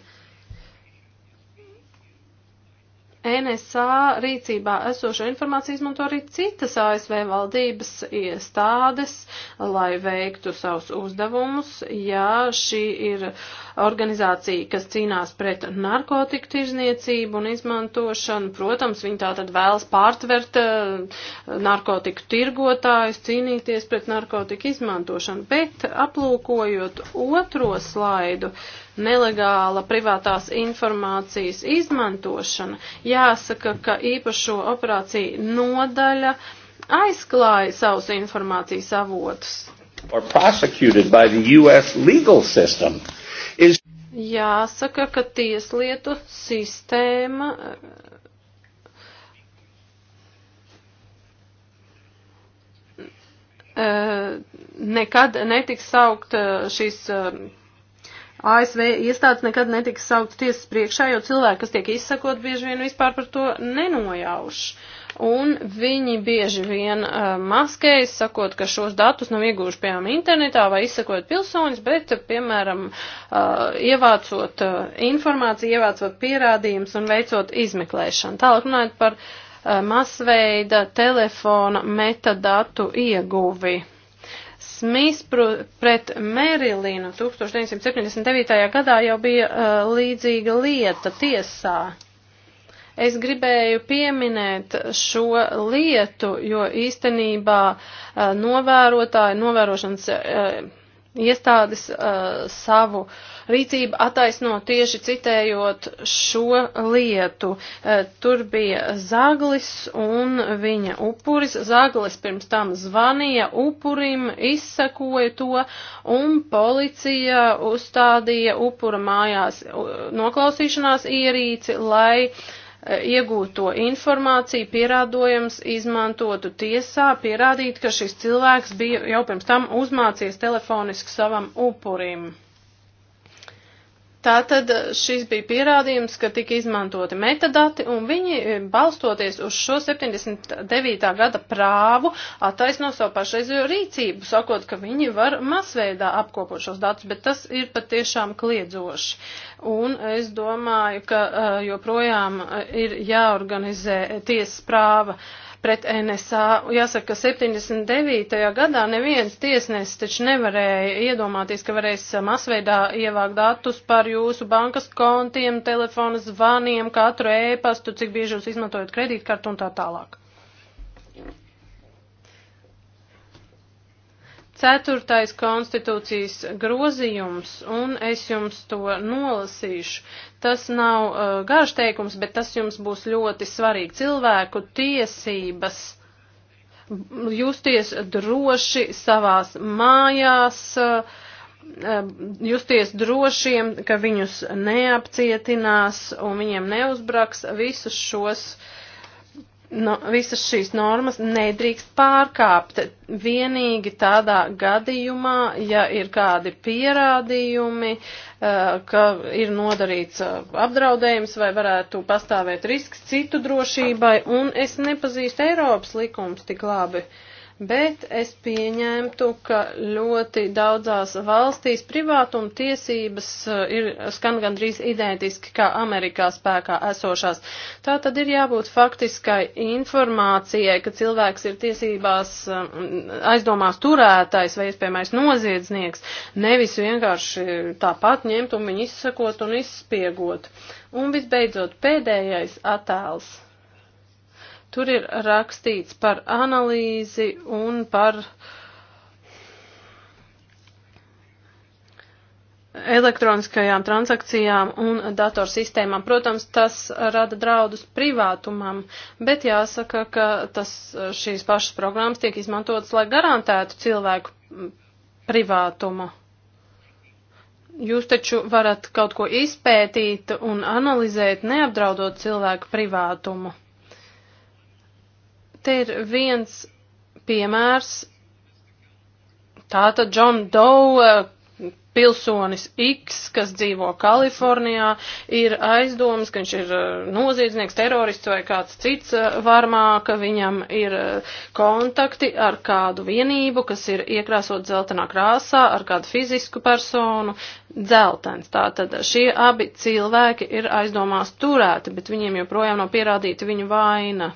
NSA rīcībā esošo informāciju izmanto arī citas ASV valdības iestādes, lai veiktu savus uzdevumus, ja šī ir uh, organizācija, kas cīnās pret narkotiku tirzniecību un izmantošanu. Protams, viņi tā tad vēlas pārtvert eh, narkotiku tirgotājus, cīnīties pret narkotiku izmantošanu. Bet aplūkojot otro slaidu, nelegāla privātās informācijas izmantošana, jāsaka, ka īpašo operāciju nodaļa aizklāja savus informācijas avotus. Are prosecuted by the U.S. legal system. Jāsaka, ka tieslietu sistēma eh, nekad netiks saukt eh, šīs eh, ASV iestādes nekad netiks saukts tiesas priekšā, jo cilvēki, kas tiek izsakot, bieži vien vispār par to nenojauš un viņi bieži vien uh, maskējas, sakot, ka šos datus nav iegūši, piemēram, internetā vai izsakot pilsonis, bet, piemēram, uh, ievācot uh, informāciju, ievācot pierādījumus un veicot izmeklēšanu. Tālāk runājot par uh, masveida telefona metadatu ieguvi. Smiths pret Merilinu 1979. gadā jau bija uh, līdzīga lieta tiesā. Es gribēju pieminēt šo lietu, jo īstenībā novērotāji, novērošanas iestādes savu rīcību attaisno tieši citējot šo lietu. Tur bija zaglis un viņa upuris. Zaglis pirms tam zvanīja upurim, izsakoja to, un policija uzstādīja upura mājās noklausīšanās ierīci, lai uh, iegūto informāciju, pierādojums izmantotu tiesā, pierādīt, ka šis cilvēks bija jau pirms tam uzmācies telefoniski savam upurim. Tātad šis bija pierādījums, ka tika izmantoti metadati, un viņi, e, balstoties uz šo 79. gada prāvu, attaisno savu pašreizējo rīcību, sakot, ka viņi var masveidā apkopot šos datus, bet tas ir patiešām kliedzoši. Un es domāju, ka e, joprojām e, ir jāorganizē tiesas prāva. Uh, pret NSA. Jāsaka, ka 79. gadā neviens tiesnesis taču nevarēja iedomāties, ka varēs masveidā ievākt datus par jūsu bankas kontiem, telefona zvaniem, katru ēpastu, cik bieži jūs izmantojat kredītkartu un tā tālāk. Ceturtais konstitūcijas grozījums, un es jums to nolasīšu. Tas nav uh, garš teikums, bet tas jums būs ļoti svarīgi. Cilvēku tiesības justies droši savās mājās, uh, uh justies drošiem, ka viņus neapcietinās un viņiem neuzbraks visus šos uh, no, visas šīs normas nedrīkst pārkāpt. Vienīgi tādā gadījumā, ja ir kādi pierādījumi, eh, ka ir nodarīts eh, apdraudējums vai varētu pastāvēt risks citu drošībai, un es nepazīstu Eiropas likums tik labi. Uh, bet es pieņemtu, ka ļoti daudzās valstīs privātuma tiesības eh, ir skan gandrīz identiski kā Amerikā spēkā esošās. Tā tad ir jābūt faktiskai informācijai, ka cilvēks ir tiesībās eh, aizdomās turētais vai iespējamais noziedznieks, nevis vienkārši tāpat ņemt un viņu izsakot un izspiegot. Un visbeidzot, pēdējais attēls. Tur ir rakstīts par analīzi un par elektroniskajām transakcijām un datorsistēmām. Protams, tas rada draudus privātumam, bet jāsaka, ka tas, šīs pašas programmas tiek izmantotas, lai garantētu cilvēku privātumu jūs taču varat kaut ko izpētīt un analizēt, neapdraudot cilvēku privātumu. Te ir viens piemērs. Tātad John Doe, eh, pilsonis X, kas dzīvo Kalifornijā, ir aizdomas, ka viņš ir eh, noziedznieks, terorists vai kāds cits eh, varmā, ka viņam ir kontakti ar kādu vienību, kas ir iekrāsot dzeltenā krāsā, ar kādu fizisku personu, dzeltens. Tātad šie abi cilvēki ir aizdomās turēti, bet viņiem joprojām nav pierādīta viņu vaina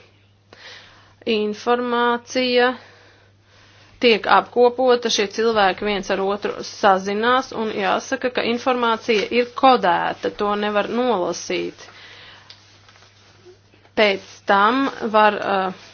informācija tiek apkopota, šie cilvēki viens ar otru sazinās un jāsaka, ka informācija ir kodēta, to nevar nolasīt. Pēc tam var uh,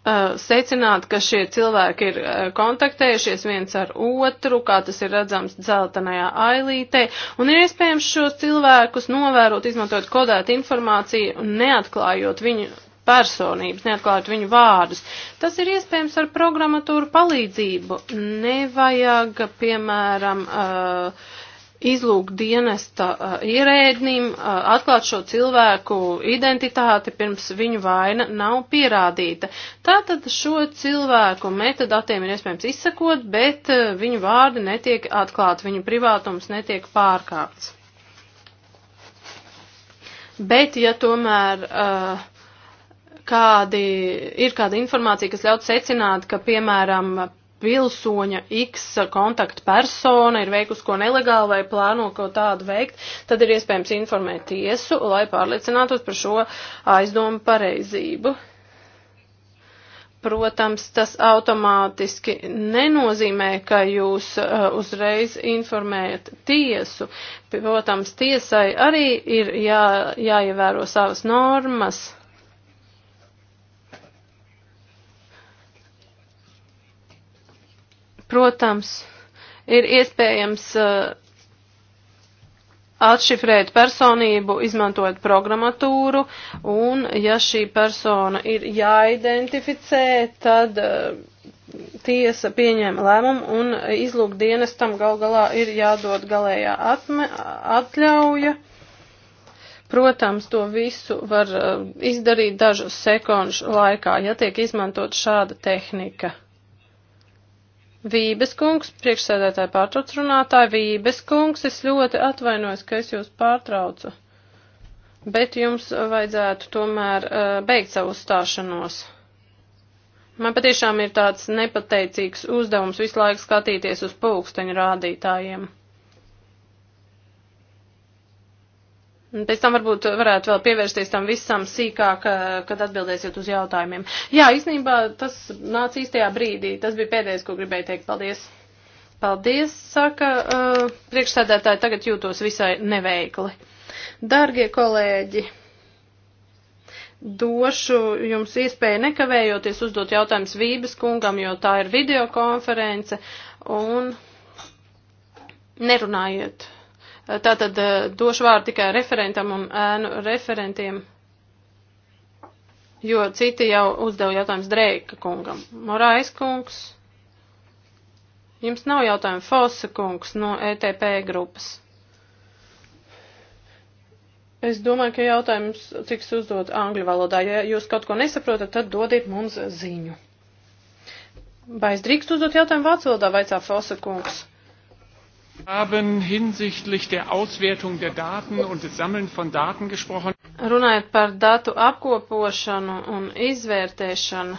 Eh, secināt, ka šie cilvēki ir eh, kontaktējušies viens ar otru, kā tas ir redzams dzeltenajā ailītē, un ir iespējams šos cilvēkus novērot, izmantojot kodētu informāciju un neatklājot viņu personības, neatklājot viņu vārdus. Tas ir iespējams ar programmatūru palīdzību. Nevajag, piemēram, uh, izlūk dienesta uh, ierēdnim uh, atklāt šo cilvēku identitāti pirms viņu vaina nav pierādīta. Tātad šo cilvēku metadatiem ir iespējams izsakot, bet uh, viņu vārdi netiek atklāti, viņu privātums netiek pārkāpts. Bet, ja tomēr uh, kādi, ir kāda informācija, kas ļaut secināt, ka, piemēram, pilsoņa X kontaktpersona ir veikusi ko nelegālu vai plāno kaut tādu veikt, tad ir iespējams informēt tiesu, lai pārliecinātos par šo aizdomu pareizību. Protams, tas automātiski nenozīmē, ka jūs uh, uzreiz informējat tiesu. Protams, tiesai arī ir jā, jāievēro savas normas. Protams, ir iespējams uh, atšifrēt personību, izmantojot programmatūru, un ja šī persona ir jāidentificē, tad uh, tiesa pieņem lēmumu un izlūk dienestam gal galā ir jādod galējā atme, atļauja. Protams, to visu var uh, izdarīt dažu sekundžu laikā, ja tiek izmantot šāda tehnika. Vības kungs, priekšsēdētāji pārtrauc runātāji, Vības kungs, es ļoti atvainojos, ka es jūs pārtraucu, bet jums vajadzētu tomēr uh, beigt savu stāšanos. Man patiešām ir tāds nepateicīgs uzdevums visu laiku skatīties uz pulksteņu rādītājiem. Pēc tam varbūt varētu vēl pievērsties tam visam sīkāk, eh, kad atbildēsiet uz jautājumiem. Jā, īstenībā tas nāca īstajā brīdī. Tas bija pēdējais, ko gribēju teikt. Paldies! Paldies, saka uh, priekšsēdētāji, tagad jūtos visai neveikli. Dargie kolēģi, došu jums iespēju nekavējoties uzdot jautājumus Vības kungam, jo tā ir videokonference, un nerunājiet Tātad eh, došu vārdu tikai referentam un ēnu referentiem, jo citi jau uzdeva jautājums Dreika kungam. Morais kungs, jums nav jautājumu Fosa kungs no ETP grupas. Es domāju, ka jautājums tiks uzdot angļu valodā. Ja jūs kaut ko nesaprotat, tad dodiet mums ziņu. Vai es drīkst uzdot jautājumu vācu valodā, vaicā Fosa kungs? haben hinsichtlich der Auswertung der Daten und des Sammeln von Daten gesprochen. Runājot par datu apkopošanu un izvērtēšanu.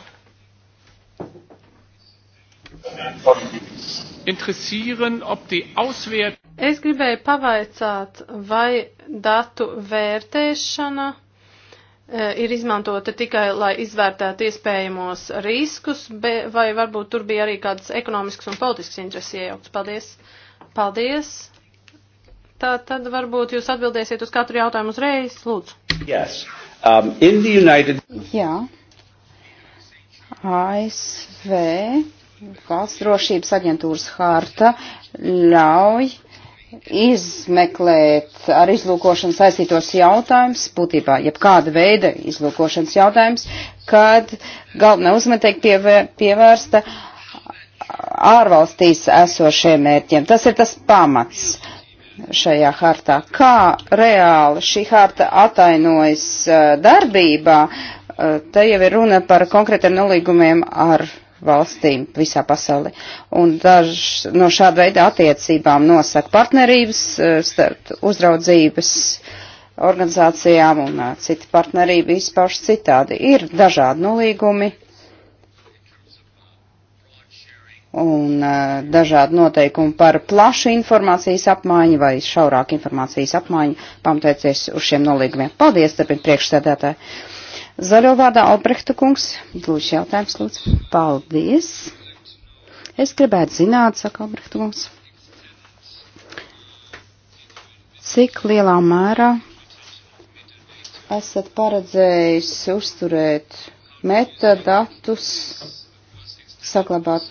Interessieren, ob die Auswert... Es gribēju pavaicāt, vai datu vērtēšana e, ir izmantota tikai, lai izvērtētu iespējamos riskus, vai varbūt tur bija arī kādas ekonomiskas un politiskas intereses iejauktas. Paldies! Paldies! Tā tad varbūt jūs atbildēsiet uz katru jautājumu uzreiz, lūdzu. Yes. Um, United... Jā. ASV valsts drošības aģentūras harta ļauj izmeklēt ar izlūkošanu saistītos jautājumus, būtībā jebkāda veida izlūkošanas jautājums, kad galvenā uzmetīga pievēr, pievērsta uh, ārvalstīs esošiem mērķiem. Tas ir tas pamats šajā hartā. Kā reāli šī harta atainojas eh, darbībā, eh, te jau ir runa par konkrētiem nolīgumiem ar valstīm visā pasaulē. Un dažs no šāda veida attiecībām nosaka partnerības eh, starp uzraudzības organizācijām un citi partnerība izpauž citādi. Ir dažādi nolīgumi un uh, dažādi noteikumi par plašu informācijas apmaiņu vai šaurāku informācijas apmaiņu pamatoties uz šiem nolīgumiem. Paldies, tāpēc priekšsēdētāji. Zaļo vārdā Albrehta kungs, lūdzu jautājums, lūdzu. Paldies. Es gribētu zināt, saka Albrehta kungs, cik lielā mērā esat paredzējis uzturēt metadatus, saglabāt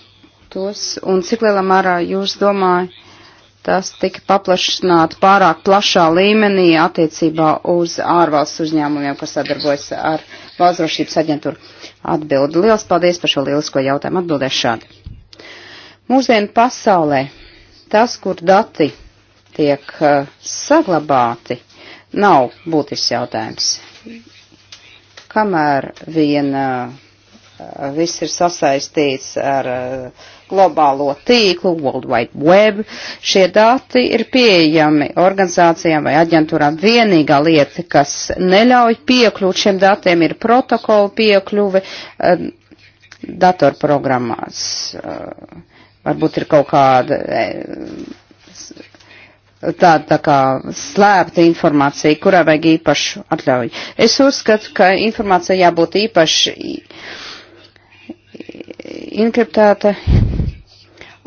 tos, un cik lielā mērā jūs domājat, tas tika paplašināts pārāk plašā līmenī attiecībā uz ārvalstu uzņēmumiem, kas sadarbojas ar Valsts drošības aģentūru. Atbildi. Lielas paldies par šo lielisko jautājumu. Atbildēs šādi. Mūsdienu pasaulē tas, kur dati tiek uh, saglabāti, nav būtisks jautājums. Kamēr vien uh, viss ir sasaistīts ar uh, globālo tīklu, World Wide Web. Šie dati ir pieejami organizācijām vai aģentūrām. Vienīgā lieta, kas neļauj piekļūt šiem datiem, ir protokola piekļuve eh, datorprogrammās. Eh, varbūt ir kaut kāda eh, tāda tā kā slēpta informācija, kurā vajag īpašu atļauju. Es uzskatu, ka informācija jābūt īpaši inkriptēta,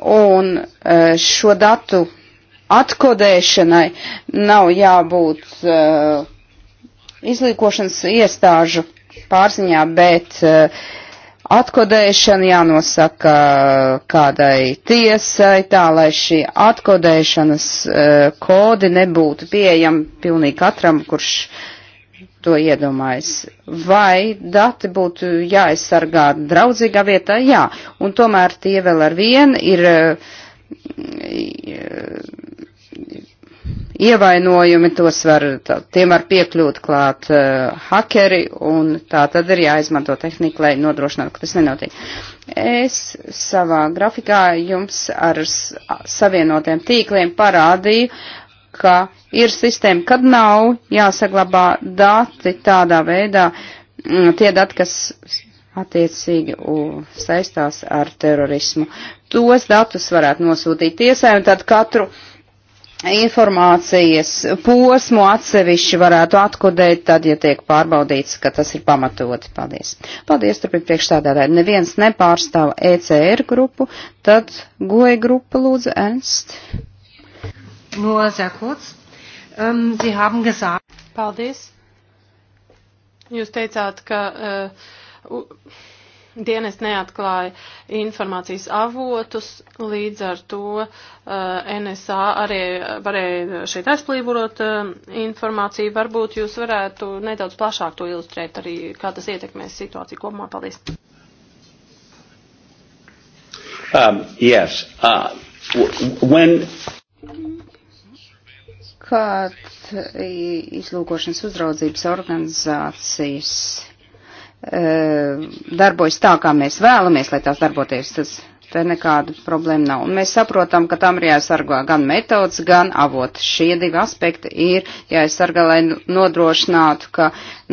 un e, šo datu atkodēšanai nav jābūt uh, izlīkošanas iestāžu pārziņā, bet uh, atkodēšana jānosaka kādai tiesai, tā lai šī atkodēšanas uh, kodi nebūtu pieejama pilnīgi katram, kurš to iedomājas. Vai dati būtu jāaizsargā draudzīgā vietā? Jā, un tomēr tie vēl ar vienu ir eh, ievainojumi, tos var, tā, tiem var piekļūt klāt uh, hakeri, un tā tad ir jāizmanto tehnika, lai nodrošinātu, ka tas nenotiek. Es savā grafikā jums ar savienotiem tīkliem parādīju, ka ir sistēma, kad nav jāsaglabā dati tādā veidā, mm, tie dati, kas attiecīgi saistās ar terorismu. Tos datus varētu nosūtīt tiesai un tad katru informācijas posmu atsevišķi varētu atkodēt, tad, ja tiek pārbaudīts, ka tas ir pamatoti. Paldies. Paldies, turpin priekšstādātāji. Neviens nepārstāv ECR grupu, tad goja grupa lūdzu Ernst. Nozakots. Um, Sie haben gesagt. Paldies. Jūs teicāt, ka uh, dienas neatklāja informācijas avotus, līdz ar to uh, NSA arī varēja šeit aizplīvot uh, um, informāciju. Varbūt jūs varētu nedaudz plašāk to ilustrēt arī, kā tas ietekmēs situāciju kopumā. Paldies. Um, yes. Uh, when Pirmkārt, izlūkošanas uzraudzības organizācijas e, darbojas tā, kā mēs vēlamies, lai tās darboties. Tas te nekāda problēma nav. Un mēs saprotam, ka tam ir jāaizsargā gan metods, gan avots. Šie divi aspekti ir jāaizsargā, lai nu, nodrošinātu, ka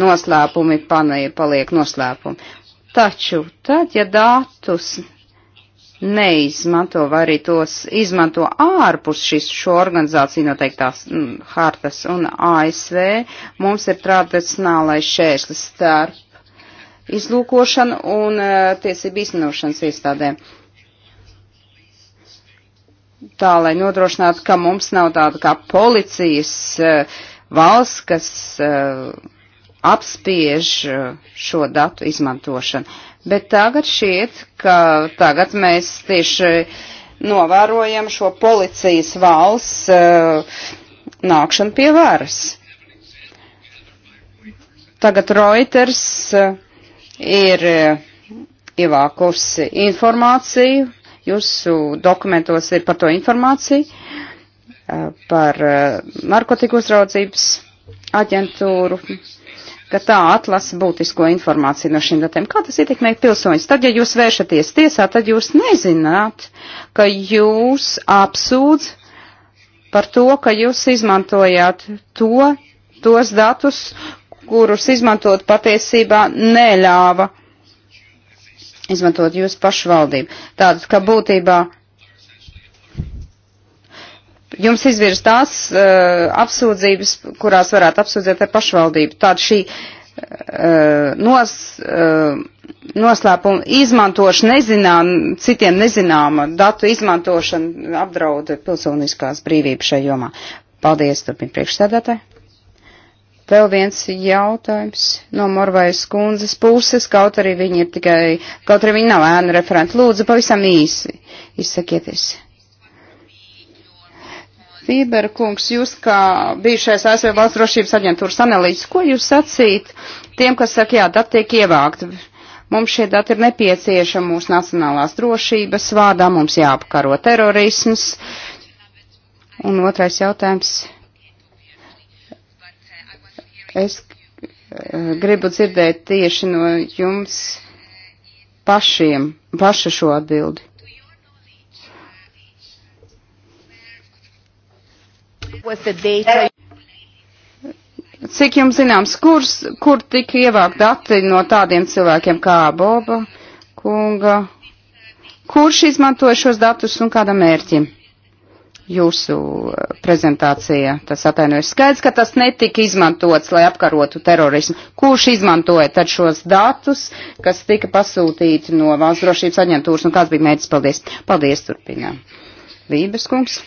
noslēpumi panai paliek noslēpumi. Taču tad, ja datus neizmanto vai arī tos izmanto ārpus šīs šo organizāciju noteiktās mm, hartas un ASV. Mums ir tradicionālais šērslis starp izlūkošanu un uh, tiesību īstenošanas iestādēm. Tā, lai nodrošinātu, ka mums nav tāda kā policijas uh, valsts, kas uh, apspiež uh, šo datu izmantošanu. Bet tagad šķiet, ka tagad mēs tieši novērojam šo policijas valsts uh, nākšanu pie varas. Tagad Reuters uh, ir uh, ievākusi informāciju, jūsu dokumentos ir par to informāciju, uh, par uh, narkotiku uzraudzības aģentūru ka tā atlasa būtisko informāciju no šiem datiem. Kā tas ietekmē pilsoņus? Tad, ja jūs vēršaties tiesā, tad jūs nezināt, ka jūs apsūdz par to, ka jūs izmantojāt to, tos datus, kurus izmantot patiesībā neļāva izmantot jūsu pašvaldību. Tātad, ka būtībā jums izvirz tās uh, apsūdzības, kurās varētu apsūdzēt ar pašvaldību. Tāda šī uh, nos, uh, noslēpuma izmantošana, nezinām, citiem nezināma datu izmantošana apdrauda pilsoniskās brīvības šajā jomā. Paldies, turpin priekšsēdētāji. Vēl viens jautājums no Morvajas kundzes puses, kaut arī viņi ir tikai, kaut arī viņi nav ēnu referenti. Lūdzu, pavisam īsi izsakieties. Bīberkungs, jūs kā bijušais ASV valsts drošības aģentūras analītis, ko jūs sacīt tiem, kas saka, jā, dati tiek ievākti? Mums šie dati ir nepieciešami mūsu nacionālās drošības vārdā, mums jāapkaro terorisms. Un otrais jautājums. Es eh, gribu dzirdēt tieši no jums pašiem, paša šo atbildi. Cik jums zināms, kurs, kur tika ievākt dati no tādiem cilvēkiem kā Boba kunga? Kurš izmantoja šos datus un kādam mērķim? Jūsu eh, prezentācijā tas atainojas. Skaidrs, ka tas netika izmantots, lai apkarotu terorismu. Kurš izmantoja tad šos datus, kas tika pasūtīti no Valsts drošības aģentūras un kāds bija mērķis? Paldies. Paldies, turpinām. Vības kungs.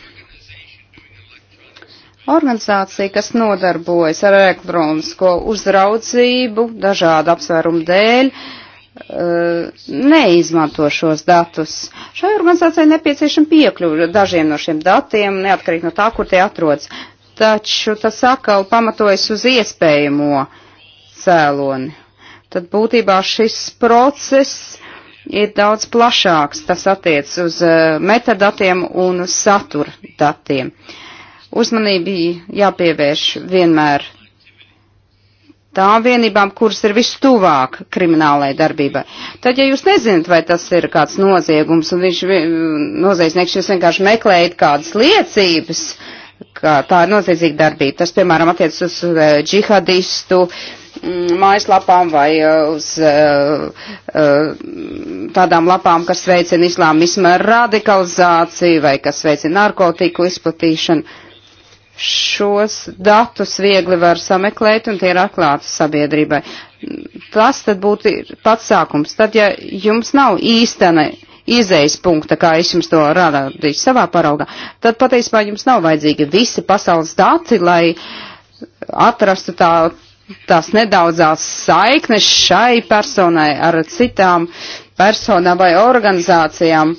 Organizācija, kas nodarbojas ar elektronisko uzraudzību dažādu apsvērumu dēļ, eh, neizmanto šos datus. Šai organizācijai nepieciešama piekļuva dažiem no šiem datiem, neatkarīgi no tā, kur tie atrodas. Taču tas atkal pamatojas uz iespējamo cēloni. Tad būtībā šis process ir daudz plašāks. Tas attiec uz eh, metadatiem un uz satura datiem. Uh, uzmanība jāpievērš vienmēr tām vienībām, kuras ir vistuvāk kriminālajai darbībai. Tad, ja jūs nezināt, vai tas ir kāds noziegums, un viņš noziedznieks jūs vienkārši meklējat kādas liecības, ka tā ir noziedzīga darbība, tas, piemēram, attiec uz eh, džihadistu mm, mājaslapām vai eh, uz eh, tādām lapām, kas veicina islāmisma radikalizāciju vai kas veicina narkotiku izplatīšanu šos datus viegli var sameklēt un tie ir atklāti sabiedrībai. Tas tad būtu pats sākums. Tad, ja jums nav īstena izējas punkta, kā es jums to rādīju savā paraugā, tad patiesībā jums nav vajadzīgi visi pasaules dati, lai atrastu tā, tās nedaudzās saiknes šai personai ar citām personām vai organizācijām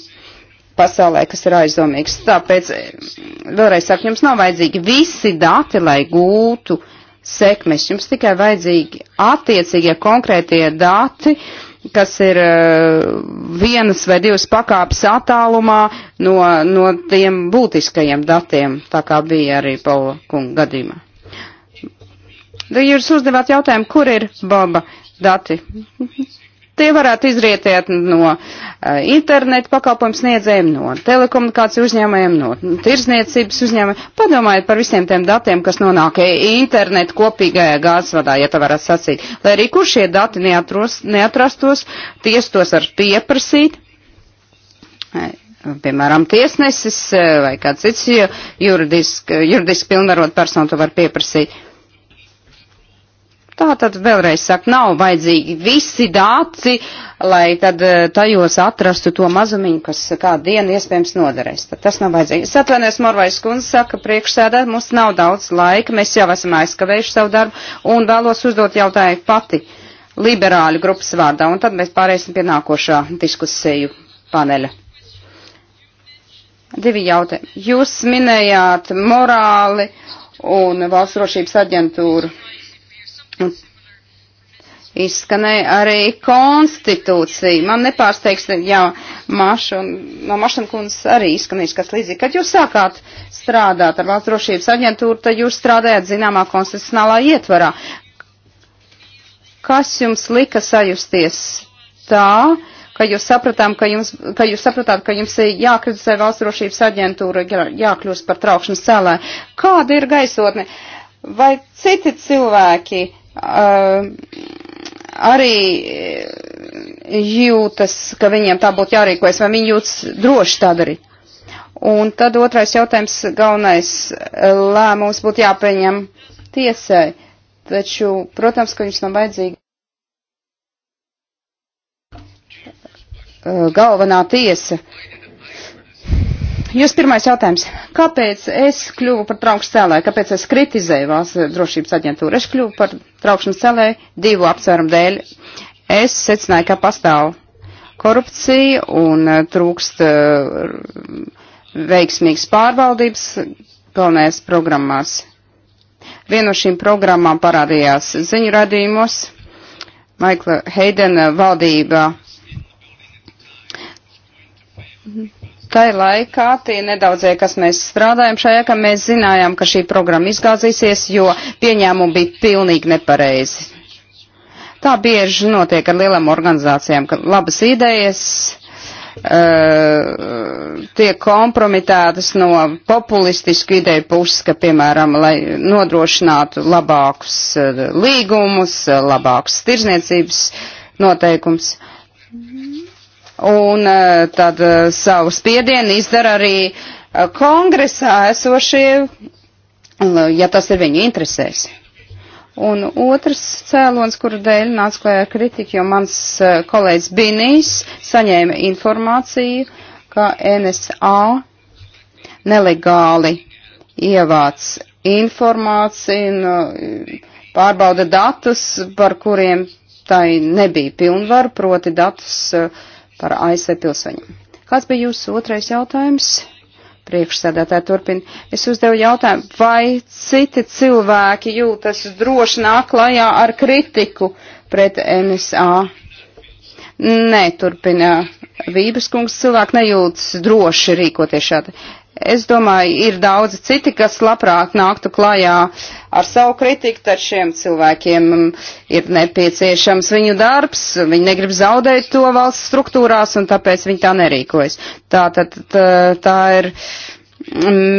pasaulē, kas ir aizdomīgs. Tāpēc mm, vēlreiz saku, jums nav vajadzīgi visi dati, lai gūtu sekmes. Jums tikai vajadzīgi attiecīgie konkrētie dati, kas ir eh, vienas vai divas pakāpes attālumā no, no tiem būtiskajiem datiem, tā kā bija arī Paula kunga gadījumā. Jūs uzdevāt jautājumu, kur ir baba dati? Tie varētu izrietēt no uh, internetu pakalpojumu sniedzējiem, no telekomunikāciju uzņēmējiem, no tirzniecības uzņēmējiem. Padomājiet par visiem tiem datiem, kas nonāk internetu kopīgajā gāzvadā, ja tā varētu sacīt. Lai arī kur šie dati neatros, neatrastos, tiestos var pieprasīt. Eh, piemēram, tiesnesis eh, vai kāds cits juridiski, juridiski pilnvarot personu to var pieprasīt Tā tad vēlreiz saka, nav vajadzīgi visi dāci, lai tad eh, tajos atrastu to mazumiņu, kas kādu dienu iespējams noderēs. Tad tas nav vajadzīgi. Es atvainojos, Morvais kundze saka, priekšsēdē mums nav daudz laika, mēs jau esam aizkavējuši savu darbu un vēlos uzdot jautājumu pati liberāļu grupas vārdā, un tad mēs pārēsim pie nākošā diskusiju paneļa. Divi jautājumi. Jūs minējāt morāli un valsts drošības aģentūru Un izskanēja arī konstitūcija. Man nepārsteigts, ja maša, no Mašana kundzes arī izskanīs, kas līdzīgi. Kad jūs sākāt strādāt ar valsts drošības aģentūru, tad jūs strādājat zināmā konstitucionālā ietvarā. Kas jums lika sajusties tā, ka jūs, sapratām, ka jums, ka jūs sapratāt, ka jums ir jākritizē valsts drošības aģentūra, jākļūst par traukšanas cēlē? Kāda ir gaisotne? Vai citi cilvēki? uh, arī eh, jūtas, ka viņiem tā būtu jārīkojas, vai viņi jūtas droši tā darīt. Un tad otrais jautājums, galvenais eh, lēmums būtu jāpieņem tiesai, taču, protams, ka jums nav vajadzīga eh, galvenā tiesa, Jūs pirmais jautājums. Kāpēc es kļuvu par traukšu cēlēju? Kāpēc es kritizēju valsts drošības aģentūru? Es kļuvu par traukšanas cēlēju divu apsvērumu dēļ. Es secināju, ka pastāv korupcija un eh, trūkst eh, veiksmīgas pārvaldības galvenajās programmās. Viena no šīm programmām parādījās ziņu radījumos. Maikla Heidena valdība Tai laikā tie nedaudzie, kas mēs strādājam šajā, ka mēs zinājām, ka šī programma izgāzīsies, jo pieņēmumi bija pilnīgi nepareizi. Tā bieži notiek ar lielām organizācijām, ka labas idejas uh, tiek kompromitētas no populistisku ideju puses, ka, piemēram, lai nodrošinātu labākus uh, līgumus, eh, labākus tirzniecības noteikums. Mm un eh, tad eh, savu spiedienu izdara arī eh, kongresā esošie, ja tas ir viņu interesēs. Un otrs cēlons, kuru dēļ nāca klajā kritika, jo mans kolēģis Binīs saņēma informāciju, ka NSA nelegāli ievāc informāciju, no, pārbauda datus, par kuriem tai nebija pilnvaru, proti datus uh, par ASV pilsoņiem. Kāds bija jūsu otrais jautājums? Priekšsēdētāji turpina. Es uzdevu jautājumu, vai citi cilvēki jūtas droši nāk klajā ar kritiku pret NSA? Nē, turpina Vības kungs, cilvēki nejūtas droši rīkoties šādi. Es domāju, ir daudzi citi, kas labprāt nāktu klajā ar savu kritiku, tad šiem cilvēkiem mm, ir nepieciešams viņu darbs, viņi negrib zaudēt to valsts struktūrās, un tāpēc viņi tā nerīkojas. Tā, tā, tā, tā ir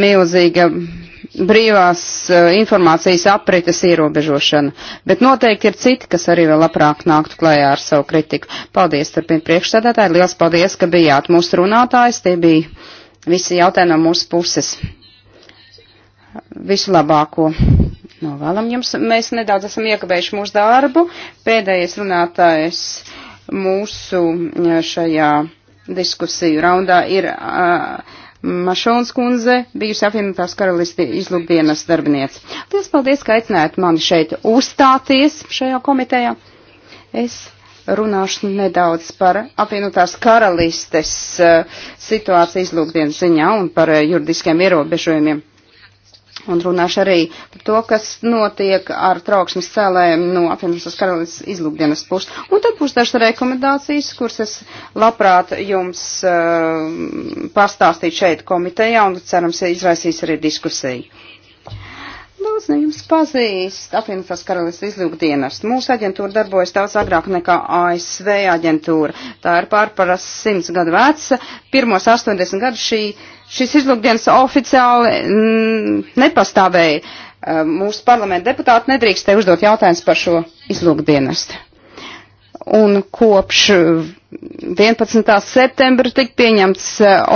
milzīga brīvās e, informācijas aprites ierobežošana, bet noteikti ir citi, kas arī vēl labprāk nāktu klējā ar savu kritiku. Paldies, turpin priekšsēdētāji, liels paldies, ka bijāt mūsu runātājs, tie bija visi jautājumi no mūsu puses. Visu labāko novēlam jums. Mēs nedaudz esam iekavējuši mūsu darbu. Pēdējais runātājs mūsu šajā diskusiju raundā ir uh, Mašons kundze, bijusi apvienotās karalisti izlūkdienas darbiniece. Lielas paldies, ka aicinājāt mani šeit uzstāties šajā komitejā. Es runāšu nedaudz par apvienotās karalistes eh, situāciju izlūkdienas ziņā un par eh, juridiskiem ierobežojumiem. Un runāšu arī par to, kas notiek ar trauksmes cēlējiem no apvienotās karalistes izlūkdienas puses. Un tad būs dažas rekomendācijas, kuras es labprāt jums uh, eh, pastāstīšu šeit komitejā un cerams izraisīs arī diskusiju. Daudz no jums pazīst apvienotās karalistas izlūkdienas. Mūsu aģentūra darbojas daudz agrāk nekā ASV aģentūra. Tā ir pārparas simts gadu veca. Pirmos 80 gadus šī, šis izlūkdienas oficiāli m, mm, nepastāvēja. Mūsu parlamenta deputāti nedrīkst te uzdot jautājumus par šo izlūkdienestu. Un kopš 11. septembra tika pieņemts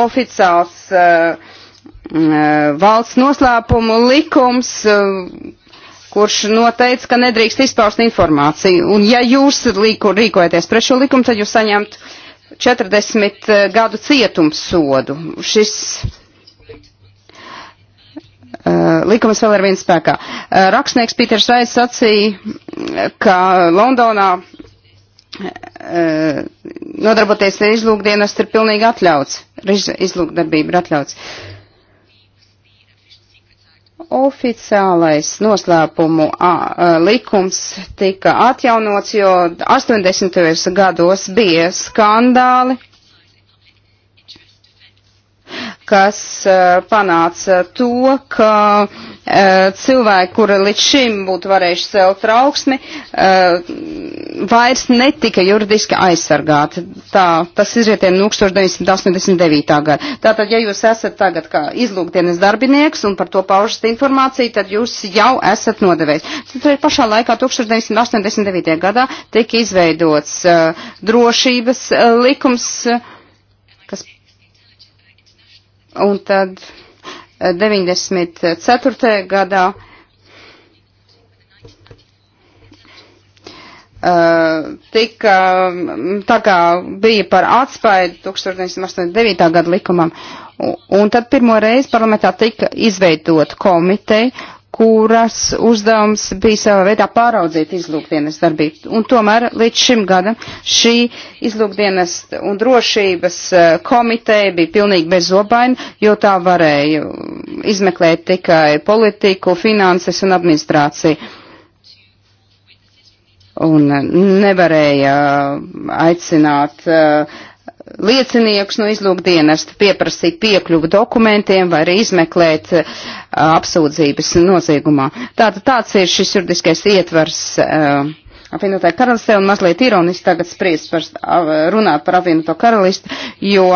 oficiāls uh, Mm, eh, valsts noslēpumu likums, eh, kurš noteica, ka nedrīkst izpaust informāciju. Un ja jūs līku, rīkojaties pret šo likumu, tad jūs saņemt 40 eh, gadu cietumsodu. Šis Uh, likums vēl ir viens spēkā. Uh, rakstnieks Pīters Raits sacīja, ka Londonā uh, nodarboties ar izlūkdienas ir pilnīgi atļauts, izlūkdarbība ir atļauts. Uh, Oficiālais noslēpumu a, a, likums tika atjaunots, jo 80. gados bija skandāli kas eh, panāca to, ka eh, cilvēki, kuri līdz šim būtu varējuši celt trauksmi, eh, vairs netika juridiski aizsargāti. Tā, tas izrietē no 1989. gada. Tātad, ja jūs esat tagad kā izlūkdienas darbinieks un par to paužas informāciju, tad jūs jau esat nodevējis. Tad pašā laikā 1989. gadā tika izveidots drošības likums, Un tad 94. Eh, gadā eh, tika, mm, tā kā bija par atspaidu 1989. gada likumam, un tad pirmo reizi parlamentā tika izveidot komiteja, kuras uzdevums bija savā veidā pāraudzīt izlūkdienas darbību. Un tomēr līdz šim gadam šī izlūkdienas un drošības eh, komiteja bija pilnīgi bezobaina, jo tā varēja izmeklēt tikai politiku, finanses un administrāciju. Un eh, nevarēja eh, aicināt uh, liecinieks no izlūkdienesta pieprasīt piekļuvu dokumentiem vai arī izmeklēt uh, apsūdzības noziegumā. Tātad tāds ir šis juridiskais ietvars. Uh, eh, apvienotāja karalistē un mazliet ironiski tagad spriest par, eh, runāt par apvienoto karalisti, jo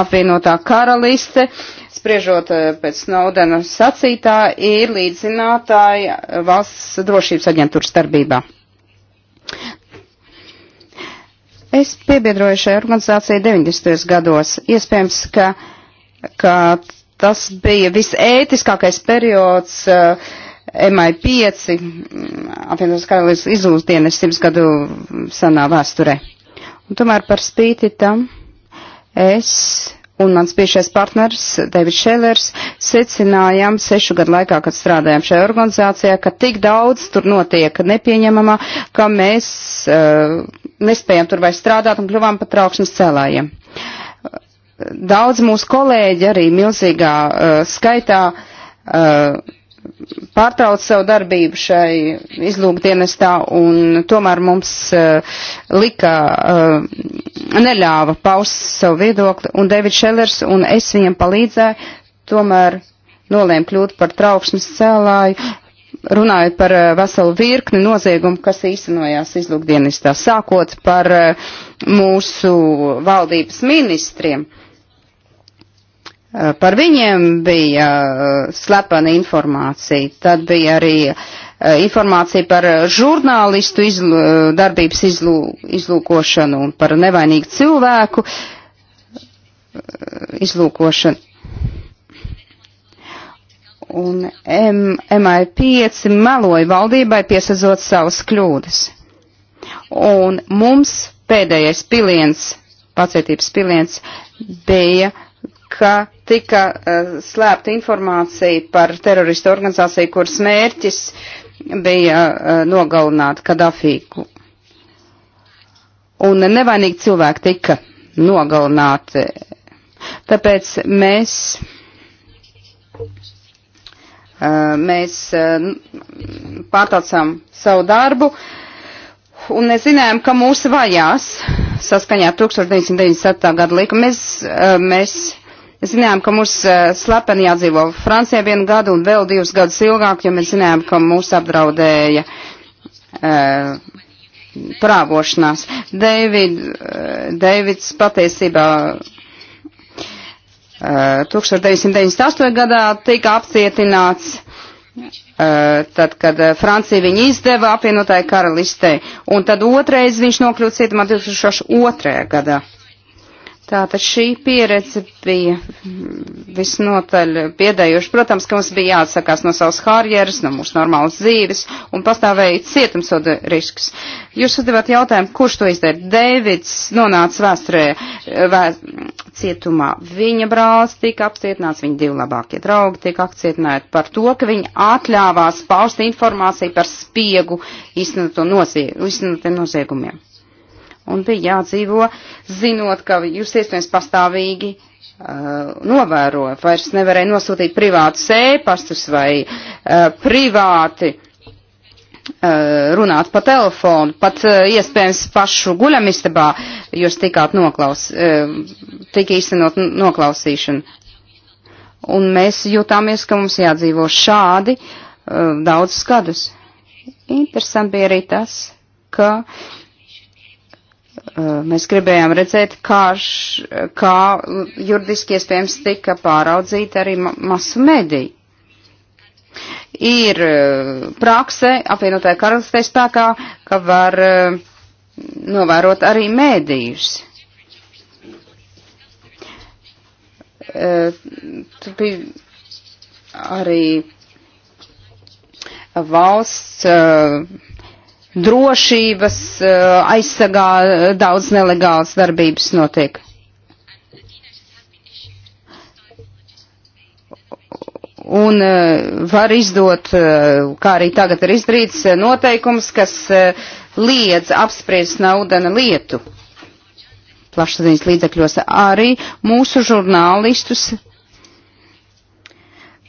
apvienotā karaliste, spriežot pēc Snowdena sacītā, ir līdzinātāja valsts drošības aģentūras darbībā. Es piebiedroju šai organizācijai 90. gados. Iespējams, ka, ka tas bija visētiskākais periods uh, eh, MI5, mm, apvienotās karalīs izlūzdienas simts gadu senā vēsturē. Un tomēr par spīti tam es un mans bijušais partners, Davids Šelers, secinājām sešu gadu laikā, kad strādājām šajā organizācijā, ka tik daudz tur notiek nepieņemamā, ka mēs uh, eh, nespējam tur vairs strādāt un kļuvām pat trauksmes celājiem. Daudz mūsu kolēģi arī milzīgā uh, skaitā uh, pārtrauc savu darbību šai izlūkdienestā un tomēr mums uh, lika, uh, neļāva paust savu viedokli un David Šellers un es viņam palīdzēju, tomēr nolēma kļūt par trauksmes cēlāju, runājot par uh, veselu virkni noziegumu, kas īstenojās izlūkdienestā, sākot par uh, mūsu valdības ministriem. Uh, Eh, par viņiem bija eh, slepena informācija. Tad bija arī eh, informācija par žurnālistu izl darbības izlū izlūkošanu un par nevainīgu cilvēku izlūkošanu. Un M MI5 meloja valdībai piesazot savas kļūdas. Un mums pēdējais piliens, pacietības piliens, bija, ka tika uh, slēpta informācija par teroristu organizāciju, kuras mērķis bija uh, nogalināt Kadafīku. Un nevainīgi cilvēki tika nogalināti. Tāpēc mēs, uh, mēs uh, pārtaucām savu darbu un mēs zinājām, ka mūsu vajās saskaņā 1997. gada likuma mēs, uh, mēs zinājām, ka mums eh, slepeni jādzīvo Francijā vienu gadu un vēl divus gadus ilgāk, jo mēs zinājām, ka mūs apdraudēja uh, prāvošanās. David, uh, Davids patiesībā uh, 1998. gadā tika apcietināts. Uh, tad, kad Francija viņu izdeva apvienotāju karalistē, un tad otrais viņš nokļūst cietumā 2002. gadā. Uh, Tātad šī pieredze bija visnotaļ biedējoša. Protams, ka mums bija jāatsakās no savas karjeras, no mūsu normālas dzīves, un pastāvēja cietumsoda risks. Jūs uzdevāt jautājumu, kurš to izdara? Deivids nonāca vēsturē vē, cietumā. Viņa brālis tika apcietināts, viņa divi labākie draugi tika apcietināti par to, ka viņi atļāvās paust informāciju par spiegu iznotiem noziegumiem un bija jādzīvo, zinot, ka jūs iespējams pastāvīgi uh, novēro, vairs nevarēja nosūtīt privātus ēpastus vai uh, privāti uh, runāt pa telefonu, pat uh, iespējams pašu guļamistabā jūs tikāt noklaus, uh, tika īstenot noklausīšana. Un mēs jūtāmies, ka mums jādzīvo šādi daudzus gadus. Interesanti bija arī tas, ka Eh, mēs gribējām redzēt, kā, š, kā juridiski iespējams tika pāraudzīta arī ma masu mediju. Ir eh, prakse apvienotāja karalistē spēkā, ka var eh, novērot arī mēdījus. Tu biji arī valsts drošības eh, aizsargā eh, daudz nelegāls darbības notiek. Un eh, var izdot, kā arī tagad ir izdarīts, noteikums, kas liedz apspriest naudana lietu. Plašsaziņas līdzekļos arī mūsu žurnālistus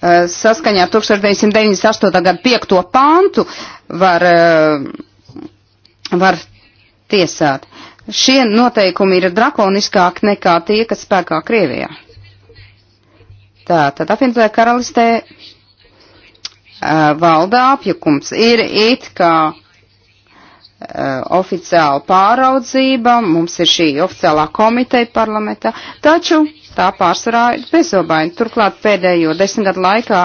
saskaņā ar 1998. gada 5. pāntu var uh, var tiesāt. Šie noteikumi ir drakoniskāki nekā tie, kas spēkā Krievijā. Tā, tad apvienotajā karalistē uh, valda apjukums. Ir it kā uh, oficiāla pāraudzība, mums ir šī oficiālā komiteja parlamentā, taču tā pārsvarā ir bezobaini. Turklāt pēdējo desmitgadu laikā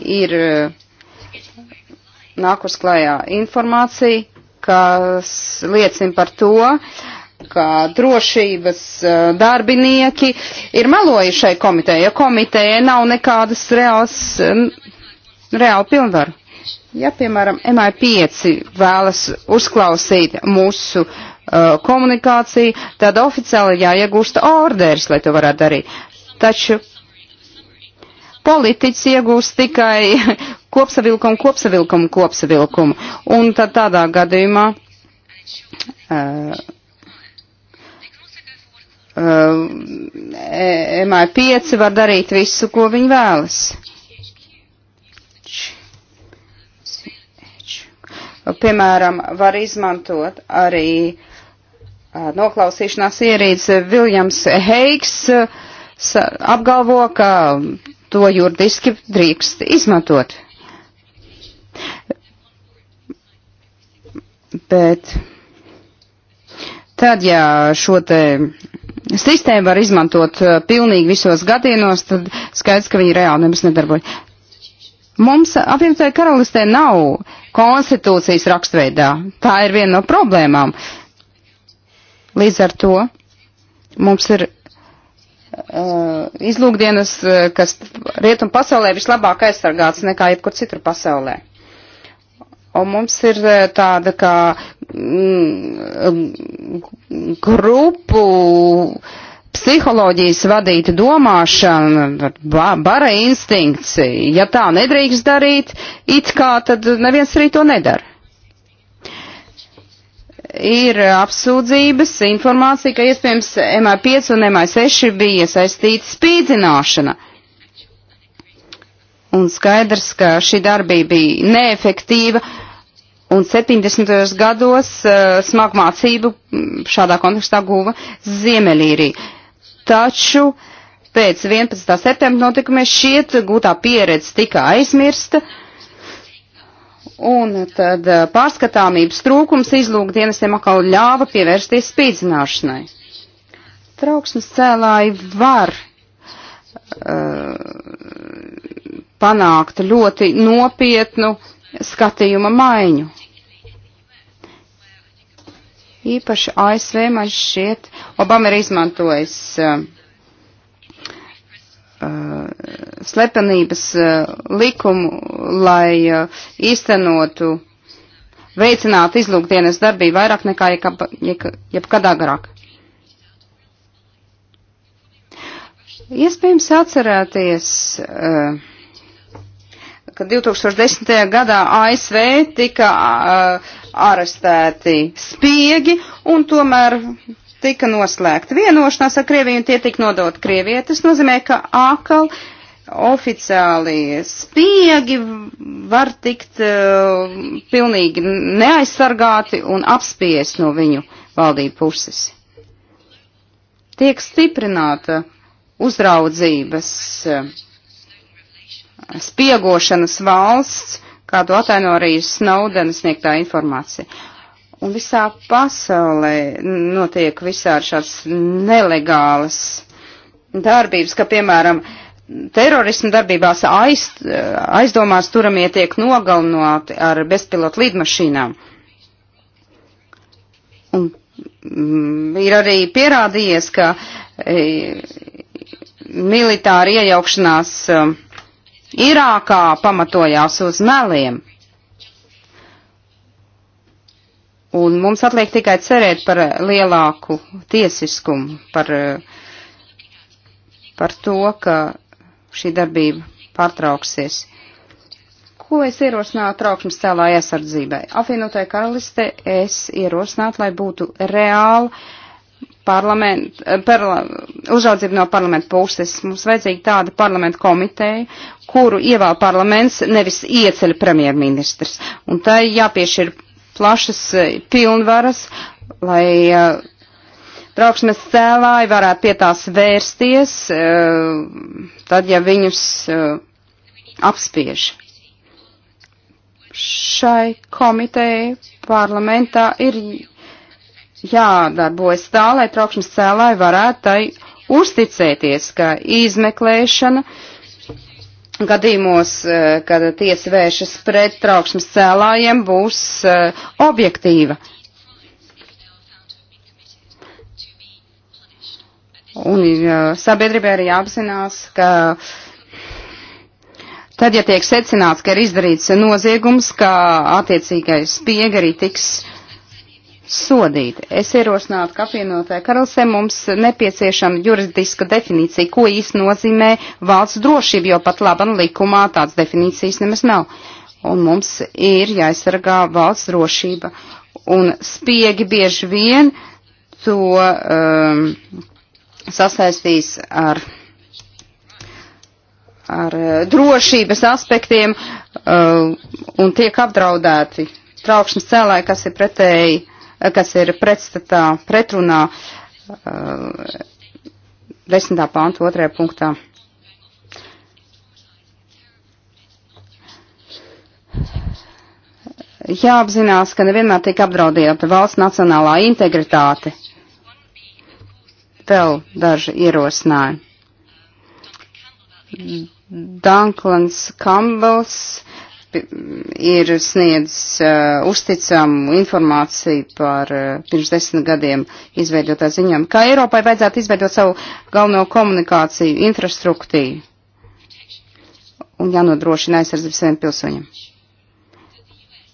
ir uh, nākus klajā informācija, kas liecina par to, ka drošības eh, darbinieki ir melojušai komitejai, jo komitejai nav nekādas reāls, eh, reāla pilnvaru. Ja, piemēram, MI5 vēlas uzklausīt mūsu uh, komunikāciju, tad oficiāli jāiegūst orders, lai to varētu darīt. Taču politiķis iegūst tikai kopsavilkumu, kopsavilkumu, kopsavilkumu. Un tad tādā gadījumā uh, eh, uh, eh, MI5 var darīt visu, ko viņi vēlas. Piemēram, var izmantot arī uh, noklausīšanās ierīci Viljams Heigs. Uh, apgalvo, ka to juridiski drīkst izmantot. Bet tad, ja šo te sistēmu var izmantot uh, pilnīgi visos gadienos, tad skaidrs, ka viņi reāli nemaz nedarbojas. Mums apvienotāja karalistē nav konstitūcijas rakstveidā. Tā ir viena no problēmām. Līdz ar to mums ir uh, izlūkdienas, uh, kas rietum pasaulē vislabāk aizsargāts nekā jebkur citur pasaulē. Un mums ir e, tāda kā mm, mm, grupu psiholoģijas vadīta domāšana, bara instinkts. Ja tā nedrīkst darīt, it kā tad neviens arī to nedara. Ir apsūdzības, informācija, ka iespējams MI5 un MI6 bija saistīta spīdzināšana. Uh, un skaidrs, ka šī darbība bija neefektīva, un 70. gados uh, smagu mācību šādā kontekstā guva Ziemeļīrija. Taču pēc 11. septembra notikumiem šiet gūtā pieredze tika aizmirsta, un tad uh, pārskatāmības trūkums izlūk dienestiem atkal ļāva pievērsties spīdzināšanai. Trauksmes cēlāji var Uh, panākt ļoti nopietnu skatījuma maiņu. Īpaši ASV man šķiet, Obama ir izmantojis uh, uh, slepenības uh, likumu, lai uh, īstenotu, veicinātu izlūkdienas darbību vairāk nekā jebkadā jeb, jeb, jeb garāk. Iespējams atcerēties, eh, ka 2010. gadā ASV tika eh, arestēti spiegi un tomēr tika noslēgta vienošanās ar Krieviju un tie tika nodot Krievijai. Tas nozīmē, ka ākal oficiāli spiegi var tikt uh, pilnīgi neaizsargāti un apspiesti no viņu valdību puses. Tiek stiprināta uzraudzības eh, spiegošanas valsts, kā to ataino arī Snowdenas sniegtā informācija. Un visā pasaulē notiek visādi šāds nelegāls darbības, ka, piemēram, terorismu darbībās aiz, eh, aizdomās turamie tiek nogalināti ar bezpilotu lidmašīnām. Un mm, ir arī pierādījies, ka e, militāra iejaukšanās um, Irākā pamatojās uz meliem. Un mums atliek tikai cerēt par lielāku tiesiskumu, par, uh, par to, ka šī darbība pārtrauksies. Ko es ierosinātu trauksmes cēlāja aizsardzībai? Apvienotai karaliste es ierosinātu, lai būtu reāli parlament, eh, parla, uzraudzību no parlamenta puses. Mums vajadzīga tāda parlamenta komiteja, kuru ievēl parlaments, nevis ieceļ premjerministrs. Un tai jāpiešķir plašas eh, pilnvaras, lai eh, trauksmes cēlāji varētu pie tās vērsties, tad, ja viņus apspiež. Šai komitejai parlamentā ir jādarbojas tā, lai trokšņa cēlāji varētu tai uzticēties, ka izmeklēšana gadījumos, eh, kad tiesa vēršas pret trauksmes cēlājiem, būs eh, objektīva. Un sabiedrībai arī jāapzinās, ka tad, ja tiek secināts, ka ir izdarīts noziegums, ka attiecīgais spiega arī tiks sodīt. Es ierosinātu, ka apvienotāja karalse mums nepieciešama juridiska definīcija, ko īsti nozīmē valsts drošība, jo pat laban likumā tāds definīcijas nemaz nav. Un mums ir jāaizsargā valsts drošība. Un spiegi bieži vien to um, sasaistīs ar ar uh, drošības aspektiem uh, un tiek apdraudēti traukšanas cēlāji, kas ir pretēji kas ir pretstatā, pretrunā uh, desmitā pānta otrajā punktā. Jāapzinās, ka nevienmēr tiek apdraudēta valsts nacionālā integritāte. Vēl daži ierosinājumi. Danklans Kambels ir sniedzis uh, uzticamu informāciju par uh, pirms desmit gadiem izveidotā ziņām. Kā Eiropai vajadzētu izveidot savu galveno komunikāciju, infrastruktūru un jānodrošina aizsardzību saviem pilsoņiem.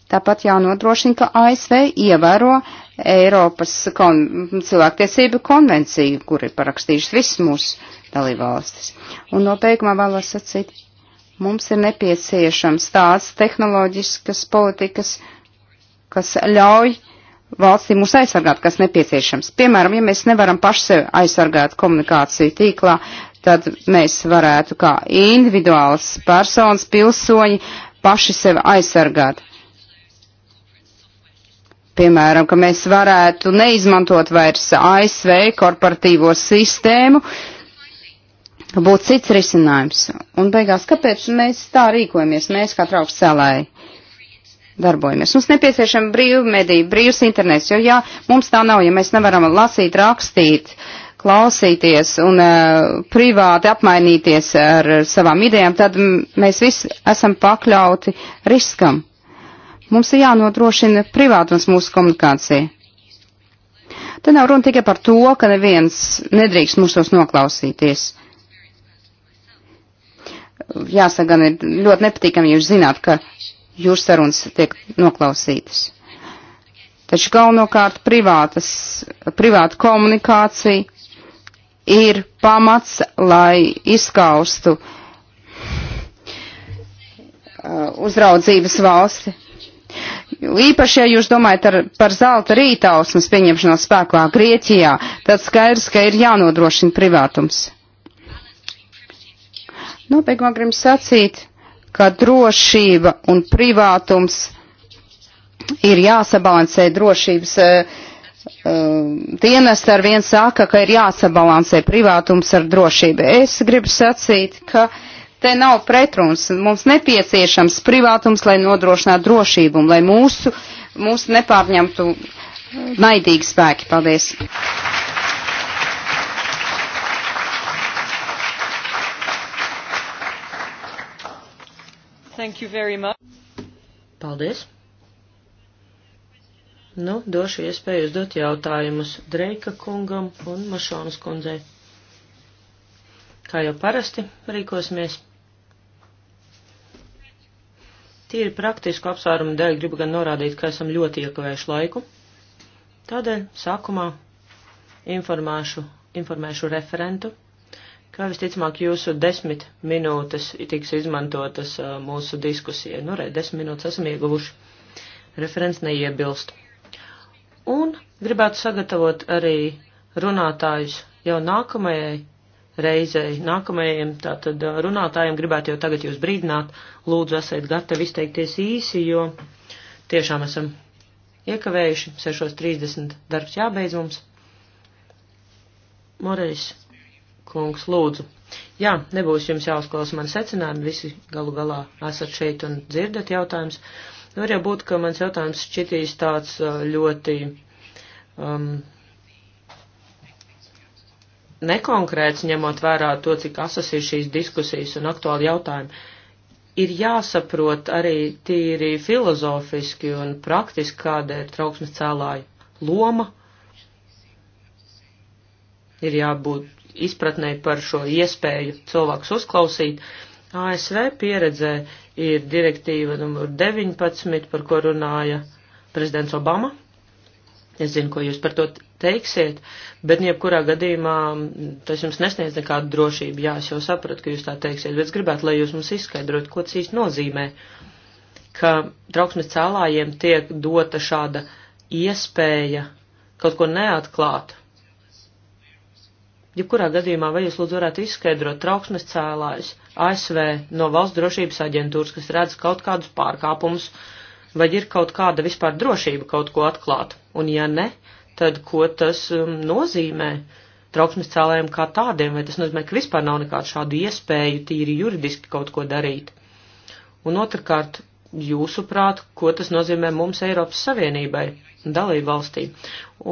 Tāpat jānodrošina, ka ASV ievēro Eiropas kon cilvēktiesību konvenciju, kur ir parakstījušas visas mūsu dalībvalstis. Un noteikumā vēlos sacīt Mums ir nepieciešams tāds tehnoloģiskas politikas, kas ļauj valstī mūs aizsargāt, kas nepieciešams. Piemēram, ja mēs nevaram paši sevi aizsargāt komunikāciju tīklā, tad mēs varētu kā individuāls personas pilsoņi paši sevi aizsargāt. Piemēram, ka mēs varētu neizmantot vairs ASV korporatīvo sistēmu, uh, būtu cits risinājums. Un beigās, kāpēc mēs tā rīkojamies, mēs kā traukcēlēji darbojamies? Mums nepieciešama brīva medija, brīvs internets, jo jā, mums tā nav, ja mēs nevaram lasīt, rakstīt, klausīties un uh, privāti apmainīties ar savām idejām, tad mēs visi esam pakļauti riskam. Mums ir jānodrošina privātums mūsu komunikācija. Te nav runa tikai par to, ka neviens nedrīkst mūsos noklausīties jāsaka, gan ir ļoti nepatīkami jūs zināt, ka jūsu sarunas tiek noklausītas. Taču galvenokārt privātas, privāta komunikācija ir pamats, lai izskaustu uh, uzraudzības valsti. Īpaši, ja jūs domājat ar, par zelta rītausmas pieņemšanos spēkā Grieķijā, tad skaidrs, ka ir jānodrošina privātums. Nobeigumā gribam sacīt, ka drošība un privātums ir jāsabalansē drošības. Eh, eh, Dienas ar vien saka, ka ir jāsabalansē privātums ar drošību. Es gribu sacīt, ka te nav pretruns. Mums nepieciešams privātums, lai nodrošinātu drošību un lai mūsu, mūsu nepārņemtu naidīgi spēki. Paldies! Thank you very much. Paldies. Nu, došu iespēju uzdot jautājumus Dreika kungam un Mašonas kundzei. Kā jau parasti rīkosimies. Tīri praktisku apsvērumu dēļ gribu gan norādīt, ka esam ļoti iekavējuši laiku. Tādēļ sākumā informēšu referentu kā visticamāk jūsu desmit minūtes tiks izmantotas uh, mūsu diskusijai. Nu, re, desmit minūtes esam ieguvuši. Referents neiebilst. Un gribētu sagatavot arī runātājus jau nākamajai reizei, nākamajiem tātad uh, runātājiem gribētu jau tagad jūs brīdināt, lūdzu esiet gatavi izteikties īsi, jo tiešām esam iekavējuši, 6.30 darbs jābeidz mums. Moreis kungs, lūdzu. Jā, nebūs jums jāuzklausa mani secinājumi, visi galu galā esat šeit un dzirdat jautājumus. Nu, var jau būt, ka mans jautājums šķitīs tāds uh, ļoti um, nekonkrēts, ņemot vērā to, cik asas ir šīs diskusijas un aktuāli jautājumi. Ir jāsaprot arī tīri filozofiski un praktiski, kāda ir trauksmes cēlāja loma. Ir jābūt izpratnē par šo iespēju cilvēkus uzklausīt. ASV pieredzē ir direktīva numur 19, par ko runāja prezidents Obama. Es zinu, ko jūs par to teiksiet, bet jebkurā gadījumā tas jums nesniedz nekādu drošību. Jā, es jau sapratu, ka jūs tā teiksiet, bet es gribētu, lai jūs mums izskaidrot, ko tas īsti nozīmē, ka trauksmes cēlājiem tiek dota šāda iespēja kaut ko neatklāt, Jebkurā gadījumā, vai jūs lūdzu varētu izskaidrot trauksmes cēlājus ASV no valsts drošības aģentūras, kas redz kaut kādus pārkāpumus, vai ir kaut kāda vispār drošība kaut ko atklāt? Un ja ne, tad ko tas um, nozīmē trauksmes cēlājiem kā tādiem, vai tas nozīmē, ka vispār nav nekādu šādu iespēju tīri juridiski kaut ko darīt? Un otrkārt, jūsuprāt, ko tas nozīmē mums Eiropas Savienībai, dalību valstī.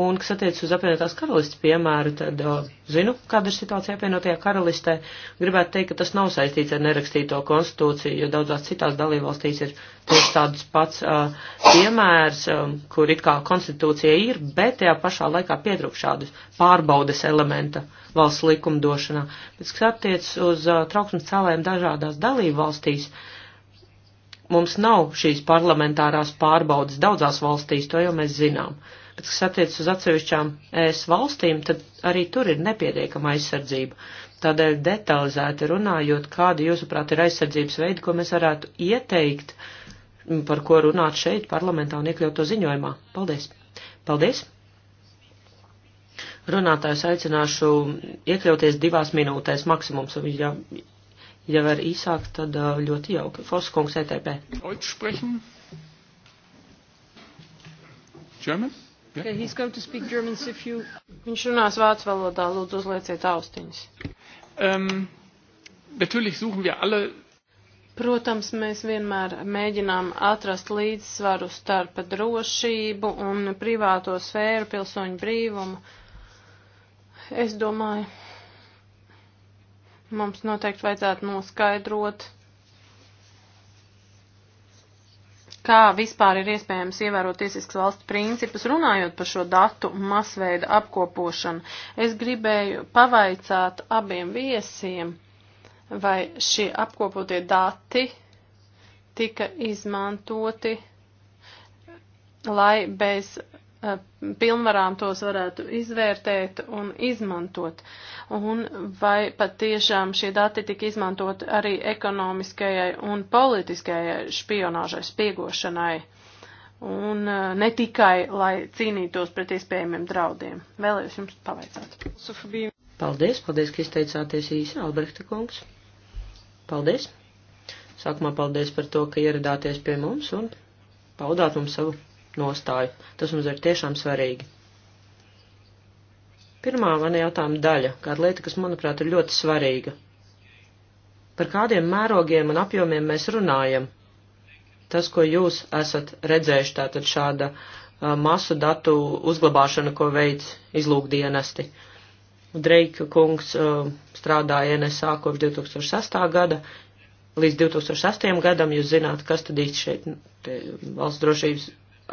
Un, kas attiecas uz apvienotās karalistas piemēru, tad uh, zinu, kāda ir situācija apvienotajā karalistē. Gribētu teikt, ka tas nav saistīts ar nerakstīto konstitūciju, jo daudzās citās dalību valstīs ir tieši tāds pats uh, piemērs, um, kur it kā konstitūcija ir, bet tajā pašā laikā pietrūk šādas pārbaudes elementa valsts likumdošanā. Bet, kas attiecas uz uh, trauksmes cēlējiem dažādās dalību valstīs, uh, mums nav šīs parlamentārās pārbaudas daudzās valstīs, to jau mēs zinām. Bet, kas attiecas uz atsevišķām ES valstīm, tad arī tur ir nepietiekama aizsardzība. Tādēļ detalizēti runājot, kādi, jūsuprāt, ir aizsardzības veidi, ko mēs varētu ieteikt, par ko runāt šeit parlamentā un iekļaut to ziņojumā. Paldies! Paldies! Runātājs aicināšu iekļauties divās minūtēs maksimums, un ja Ja var īsāk, tad ļoti jauki. Foskungs, ETP. Deutsch sprechen? German? Yeah. Okay, he's going to speak German, so if you... Viņš runās vācu valodā, lūdzu uzlieciet austiņas. Um, natürlich suchen wir alle Protams, mēs vienmēr mēģinām atrast līdzsvaru starp drošību un privāto sfēru pilsoņu brīvumu. Es domāju, Mums noteikti vajadzētu noskaidrot, kā vispār ir iespējams ievērot tiesiskas valsts principus, runājot par šo datu masveida apkopošanu. Es gribēju pavaicāt abiem viesiem, vai šie apkopotie dati tika izmantoti, lai bez Eh, pilnvarām tos varētu izvērtēt un izmantot. Un vai pat tiešām šie dati tika izmantot arī ekonomiskajai un politiskajai špionāžai, spiegošanai. Un eh, ne tikai, lai cīnītos pret iespējamiem draudiem. Vēlējos jums pavaicāt. Paldies, paldies, ka izteicāties īsi, Albrehta kungs. Paldies. Sākumā paldies par to, ka ieradāties pie mums un paudāt mums savu nostāju. Tas mums ir tiešām svarīgi. Pirmā mana jautājuma daļa, kāda lieta, kas, manuprāt, ir ļoti svarīga. Par kādiem mērogiem un apjomiem mēs runājam? Tas, ko jūs esat redzējuši, tātad šāda uh, masu datu uzglabāšana, ko veids izlūkdienesti. Dreika kungs uh, strādāja NSA kopš 2006. gada, līdz 2008. gadam, jūs zināt, kas tad īsti šeit te, valsts drošības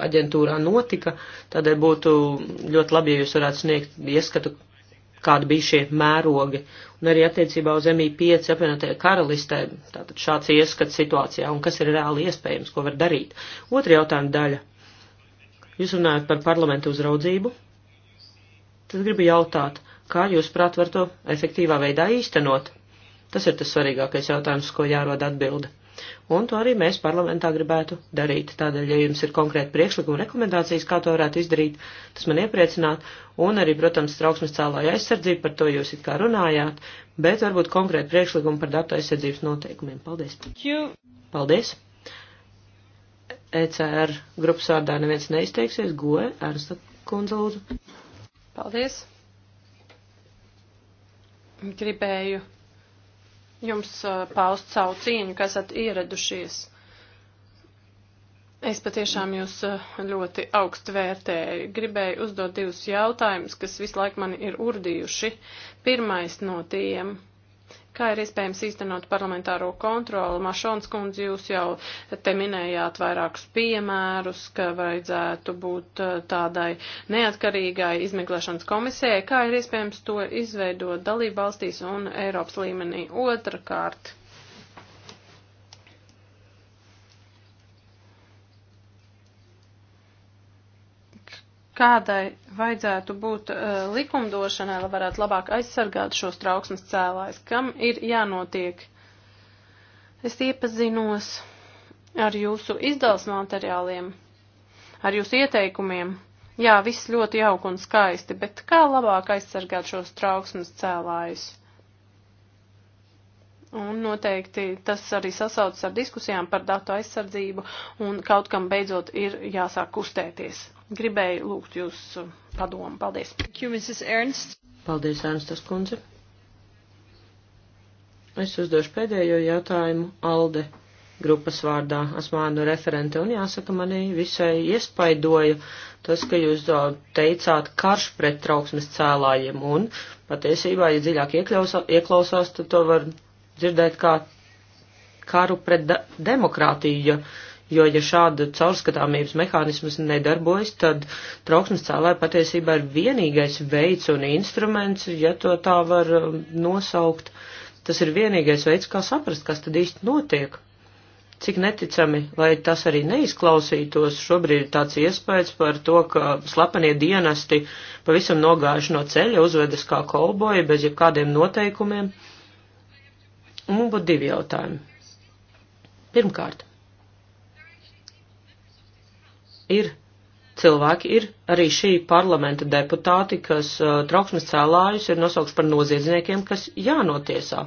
aģentūrā notika, tādēļ būtu ļoti labi, ja jūs varētu sniegt ieskatu, kāda bija šie mērogi, un arī attiecībā uz MI5 apvienotajā karalistē, tātad šāds ieskats situācijā, un kas ir reāli iespējams, ko var darīt. Otra jautājuma daļa. Jūs runājat par parlamentu uzraudzību. Tas gribu jautāt, kā jūs prāt var to efektīvā veidā īstenot? Tas ir tas svarīgākais jautājums, ko jārod atbildi. Un to arī mēs parlamentā gribētu darīt. Tādēļ, ja jums ir konkrēti priekšlikumi un rekomendācijas, kā to varētu izdarīt, tas man iepriecināt. Un arī, protams, trauksmes cēlāja aizsardzība, par to jūs it kā runājāt, bet varbūt konkrēti priekšlikumi par datu aizsardzības noteikumiem. Paldies! Paldies! ECR grupas vārdā neviens neizteiksies. Goe, Ernsta Kunze, lūdzu. Paldies! Gribēju jums paust savu cieņu, kas esat ieradušies. Es patiešām jūs ļoti augstu vērtēju. Gribēju uzdot divus jautājumus, kas visu laiku mani ir urdījuši. Pirmais no tiem. Kā ir iespējams īstenot parlamentāro kontroli? Mašons kundze, jūs jau te minējāt vairākus piemērus, ka vajadzētu būt eh, tādai neatkarīgai izmeklēšanas komisijai. Kā ir iespējams to izveidot dalību valstīs un Eiropas līmenī? Otrakārt. kādai vajadzētu būt uh, likumdošanai, lai varētu labāk aizsargāt šos trauksmes cēlājus, kam ir jānotiek. Es iepazinos ar jūsu izdevus materiāliem, ar jūsu ieteikumiem. Jā, viss ļoti jauk un skaisti, bet kā labāk aizsargāt šos trauksmes cēlājus? Un noteikti tas arī sasaucas ar diskusijām par datu aizsardzību un kaut kam beidzot ir jāsāk kustēties gribēju lūgt jūs uh, padomu. Paldies. Thank you, Mrs. Ernst. Paldies, Ernstas kundze. Es uzdošu pēdējo jautājumu Alde grupas vārdā. Esmu ānu referente un jāsaka, mani visai iespaidoja tas, ka jūs teicāt karš pret trauksmes cēlājiem un patiesībā, ja dziļāk ieklausās, tad to var dzirdēt kā karu pret demokrātiju, jo jo, ja šāda caurskatāmības mehānismas nedarbojas, tad trauksmes cēlāja patiesībā ir vienīgais veids un instruments, ja to tā var um, nosaukt. Tas ir vienīgais veids, kā saprast, kas tad īsti notiek. Cik neticami, lai tas arī neizklausītos, šobrīd ir tāds iespējas par to, ka slepenie dienesti pavisam nogājuši no ceļa, uzvedas kā kolboji bez jebkādiem noteikumiem. Un man būtu divi jautājumi. Pirmkārt, ir cilvēki, ir arī šī parlamenta deputāti, kas uh, trauksmes cēlājus ir nosaukts par noziedzniekiem, kas jānotiesā.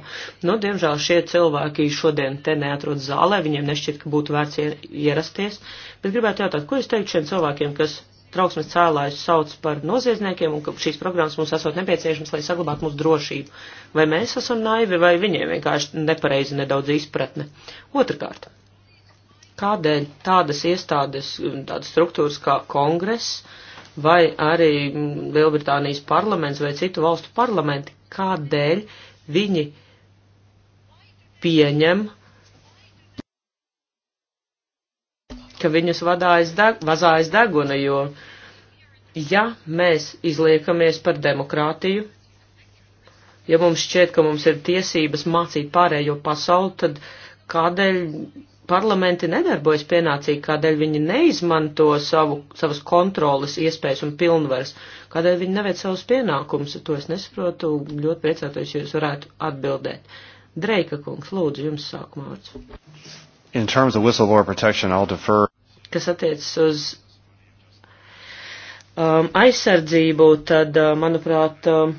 Nu, diemžēl šie cilvēki šodien te neatrod zālē, viņiem nešķiet, ka būtu vērts ierasties, bet gribētu jautāt, ko es teiktu šiem cilvēkiem, kas trauksmes cēlājus sauc par noziedzniekiem un ka šīs programmas mums esot nepieciešams, lai saglabātu mūsu drošību. Vai mēs esam naivi, vai viņiem vienkārši nepareizi nedaudz izpratne. Otrakārt. Kādēļ tādas iestādes, mm, tādas struktūras kā kongress vai arī mm, Lielbritānijas parlaments vai citu valstu parlamenti, kādēļ viņi pieņem, ka viņus vadājas deg, vazājas deguna, jo ja mēs izliekamies par demokrātiju, ja mums šķiet, ka mums ir tiesības mācīt pārējo pasauli, tad kādēļ parlamenti nedarbojas pienācīgi, kādēļ viņi neizmanto savu, savas kontrolas iespējas un pilnvaras, kādēļ viņi neveic savus pienākumus, to es nesaprotu, ļoti priecātos, ja jūs varētu atbildēt. Dreika kungs, lūdzu, jums sākumā vārds. Kas attiecas uz um, aizsardzību, tad, uh, manuprāt, uh, um,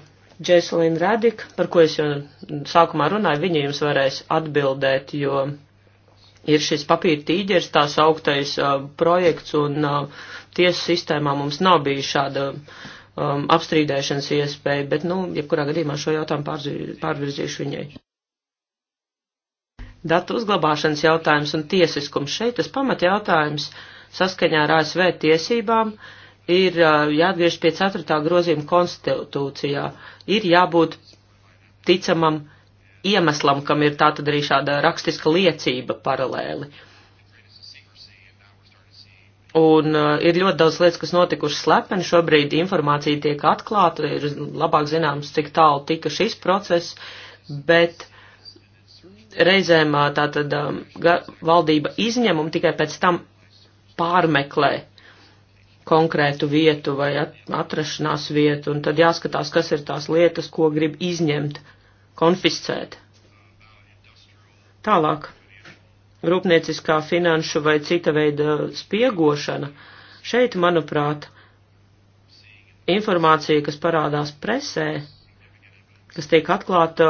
Džeslīna Radik, par ko es jau sākumā runāju, viņa jums varēs atbildēt, jo ir šis papīra tīģeris, tās augtais uh, projekts, un uh, tiesu sistēmā mums nav bijusi šāda um, apstrīdēšanas iespēja, bet, nu, jebkurā gadījumā šo jautājumu pārvirzīšu viņai. Datu uzglabāšanas jautājums un tiesiskums šeit tas pamat jautājums saskaņā ar ASV tiesībām ir uh, jāatgriež pie 4. grozījuma konstitūcijā. Ir jābūt ticamam iemeslam, kam ir tātad arī šāda rakstiska liecība paralēli. Un uh, ir ļoti daudz lietas, kas notikušas slepeni, šobrīd informācija tiek atklāta, ir labāk zināms, cik tālu tika šis process, bet reizēm uh, tātad um, valdība izņem un tikai pēc tam pārmeklē konkrētu vietu vai at atrašanās vietu, un tad jāskatās, kas ir tās lietas, ko grib izņemt konfiscēt. Tālāk. Rūpnieciskā finanšu vai cita veida spiegošana. Šeit, manuprāt, informācija, kas parādās presē, kas tiek atklāta,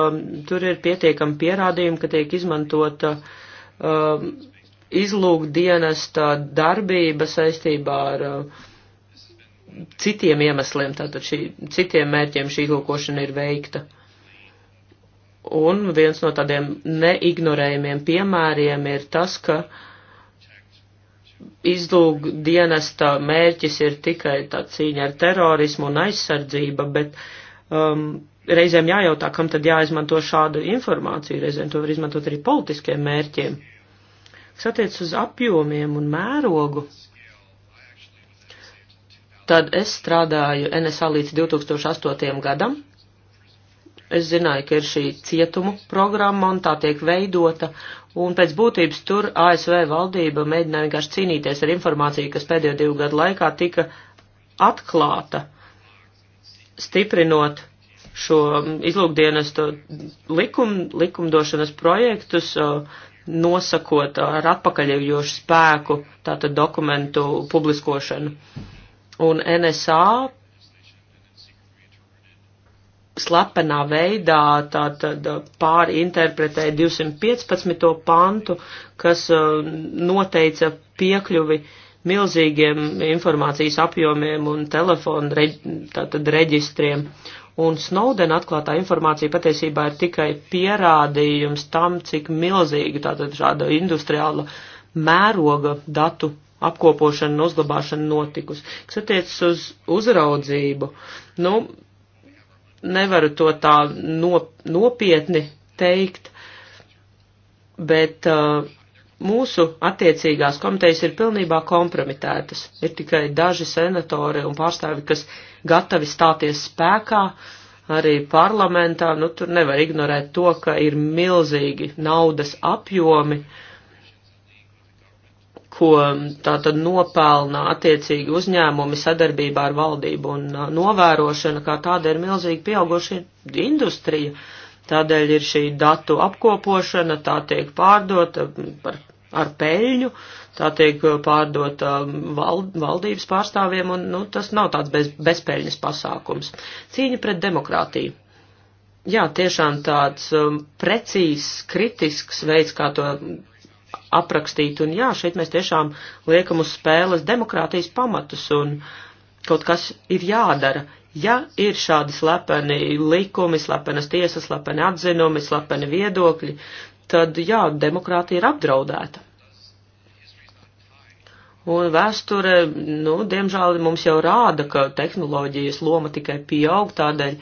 tur ir pietiekami pierādījumi, ka tiek izmantota uh, izlūkdienesta darbība saistībā ar uh, citiem iemesliem, tātad šī, citiem mērķiem šī lūkošana ir veikta. Un viens no tādiem neignorējumiem piemēriem ir tas, ka izlūg dienesta mērķis ir tikai tā cīņa ar terorismu un aizsardzība, bet um, reizēm jājautā, kam tad jāizmanto šādu informāciju, reizēm to var izmantot arī politiskiem mērķiem. Kas attiec uz apjomiem un mērogu, tad es strādāju NSA līdz 2008. gadam Es zināju, ka ir šī cietumu programma un tā tiek veidota, un pēc būtības tur ASV valdība mēģināja vienkārši cīnīties ar informāciju, kas pēdējo divu gadu laikā tika atklāta, stiprinot šo izlūkdienestu likum, likumdošanas projektus, nosakot ar atpakaļējošu spēku tātad dokumentu publiskošanu. Un NSA slepenā veidā tātad uh, pārinterpretēja 215. pantu, kas uh, noteica piekļuvi milzīgiem informācijas apjomiem un telefonu reģ, tātad reģistriem. Un Snowden atklātā informācija patiesībā ir tikai pierādījums tam, cik milzīga tātad šāda industriāla mēroga datu apkopošana un uzglabāšana notikusi. Kas attiecas uz uzraudzību, nu, nevaru to tā nopietni teikt, bet uh, mūsu attiecīgās komitejas ir pilnībā kompromitētas. Ir tikai daži senatori un pārstāvi, kas gatavi stāties spēkā arī parlamentā. Nu, tur nevar ignorēt to, ka ir milzīgi naudas apjomi. Uh, ko tātad nopelna attiecīgi uzņēmumi sadarbībā ar valdību un novērošana, kā tāda ir milzīgi pieauguši industrija. Tādēļ ir šī datu apkopošana, tā tiek pārdota par, ar peļņu, tā tiek pārdota val, valdības pārstāvjiem, un nu, tas nav tāds bez, bezpeļņas pasākums. Cīņa pret demokrātiju. Jā, tiešām tāds um, precīzs, kritisks veids, kā to aprakstīti. Un jā, šeit mēs tiešām liekam uz spēles demokrātijas pamatus un kaut kas ir jādara. Ja ir šādi slepeni likumi, slepenas tiesas, slepeni atzinumi, slepeni viedokļi, tad jā, demokrātija ir apdraudēta. Un vēsture, nu, diemžēl mums jau rāda, ka tehnoloģijas loma tikai pieaug, tādēļ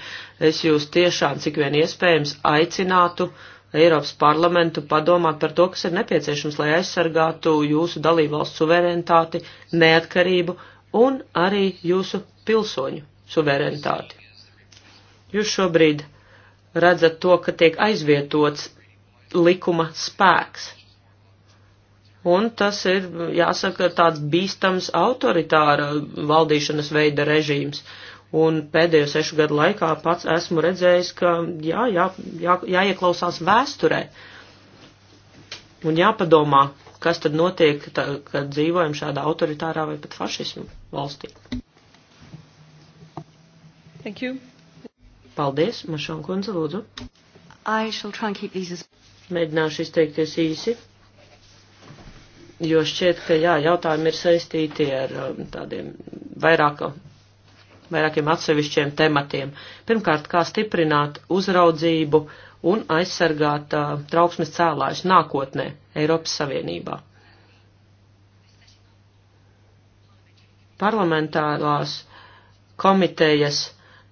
es jūs tiešām cik vien iespējams aicinātu uh, Eiropas parlamentu padomāt par to, kas ir nepieciešams, lai aizsargātu jūsu dalībvalstu suverenitāti, neatkarību un arī jūsu pilsoņu suverenitāti. Jūs šobrīd redzat to, ka tiek aizvietots likuma spēks. Un tas ir, jāsaka, tāds bīstams autoritāra valdīšanas veida režīms. Un pēdējo sešu gadu laikā pats esmu redzējis, ka jā, jā, jā, jāieklausās vēsturē un jāpadomā, kas tad notiek, tā, kad dzīvojam šādā autoritārā vai pat fašismu valstī. Thank you. Paldies, Mašon kundze, lūdzu. I shall try and keep these as... Mēģināšu izteikties īsi, jo šķiet, ka jā, jautājumi ir saistīti ar um, tādiem vairāka vairākiem atsevišķiem tematiem. Pirmkārt, kā stiprināt uzraudzību un aizsargāt uh, trauksmes cēlājus nākotnē Eiropas Savienībā. Parlamentārās komitejas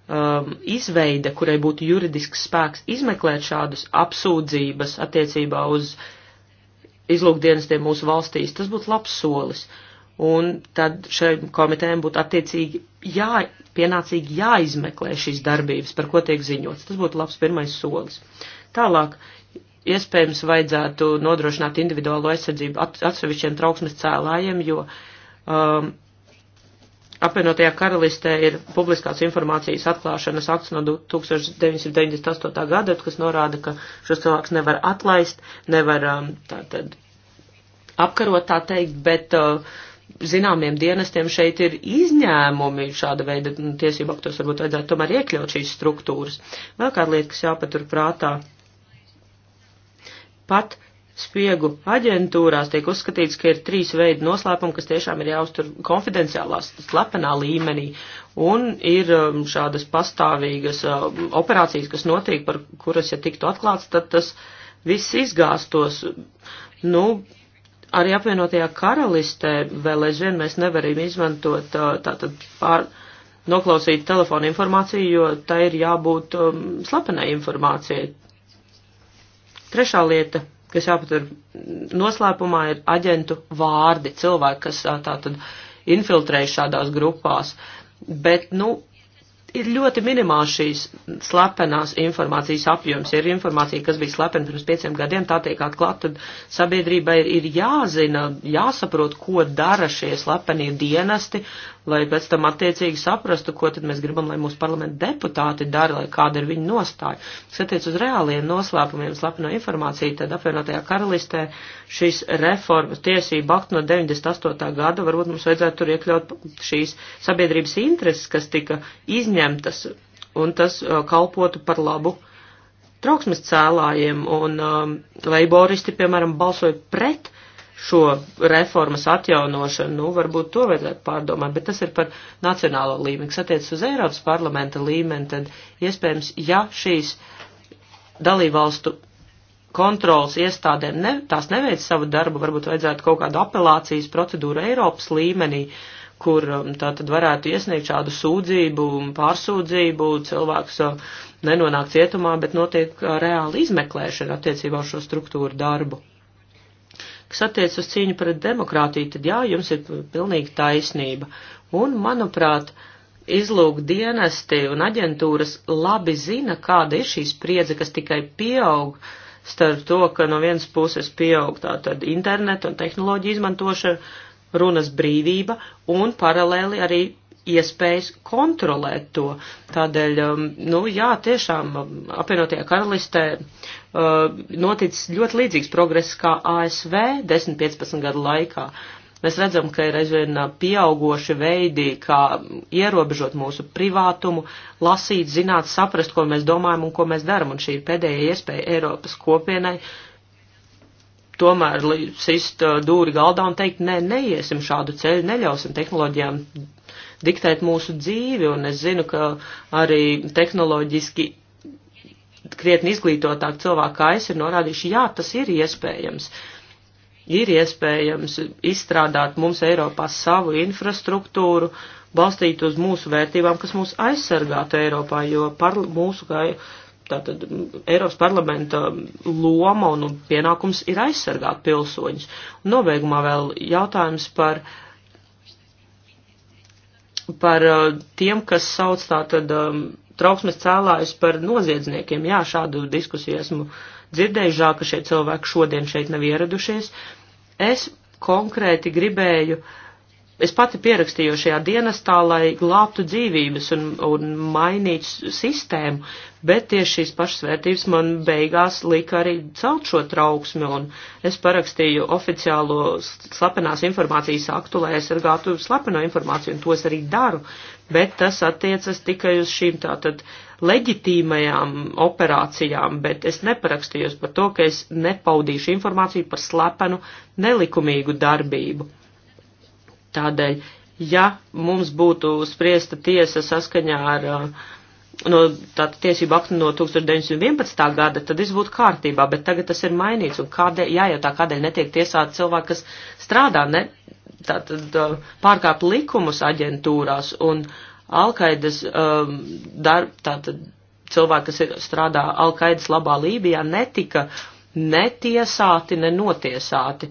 um, izveide, kurai būtu juridisks spēks izmeklēt šādus apsūdzības attiecībā uz izlūkdienestiem mūsu valstīs, tas būtu labs solis. Uh, un tad šiem komitējiem būtu attiecīgi jā, pienācīgi jāizmeklē šīs darbības, par ko tiek ziņots. Tas būtu labs pirmais solis. Tālāk, iespējams, vajadzētu nodrošināt individuālo aizsardzību atsevišķiem trauksmes cēlājiem, jo um, apvienotajā karalistē ir publiskās informācijas atklāšanas akts no 1998. gada, kas norāda, ka šos cilvēkus nevar atlaist, nevar um, tātad apkarot, tā teikt, bet uh, zināmiem dienestiem šeit ir izņēmumi šāda veida nu, tiesību aktos, varbūt vajadzētu tomēr iekļaut šīs struktūras. Vēl kāda lieta, kas jāpatur prātā. Pat spiegu aģentūrās tiek uzskatīts, ka ir trīs veidi noslēpumi, kas tiešām ir jāuztur konfidenciālā, slepenā līmenī, un ir um, šādas pastāvīgas um, operācijas, kas notiek, par kuras, ja tiktu atklāts, tad tas viss izgāstos. Nu, arī apvienotajā karalistē vēl aizvien mēs nevaram izmantot uh, tātad pār noklausīt telefonu informāciju, jo tā ir jābūt um, slepenai informācijai. Trešā lieta, kas jāpatur noslēpumā, ir aģentu vārdi, cilvēki, kas uh, tātad infiltrējuši šādās grupās. Bet, nu, ir ļoti minimāls šīs slepenās informācijas apjoms. Ja ir informācija, kas bija slepena pirms pieciem gadiem, tā tiek atklāta, tad sabiedrībai ir jāzina, jāsaprot, ko dara šie slepenie dienesti, lai pēc tam attiecīgi saprastu, ko tad mēs gribam, lai mūsu parlamenta deputāti dara, lai kāda ir viņa nostāja. Kas attiec uz reāliem noslēpumiem slepeno informāciju, tad apvienotajā karalistē šīs reformas tiesība aktu no 98. gada varbūt mums vajadzētu tur iekļaut šīs sabiedrības intereses, kas tika izņemta pieņemtas, un tas uh, kalpotu par labu trauksmes cēlājiem, un um, leiboristi, piemēram, balsoja pret šo reformas atjaunošanu, nu, varbūt to vajadzētu pārdomāt, bet tas ir par nacionālo līmeni, kas attiecas uz Eiropas parlamenta līmeni, tad iespējams, ja šīs dalībvalstu kontrols iestādēm ne, tās neveic savu darbu, varbūt vajadzētu kaut kādu apelācijas procedūru Eiropas līmenī, uh, kur um, tātad varētu iesniegt šādu sūdzību, pārsūdzību, cilvēks uh, nenonāk cietumā, bet notiek uh, reāli izmeklēšana attiecībā uz šo struktūru darbu. Kas attiec uz cīņu pret demokrātiju, tad jā, jums ir pilnīgi taisnība. Un, manuprāt, izlūk dienesti un aģentūras labi zina, kāda ir šī spriedze, kas tikai pieaug starp to, ka no vienas puses pieaug tātad interneta un tehnoloģija izmantošana, runas brīvība un paralēli arī iespējas kontrolēt to. Tādēļ, um, nu jā, tiešām um, apvienotajā karalistē uh, noticis ļoti līdzīgs progress kā ASV 10-15 gadu laikā. Mēs redzam, ka ir aizvien uh, pieaugoši veidi, kā ierobežot mūsu privātumu, lasīt, zināt, saprast, ko mēs domājam un ko mēs darām. Un šī ir pēdējā iespēja Eiropas kopienai uh, tomēr sist uh, dūri galdā un teikt, nē, ne, neiesim šādu ceļu, neļausim tehnoloģijām diktēt mūsu dzīvi, un es zinu, ka arī tehnoloģiski krietni izglītotāk cilvēku es ir norādījuši, jā, tas ir iespējams. Ir iespējams izstrādāt mums Eiropā savu infrastruktūru, balstīt uz mūsu vērtībām, kas mūs aizsargātu Eiropā, jo par mūsu, kā Tātad Eiropas parlamenta loma un pienākums ir aizsargāt pilsoņus. Un novēgumā vēl jautājums par, par uh, tiem, kas sauc tātad um, trauksmes cēlājus par noziedzniekiem. Jā, šādu diskusiju esmu dzirdējis, žēl, ka šie cilvēki šodien šeit nav ieradušies. Es konkrēti gribēju uh, Es pati pierakstīju šajā dienestā, lai glābtu dzīvības un, un mainītu sistēmu, bet tieši šīs pašas vērtības man beigās lika arī celt šo trauksmi, un es parakstīju oficiālo slepenās informācijas aktu, lai aizsargātu slepeno informāciju, un to es arī daru, bet tas attiecas tikai uz šīm tātad leģitīmajām operācijām, bet es neparakstījos par to, ka es nepaudīšu informāciju par slepenu nelikumīgu darbību. Tādēļ, ja mums būtu spriesta tiesa saskaņā ar uh, no tāda tiesība akta no 1911. gada, tad viss būtu kārtībā, bet tagad tas ir mainīts, un kādēļ, jā, jau tā kādēļ netiek tiesāti cilvēki, kas strādā, ne, tātad uh, pārkāp likumus aģentūrās, un Alkaidas um, dar, tātad cilvēki, kas ir, strādā Alkaidas labā Lībijā, netika netiesāti, nenotiesāti.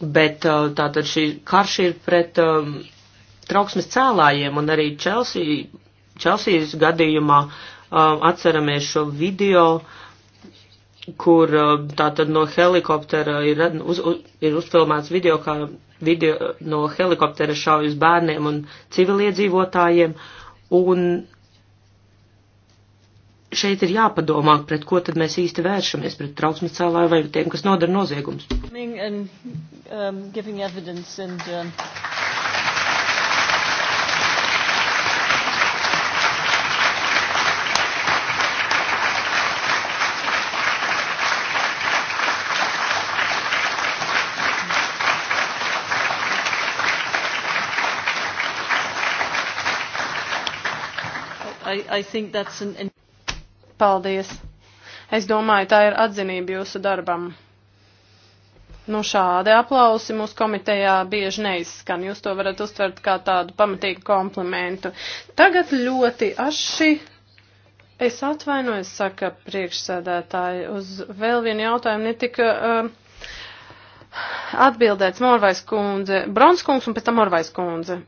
Bet uh, tātad šī karš ir pret um, trauksmes cēlājiem, un arī Čelsija Čelsijas gadījumā uh, atceramies šo video, kur uh, tātad no helikoptera ir, uz, uz, ir uzfilmēts video, kā video no helikoptera šauj uz bērniem un civiliedzīvotājiem. Un šeit ir jāpadomā, pret ko tad mēs īsti vēršamies, pret trauksmes cēlāju vai tiem, kas nodara noziegums. And, um, I, I think that's an... Paldies. Es domāju, tā ir atzinība jūsu darbam. Nu, šādi aplausi mūsu komitejā bieži neizskan. Jūs to varat uztvert kā tādu pamatīgu komplimentu. Tagad ļoti aši. Es atvainojos, saka priekšsēdētāji, uz vēl vienu jautājumu netika uh, atbildēts Morvais kundze, Bronskungs un pēc tam Morvais kundze.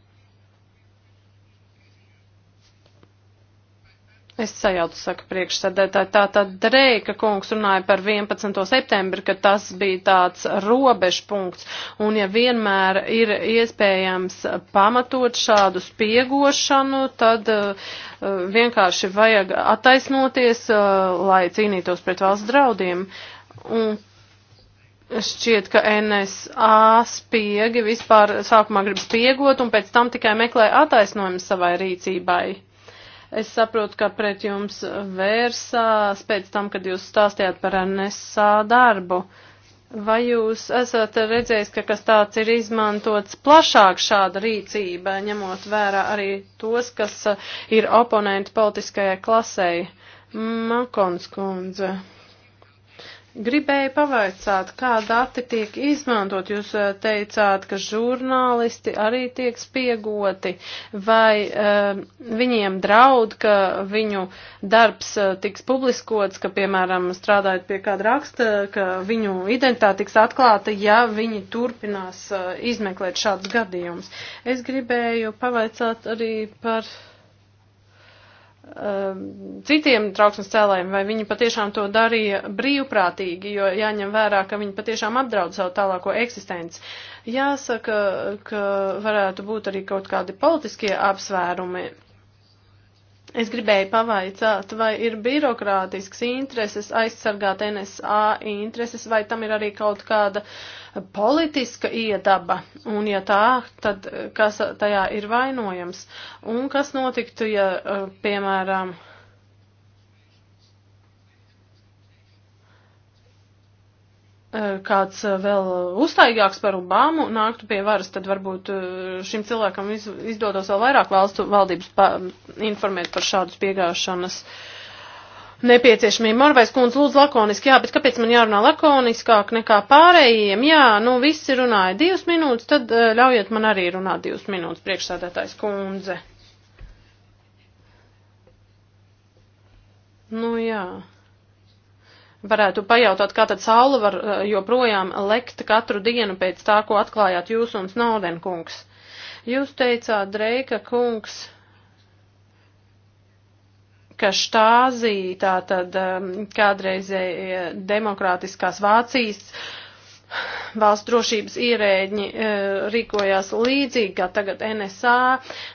Es sajaucu, saka priekšsēdētāji, tā tad Dreika kungs runāja par 11. septembri, ka tas bija tāds robežpunkts, un ja vienmēr ir iespējams pamatot šādu spiegošanu, tad uh, vienkārši vajag attaisnoties, uh, lai cīnītos pret valsts draudiem. Un šķiet, ka NSA spiegi vispār sākumā grib spiegot, un pēc tam tikai meklē attaisnojumu savai rīcībai. Es saprotu, ka pret jums vērsās pēc tam, kad jūs stāstījāt par NSA darbu. Vai jūs esat redzējis, ka kas tāds ir izmantots plašāk šāda rīcība, ņemot vērā arī tos, kas ir oponenti politiskajai klasei? Makons kundze. Gribēju pavaicāt, kā dati tiek izmantot. Jūs eh, teicāt, ka žurnālisti arī tiek spiegoti, vai uh, viņiem draud, ka viņu darbs uh, tiks publiskots, ka, piemēram, strādājot pie kāda raksta, ka viņu identitāte tiks atklāta, ja viņi turpinās uh, izmeklēt šādus gadījumus. Es gribēju pavaicāt arī par. Uh, Um, citiem trauksmes cēlājiem, vai viņi patiešām to darīja brīvprātīgi, jo jāņem vērā, ka viņi patiešām apdraud savu tālāko eksistenci. Jāsaka, ka varētu būt arī kaut kādi politiskie apsvērumi Es gribēju pavaicāt, vai ir birokrātisks intereses aizsargāt NSA intereses, vai tam ir arī kaut kāda politiska iedaba, un ja tā, tad kas tajā ir vainojams? Un kas notiktu, ja, eh, piemēram, Eh, kāds eh, vēl uztaigāks par Obamu nāktu pie varas, tad varbūt eh, šim cilvēkam iz, izdodos vēl vairāk valstu valdības pa, informēt par šādas piegāšanas nepieciešamību. Morvais kundze lūdzu lakoniski, jā, bet kāpēc man jārunā lakoniskāk nekā pārējiem? Jā, nu visi runāja divas minūtes, tad ļaujiet man arī runāt divas minūtes priekšsādātājs kundze. Nu jā varētu pajautāt, kā tad saula var eh, joprojām lekt katru dienu pēc tā, ko atklājāt jūs un Snaudenkungs. Jūs teicāt, Dreika kungs, ka štāzī tātad um, eh, kādreizēja eh, demokrātiskās Vācijas uh, valsts drošības ierēģi e, rīkojās līdzīgi kā tagad NSA,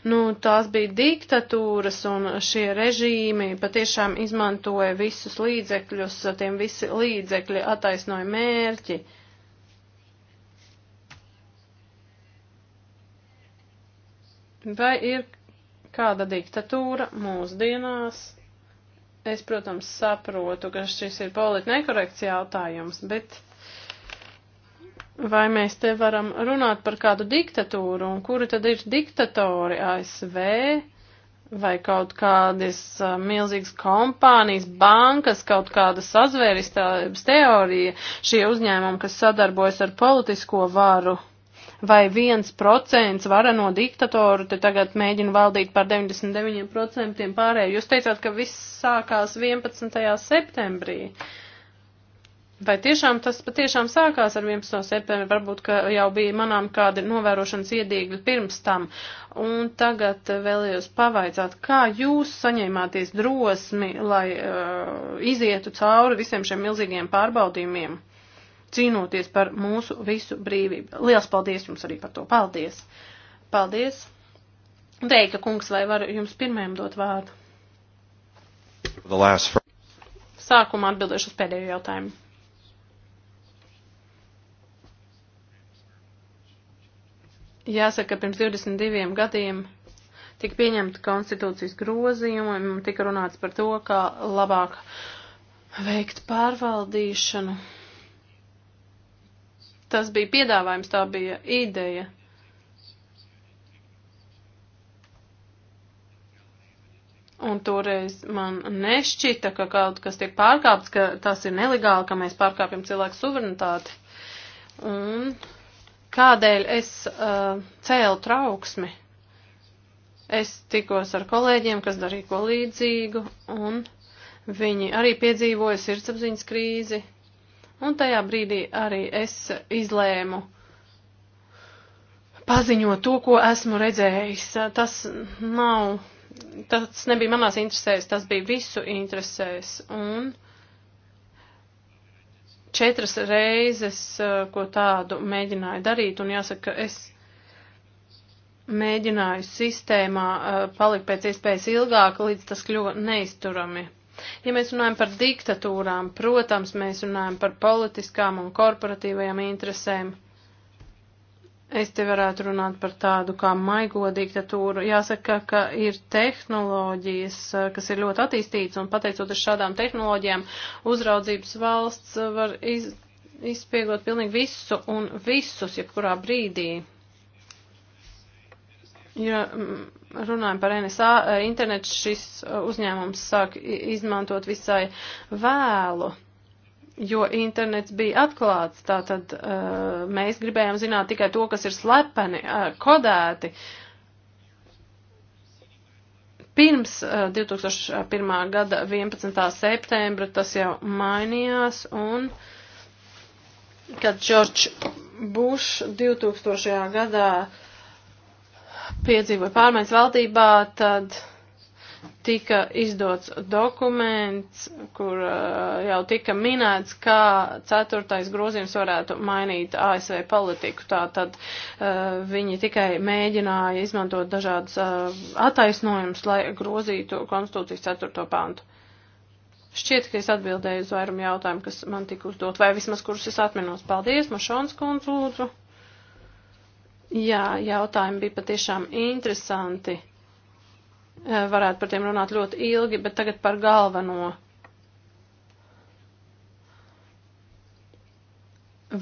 nu tās bija diktatūras un šie režīmi patiešām izmantoja visus līdzekļus, tiem visi līdzekļi attaisnoja mērķi. Vai ir kāda diktatūra mūsdienās? Es, protams, saprotu, ka šis ir politi nekorekts jautājums, bet vai mēs te varam runāt par kādu diktatūru, un kuri tad ir diktatori ASV, vai kaut kādas milzīgas kompānijas, bankas, kaut kāda sazvēristības teorija, šie uzņēmumi, kas sadarbojas ar politisko varu. Vai viens procents vara no diktatoru te tagad mēģina valdīt par 99% pārējo? Jūs teicāt, ka viss sākās 11. septembrī. Uh, Vai tiešām tas patiešām sākās ar 11. septembri, varbūt, ka jau bija manām kādi novērošanas iedīgļi pirms tam, un tagad vēlējos pavaicāt, kā jūs saņēmāties drosmi, lai uh, izietu cauri visiem šiem milzīgiem pārbaudījumiem, cīnoties par mūsu visu brīvību. Liels paldies jums arī par to. Paldies! Paldies! Deika kungs, vai varu jums pirmajam dot vārdu? Sākumā atbildēšu uz pēdējo jautājumu. Jāsaka, ka pirms 22 gadiem tika pieņemta konstitūcijas grozījuma, un tika runāts par to, kā labāk veikt pārvaldīšanu. Tas bija piedāvājums, tā bija ideja. Un toreiz man nešķita, ka kaut kas tiek pārkāpts, ka tas ir nelegāli, ka mēs pārkāpjam cilvēku suverenitāti. Un Kādēļ es uh, cēlu trauksmi? Es tikos ar kolēģiem, kas darīja ko līdzīgu, un viņi arī piedzīvoja sirdsapziņas krīzi. Un tajā brīdī arī es izlēmu paziņot to, ko esmu redzējis. Tas nav, tas nebija manās interesēs, tas bija visu interesēs. Un, uh, četras reizes, eh, ko tādu mēģināju darīt, un jāsaka, es mēģināju sistēmā eh, palikt pēc iespējas ilgāk, līdz tas kļuva neizturami. Ja mēs runājam par diktatūrām, protams, mēs runājam par politiskām un korporatīvajām interesēm. Es te varētu runāt par tādu kā maigo diktatūru. Jāsaka, ka ir tehnoloģijas, eh, kas ir ļoti attīstītas, un pateicoties šādām tehnoloģijām, uzraudzības valsts var iz, izspiegot pilnīgi visu un visus, jebkurā brīdī. Ja mm, runājam par NSA, eh, internets šis eh, uzņēmums sāk izmantot visai vēlu jo internets bija atklāts, tātad uh, mēs gribējām zināt tikai to, kas ir slepeni, uh, kodēti. Pirms uh, 2001. gada 11. septembra tas jau mainījās, un kad George Bush 2000. gadā piedzīvoja pārmaiņas valdībā, tad uh, tika izdots dokuments, kur uh, jau tika minēts, kā ceturtais grozījums varētu mainīt ASV politiku. Tātad uh, viņi tikai mēģināja izmantot dažādas uh, attaisnojumus, lai grozītu konstitūcijas ceturto pāntu. Šķiet, ka es atbildēju uz vairumu jautājumu, kas man tika uzdot, vai vismaz kurus es atminos. Paldies, Mašons kundz lūdzu. Jā, jautājumi bija patiešām interesanti. Eh, varētu par tiem runāt ļoti ilgi, bet tagad par galveno.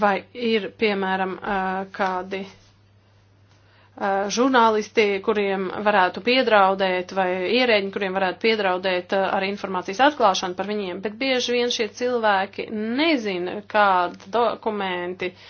Vai ir, piemēram, eh, kādi eh, žurnālisti, kuriem varētu piedraudēt, vai ierēģi, kuriem varētu piedraudēt ar informācijas atklāšanu par viņiem, bet bieži vien šie cilvēki nezina, kādi dokumenti uh,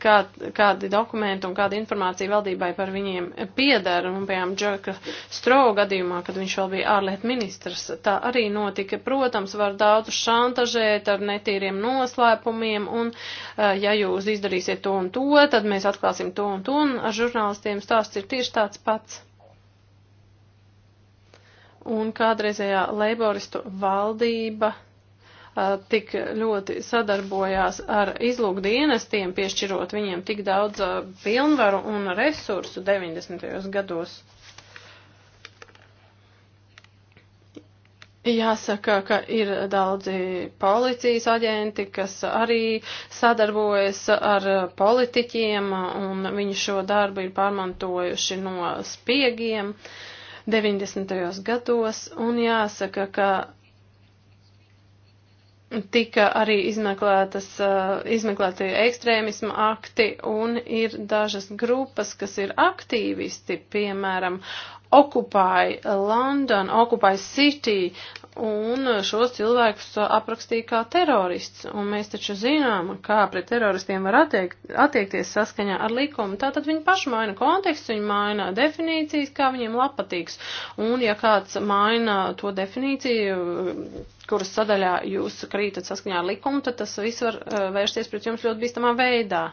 kā, kādi dokumenti un kāda informācija valdībai par viņiem piedara. Un, piemēram, Džeka Strau gadījumā, kad viņš vēl bija ārlietu ministrs, tā arī notika. Protams, var daudz šantažēt ar netīriem noslēpumiem, un eh, ja jūs izdarīsiet to un to, tad mēs atklāsim to un to, un ar žurnālistiem stāsts ir tieši tāds pats. Un kādreizējā leiboristu valdība tik ļoti sadarbojās ar izlūkdienestiem, piešķirot viņiem tik daudz pilnvaru un resursu 90. gados. Jāsaka, ka ir daudzi policijas aģenti, kas arī sadarbojas ar politiķiem, un viņi šo darbu ir pārmantojuši no spiegiem 90. gados, un jāsaka, ka tika arī izmeklētas, eh, izmeklēti ekstrēmisma akti un ir dažas grupas, kas ir aktīvisti, piemēram, Occupy London, Occupy City un šos cilvēkus aprakstīja kā terorists, un mēs taču zinām, kā pret teroristiem var attiekt, attiekties saskaņā ar likumu. Tātad viņi paši maina kontekstu, viņi maina definīcijas, kā viņiem labpatīks, un ja kāds maina to definīciju, kuras sadaļā jūs krītat saskaņā ar likumu, tad tas viss var eh, vērsties pret jums ļoti bīstamā veidā.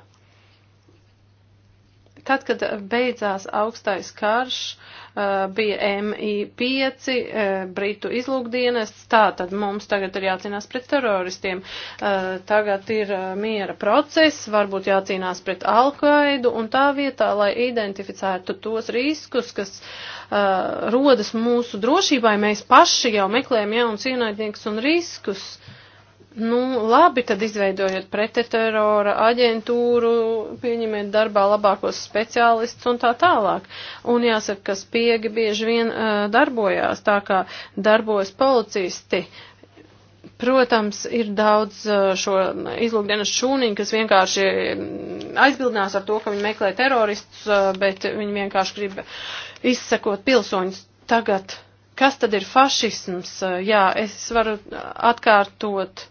Tad, kad beidzās augstais karš, eh, bija MI5, eh, Britu izlūkdienests, tā tad mums tagad ir jācīnās pret teroristiem. Eh, tagad ir miera process, varbūt jācīnās pret Alkaidu, un tā vietā, lai identificētu tos riskus, kas rodas mūsu drošībai, mēs paši jau meklējam jaunas ienaidniekus un riskus. Uh, Nu, labi, tad izveidojot preteterora aģentūru, pieņemiet darbā labākos speciālistus un tā tālāk. Un jāsaka, ka spiegi bieži vien uh, darbojās tā, kā darbojas policisti. Protams, ir daudz uh, šo izlūkdienas šūniņu, kas vienkārši aizbildinās ar to, ka viņi meklē teroristus, uh, bet viņi vienkārši grib izsekot pilsoņus tagad. Kas tad ir fašisms? Uh, jā, es varu atkārtot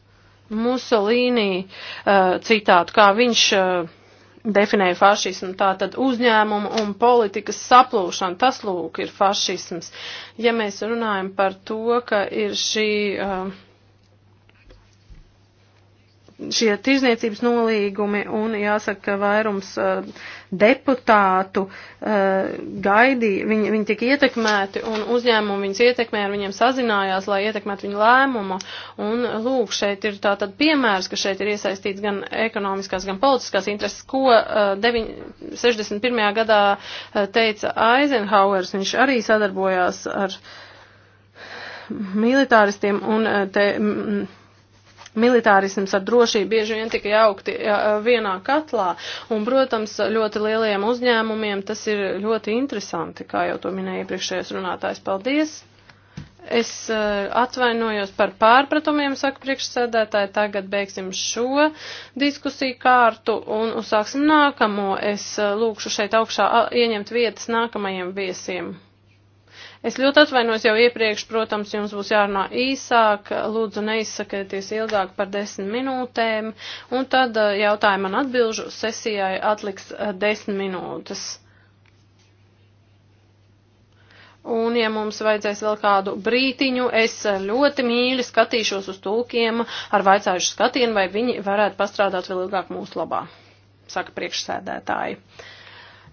Musolīnī uh, eh, citātu, kā viņš uh, definēja fašismu, tā tad uzņēmumu un politikas saplūšana, tas lūk ir fašisms. Ja mēs runājam par to, ka ir šī uh, šie tirzniecības nolīgumi un jāsaka, ka vairums uh, deputātu uh, gaidīja, viņi, viņi tika ietekmēti un uzņēmumi viņus ietekmē, ar viņiem sazinājās, lai ietekmētu viņu lēmumu. Un lūk, šeit ir tātad piemērs, ka šeit ir iesaistīts gan ekonomiskās, gan politiskās intereses, ko uh, 9, 61. gadā uh, teica Eisenhowers, viņš arī sadarbojās ar militāristiem un uh, te. Mm, militārisms ar drošību bieži vien tika jaukti vienā katlā. Un, protams, ļoti lielajiem uzņēmumiem tas ir ļoti interesanti, kā jau to minēja iepriekšējais runātājs. Paldies! Es eh, atvainojos par pārpratumiem, saka priekšsēdētāji, tagad beigsim šo diskusiju kārtu un uzsāksim nākamo. Es eh, lūkšu šeit augšā ieņemt vietas nākamajiem viesiem. Es ļoti atvainojos jau iepriekš, protams, jums būs jārunā īsāk, lūdzu neizsakieties ilgāk par desmit minūtēm, un tad eh, jautājumu man atbilžu sesijai atliks eh, desmit minūtes. Un, ja mums vajadzēs vēl kādu brītiņu, es eh, ļoti mīļi skatīšos uz tūkiem ar vaicājušu skatienu, vai viņi varētu pastrādāt vēl ilgāk mūsu labā, saka priekšsēdētāji.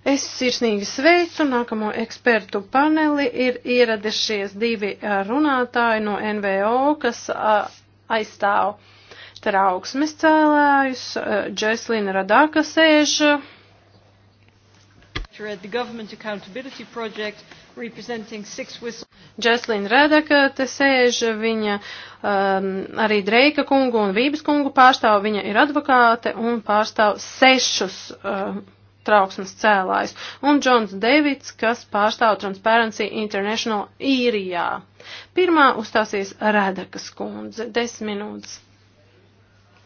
Es sirsnīgi sveicu nākamo ekspertu paneli. Ir ieradušies divi runātāji no NVO, kas aizstāv trauksmes cēlājus. Džeslina Radāka sēž. Džeslina Redeka te sēž, viņa um, arī Dreika kungu un Vības kungu pārstāv, viņa ir advokāte un pārstāv sešus um, trauksmes cēlājs, un Džons Devits, kas pārstāv Transparency International īrijā. Pirmā uzstāsies Redakas kundze, desmit minūtes.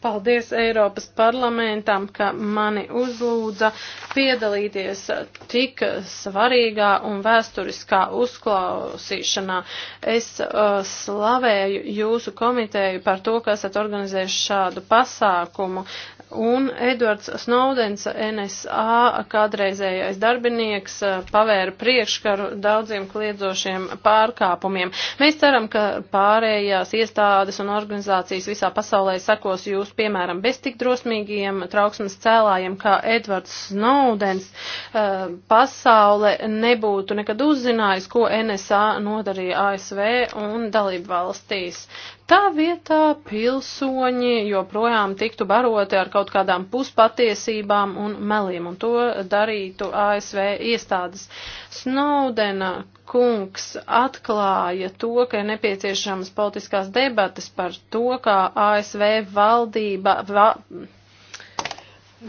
Paldies Eiropas parlamentam, ka mani uzlūdza piedalīties tik svarīgā un vēsturiskā uzklausīšanā. Es uh, slavēju jūsu komiteju par to, ka esat organizējuši šādu pasākumu. Un Edvards Snowdens, NSA kādreizējais darbinieks, eh, pavēra priekškaru daudziem kliedzošiem pārkāpumiem. Mēs ceram, ka pārējās iestādes un organizācijas visā pasaulē sekos jūs, piemēram, bez tik drosmīgiem trauksmes cēlājiem kā Edvards Snowdens. Eh, pasaule nebūtu nekad uzzinājusi, ko NSA nodarīja ASV un dalību valstīs. Tā vietā pilsoņi joprojām tiktu baroti ar kaut kādām puspatiesībām un meliem, un to darītu ASV iestādes. Snowdena kungs atklāja to, ka ir nepieciešamas politiskās debatas par to, kā ASV valdība. Va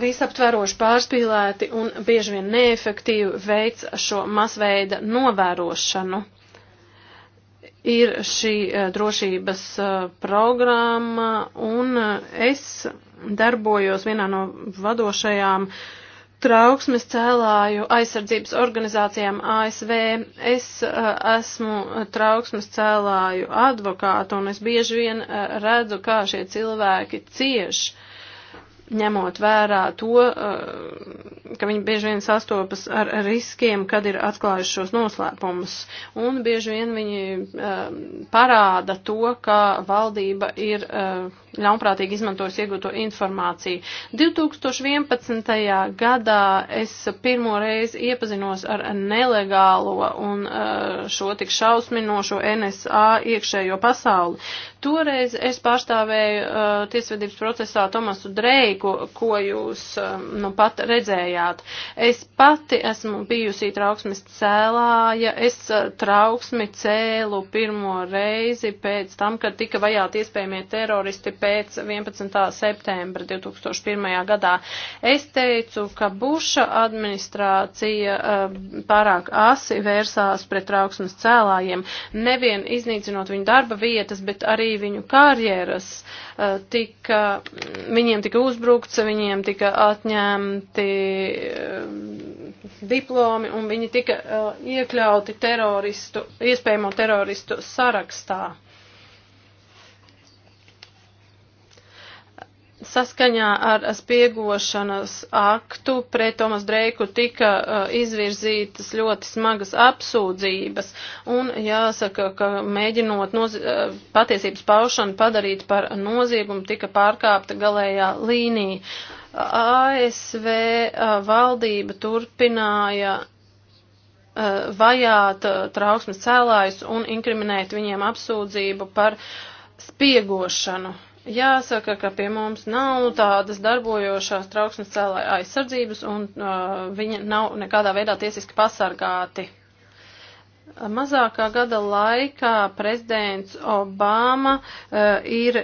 visaptveroši pārspīlēti un bieži vien neefektīvi veids šo masveida novērošanu ir šī eh, drošības eh, programma, un eh, es darbojos vienā no vadošajām trauksmes cēlāju aizsardzības organizācijām ASV. Es esmu trauksmes cēlāju advokātu, un es bieži vien redzu, kā šie cilvēki cieši ņemot vērā to, eh, ka viņi bieži vien sastopas ar riskiem, kad ir atklājuši šos noslēpumus. Un bieži vien viņi eh, parāda to, ka valdība ir eh, ļaunprātīgi izmantojusi iegūto informāciju. 2011. gadā es pirmo reizi iepazinos ar nelegālo un eh, šo tik šausminošo NSA iekšējo pasauli. Toreiz es pārstāvēju uh, tiesvedības procesā Tomasu Dreiku, ko jūs um, nu pat redzējāt. Es pati esmu bijusi trauksmes cēlāja, es uh, trauksmi cēlu pirmo reizi pēc tam, kad tika vajāti iespējamie teroristi pēc 11. septembra 2001. gadā. Es teicu, ka Buša administrācija eh, pārāk asi vērsās pret trauksmes cēlājiem, nevien iznīcinot viņu darba vietas, bet arī viņu karjeras. Eh, tika, viņiem tika uzbrukts, viņiem tika atņemti eh, diplomi un viņi tika iekļauti teroristu, iespējamo teroristu sarakstā. Saskaņā ar spiegošanas aktu pret Tomas Dreiku tika uh, izvirzītas ļoti smagas apsūdzības un jāsaka, ka mēģinot noz... Uh, patiesības paušanu padarīt par noziegumu, tika pārkāpta galējā līnija. ASV uh, valdība turpināja uh, vajāt uh, trauksmes cēlājus un inkriminēt viņiem apsūdzību par spiegošanu. Jāsaka, ka pie mums nav tādas darbojošās trauksmes cēlāja aizsardzības, un uh, viņi nav nekādā veidā tiesiski pasargāti. Mazākā gada laikā prezidents Obama uh, ir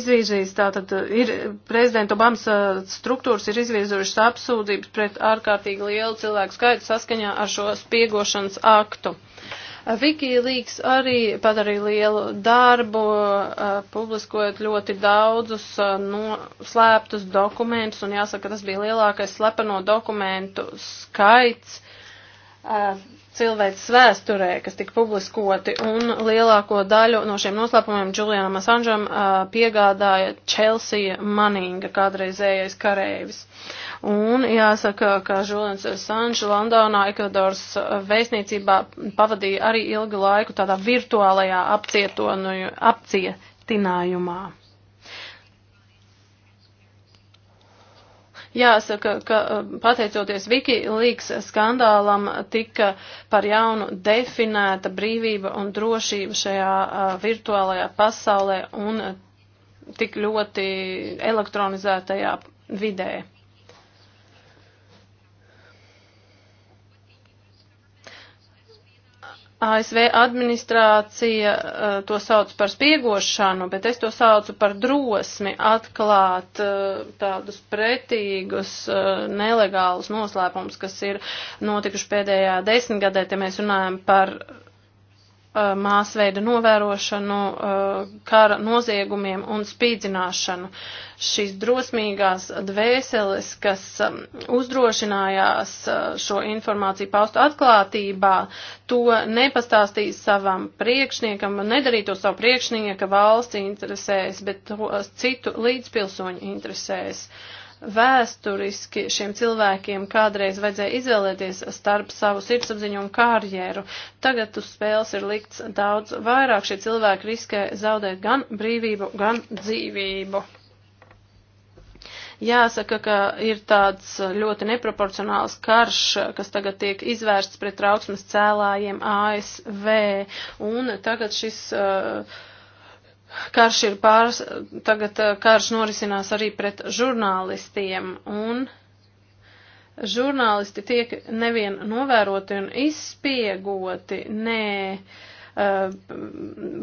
izvirzījis, tātad uh, ir prezidenta Obamas uh, struktūras ir izvirzījušas apsūdzības pret ārkārtīgi lielu cilvēku skaitu saskaņā ar šo spiegošanas aktu. Wikileaks arī padarīja lielu darbu, publiskojot ļoti daudzus noslēptus dokumentus, un jāsaka, tas bija lielākais slepeno dokumentu skaits cilvēks vēsturē, kas tika publiskoti, un lielāko daļu no šiem noslēpumiem Julianam Asanžam piegādāja Chelsea Manninga, kādreizējais karēvis. Uh, Un jāsaka, ka Žulens Sanš Landaunā, Ekvadors vēstniecībā pavadīja arī ilgu laiku tādā virtuālajā apcietinājumā. Jāsaka, ka uh, pateicoties Wikileaks skandālam tika par jaunu definēta brīvība un drošība šajā uh, virtuālajā pasaulē un tik ļoti elektronizētajā vidē. ASV administrācija uh, to sauc par spiegošanu, bet es to saucu par drosmi atklāt uh, tādus pretīgus, uh, nelegālus noslēpumus, kas ir notikuši pēdējā desmitgadē, ja mēs runājam par uh, Uh, māsveida novērošanu, uh, kara noziegumiem un spīdzināšanu. Šīs drosmīgās dvēseles, kas um, uzdrošinājās uh, šo informāciju paustu atklātībā, to nepastāstīs savam priekšniekam, nedarīja to savu priekšnieka valsts interesēs, bet citu līdzpilsoņu interesēs. Uh, Vēsturiski šiem cilvēkiem kādreiz vajadzēja izvēlēties starp savu sirdsapziņu un karjeru. Tagad uz spēles ir likts daudz vairāk. Šie cilvēki riskē zaudēt gan brīvību, gan dzīvību. Jāsaka, ka ir tāds ļoti neproporcionāls karš, kas tagad tiek izvērsts pret trauksmes cēlājiem ASV, un tagad šis uh, karš ir pārs, tagad eh, karš norisinās arī pret žurnālistiem un žurnālisti tiek nevien novēroti un izspiegoti, nē, eh,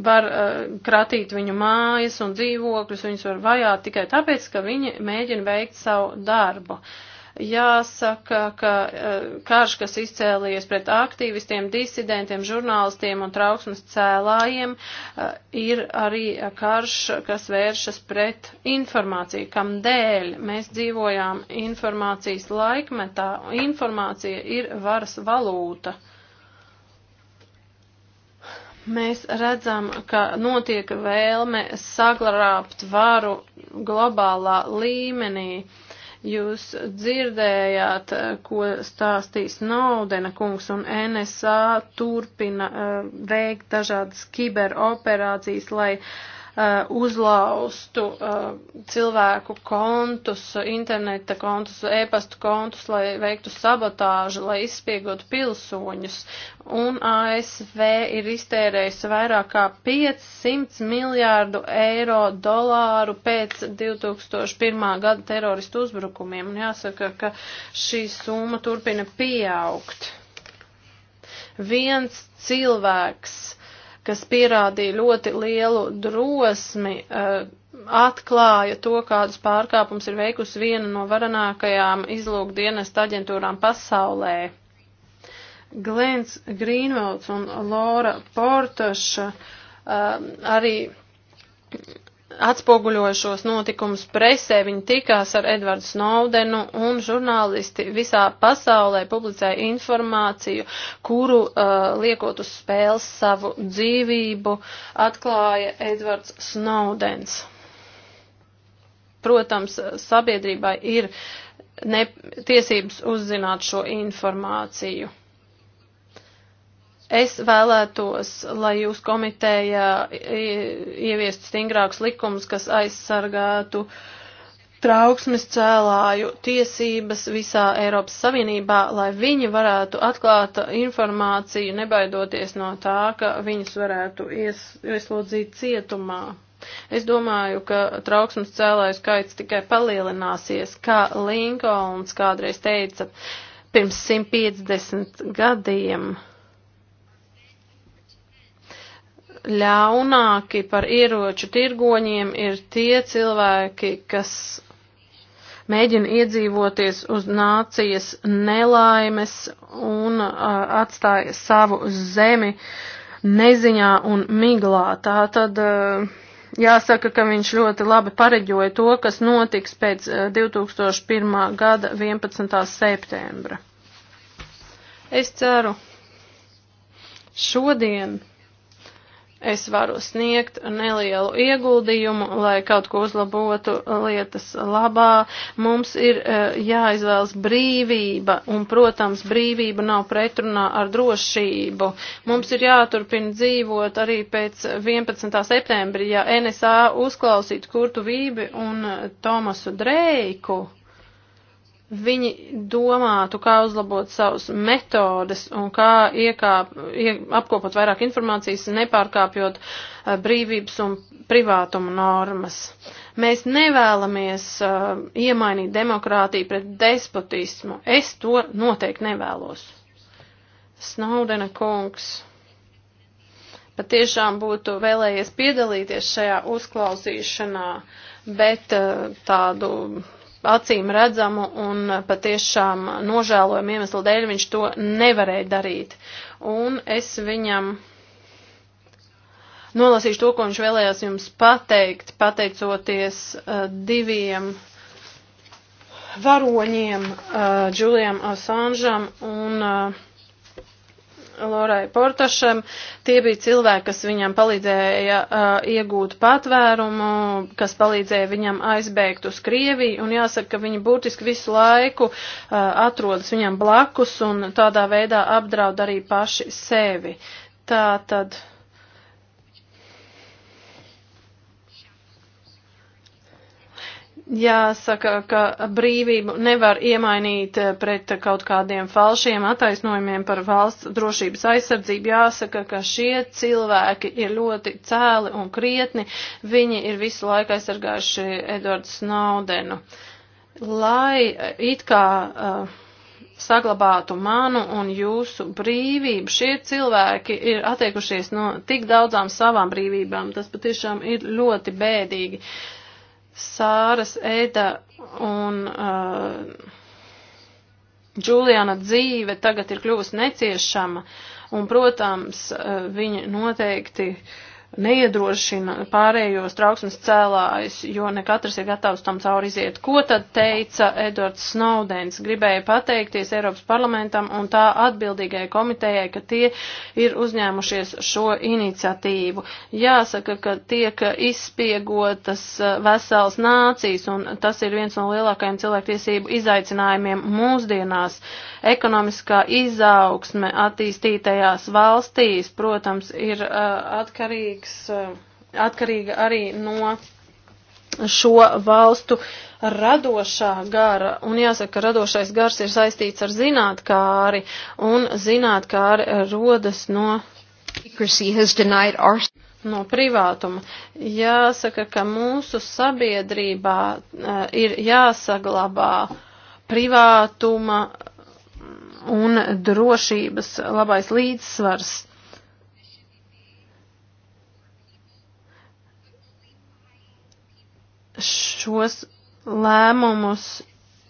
var eh, kratīt viņu mājas un dzīvokļus, viņus var vajāt tikai tāpēc, ka viņi mēģina veikt savu darbu. Uh, Jāsaka, ka eh, karš, kas izcēlījies pret aktīvistiem, disidentiem, žurnālistiem un trauksmes cēlājiem, eh, ir arī karš, kas vēršas pret informāciju, kam dēļ mēs dzīvojām informācijas laikmetā. Informācija ir varas valūta mēs redzam, ka notiek vēlme saglabāt varu globālā līmenī. Uh, Jūs dzirdējāt, eh, ko stāstīs Naudena kungs, un NSA turpina uh, veikt dažādas kiberoperācijas, lai uh, Uh, uzlaustu uh, cilvēku kontus, interneta kontus, e-pastu kontus, lai veiktu sabotāžu, lai izspiegotu pilsoņus. Un ASV ir iztērējusi vairāk kā 500 miljārdu eiro dolāru pēc 2001. gada teroristu uzbrukumiem. Un jāsaka, ka šī summa turpina pieaugt. Viens cilvēks kas pierādīja ļoti lielu drosmi, eh, atklāja to, kādus pārkāpums ir veikusi viena no varanākajām izlūkdienesta aģentūrām pasaulē. Glens Grīnvalds un Lora Portaša eh, arī atspoguļojušos notikumus presē, viņi tikās ar Edvardu Snowdenu un žurnālisti visā pasaulē publicēja informāciju, kuru uh, liekot uz spēles savu dzīvību, atklāja Edvards Snowdens. Protams, sabiedrībai ir ne, tiesības uzzināt šo informāciju. Es vēlētos, lai jūs komitējā ieviestu stingrākus likumus, kas aizsargātu trauksmes cēlāju tiesības visā Eiropas Savienībā, lai viņi varētu atklāt informāciju, nebaidoties no tā, ka viņus varētu ies, ieslodzīt cietumā. Es domāju, ka trauksmes cēlāju skaits tikai palielināsies, kā Linkolns kādreiz teica, pirms 150 gadiem ļaunāki par ieroču tirgoņiem ir tie cilvēki, kas mēģina iedzīvoties uz nācijas nelaimes un uh, atstāja savu zemi neziņā un miglā. Tā tad uh, jāsaka, ka viņš ļoti labi pareģoja to, kas notiks pēc uh, 2001. gada 11. septembra. Es ceru šodien es varu sniegt nelielu ieguldījumu, lai kaut ko uzlabotu lietas labā. Mums ir e, jāizvēlas brīvība, un, protams, brīvība nav pretrunā ar drošību. Mums ir jāturpina dzīvot arī pēc 11. septembra, ja NSA uzklausītu Kurtu Vībi un Tomasu Dreiku viņi domātu, kā uzlabot savus metodes un kā iekāp, ie, apkopot vairāk informācijas, nepārkāpjot uh, brīvības un privātuma normas. Mēs nevēlamies uh, iemainīt demokrātiju pret despotismu. Es to noteikti nevēlos. Snaudena kungs patiešām būtu vēlējies piedalīties šajā uzklausīšanā, bet uh, tādu acīm redzamu un patiešām nožēlojumu iemeslu dēļ viņš to nevarēja darīt. Un es viņam nolasīšu to, ko viņš vēlējās jums pateikt, pateicoties uh, diviem varoņiem, uh, eh, Džulijam Asanžam un uh, Lorai Portašam. Tie bija cilvēki, kas viņam palīdzēja uh, iegūt patvērumu, kas palīdzēja viņam aizbēgt uz Krieviju, un jāsaka, ka viņi būtiski visu laiku uh, atrodas viņam blakus un tādā veidā apdraud arī paši sevi. Tā tad. Uh, Jāsaka, ka brīvību nevar iemainīt pret kaut kādiem falšiem attaisnojumiem par valsts drošības aizsardzību. Jāsaka, ka šie cilvēki ir ļoti cēli un krietni. Viņi ir visu laiku aizsargājuši Edvardu Snowdenu. Lai it kā. Uh, saglabātu manu un jūsu brīvību. Šie cilvēki ir attiekušies no tik daudzām savām brīvībām. Tas patiešām ir ļoti bēdīgi. Uh, Sāras Eda un uh, Džuliana dzīve tagad ir kļuvusi neciešama, un, protams, uh, viņa noteikti uh, neiedrošina pārējos trauksmes cēlājus, jo ne katrs ir gatavs tam cauri iziet. Ko tad teica Edvards Snowdens? Gribēja pateikties Eiropas parlamentam un tā atbildīgai komitejai, ka tie ir uzņēmušies šo iniciatīvu. Jāsaka, ka tiek izspiegotas eh, vesels nācijas, un tas ir viens no lielākajiem cilvēktiesību izaicinājumiem mūsdienās. Uh, Ekonomiskā izaugsme attīstītajās valstīs, protams, ir uh, atkarīgs, uh, atkarīga arī no šo valstu radošā gara, un jāsaka, radošais gars ir saistīts ar zinātkāri, un zinātkāri rodas no no privātuma. Jāsaka, ka mūsu sabiedrībā uh, ir jāsaglabā privātuma un drošības labais līdzsvars. Šos lēmumus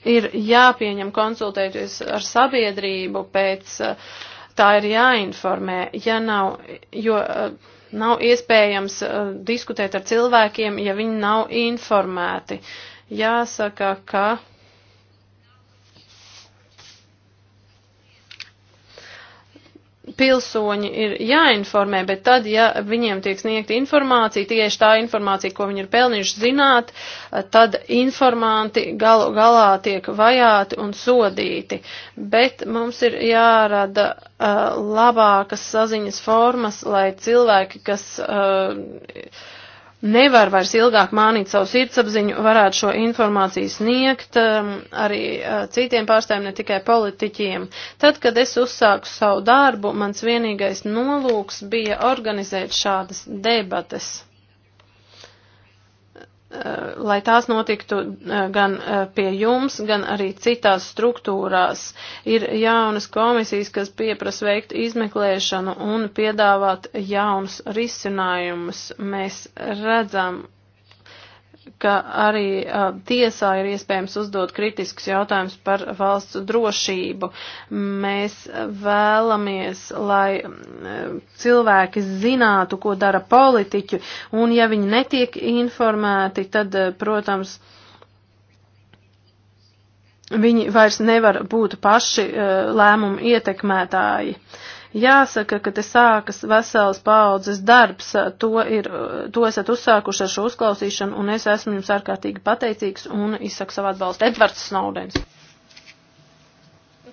ir jāpieņem konsultēties ar sabiedrību pēc eh, tā ir jāinformē, ja nav, jo eh, nav iespējams eh, diskutēt ar cilvēkiem, ja viņi nav informēti. Jāsaka, ka pilsoņi ir jāinformē, bet tad, ja viņiem tiek sniegta informācija, tieši tā informācija, ko viņi ir pelnījuši zināt, tad informanti galu galā tiek vajāti un sodīti. Bet mums ir jārada uh, labākas saziņas formas, lai cilvēki, kas. Uh, nevar vairs ilgāk mānīt savu sirdsapziņu, varētu šo informāciju sniegt um, arī uh, citiem pārstāvjiem, ne tikai politiķiem. Tad, kad es uzsāku savu darbu, mans vienīgais nolūks bija organizēt šādas debates. Eh, lai tās notiktu eh, gan eh, pie jums, gan arī citās struktūrās. Ir jaunas komisijas, kas pieprasa veikt izmeklēšanu un piedāvāt jaunus risinājumus. Mēs redzam, ka arī uh, tiesā ir iespējams uzdot kritiskus jautājumus par valsts drošību. Mēs vēlamies, lai uh, cilvēki zinātu, ko dara politiķi, un ja viņi netiek informēti, tad, uh, protams, viņi vairs nevar būt paši uh, lēmumu ietekmētāji. Uh, Jāsaka, ka te sākas vesels paudzes darbs, to, ir, to esat uzsākuši ar šo uzklausīšanu, un es esmu jums ārkārtīgi pateicīgs un izsaku savu atbalstu. Edvards Snowdens.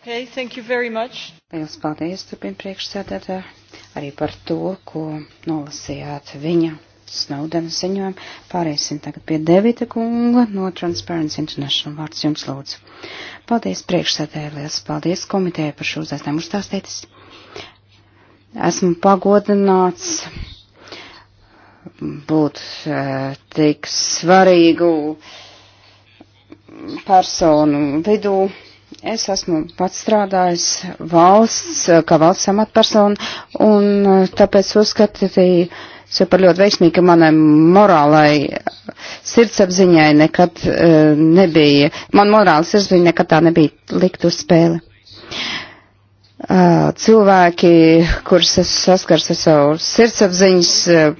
Okay, thank you very much. Liels paldies, turpin priekšsēdētā, arī par to, ko nolasījāt viņa Snowdena ziņojumu. Pārēsim tagad pie Devita kunga no Transparency International. Vārds jums lūdzu. Paldies priekšsēdē, liels paldies komiteja par šo uzaicinājumu uzstāstītis. Esmu pagodināts būt eh, tik svarīgu personu vidū. Es esmu pats strādājis valsts, eh, kā valsts amatpersona, un eh, tāpēc uzskatīju sev par ļoti veiksmīgu, ka manai morālai sirdsapziņai nekad uh, nebija, man morāla sirdsapziņa nekad tā nebija likt uz spēli cilvēki, kurus es saskars ar savu sirdsapziņas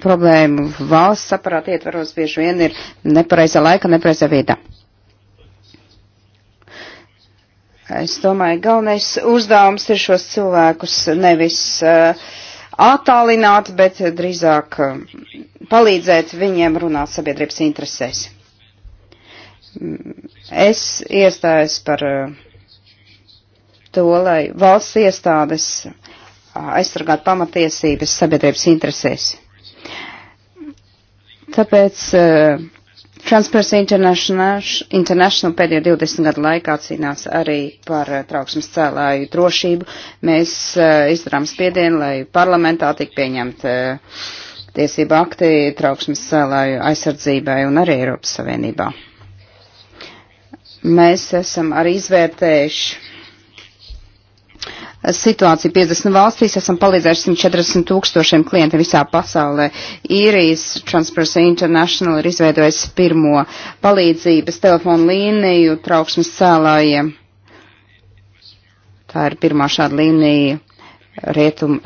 problēmu, valsts aparāti ietvaros bieži vien ir nepareizā laika, nepareizā vietā. Es domāju, galvenais uzdevums ir šos cilvēkus nevis uh, attālināt, bet drīzāk uh, palīdzēt viņiem runāt sabiedrības interesēs. Mm, es iestājos par uh, to, lai valsts iestādes aizsargātu pamatiesības sabiedrības interesēs. Tāpēc uh, Transparency International, International pēdējo 20 gadu laikā cīnās arī par eh, trauksmes cēlāju drošību. Mēs uh, izdarām spiedienu, lai parlamentā tik pieņemt uh, tiesību akti trauksmes cēlāju aizsardzībai un arī Eiropas Savienībā. Mēs esam arī izvērtējuši situāciju 50 valstīs, esam palīdzējuši 140 tūkstošiem klientiem visā pasaulē. Īrijas Transparency International ir izveidojis pirmo palīdzības telefonu līniju trauksmes cēlājiem. Tā ir pirmā šāda līnija Rietum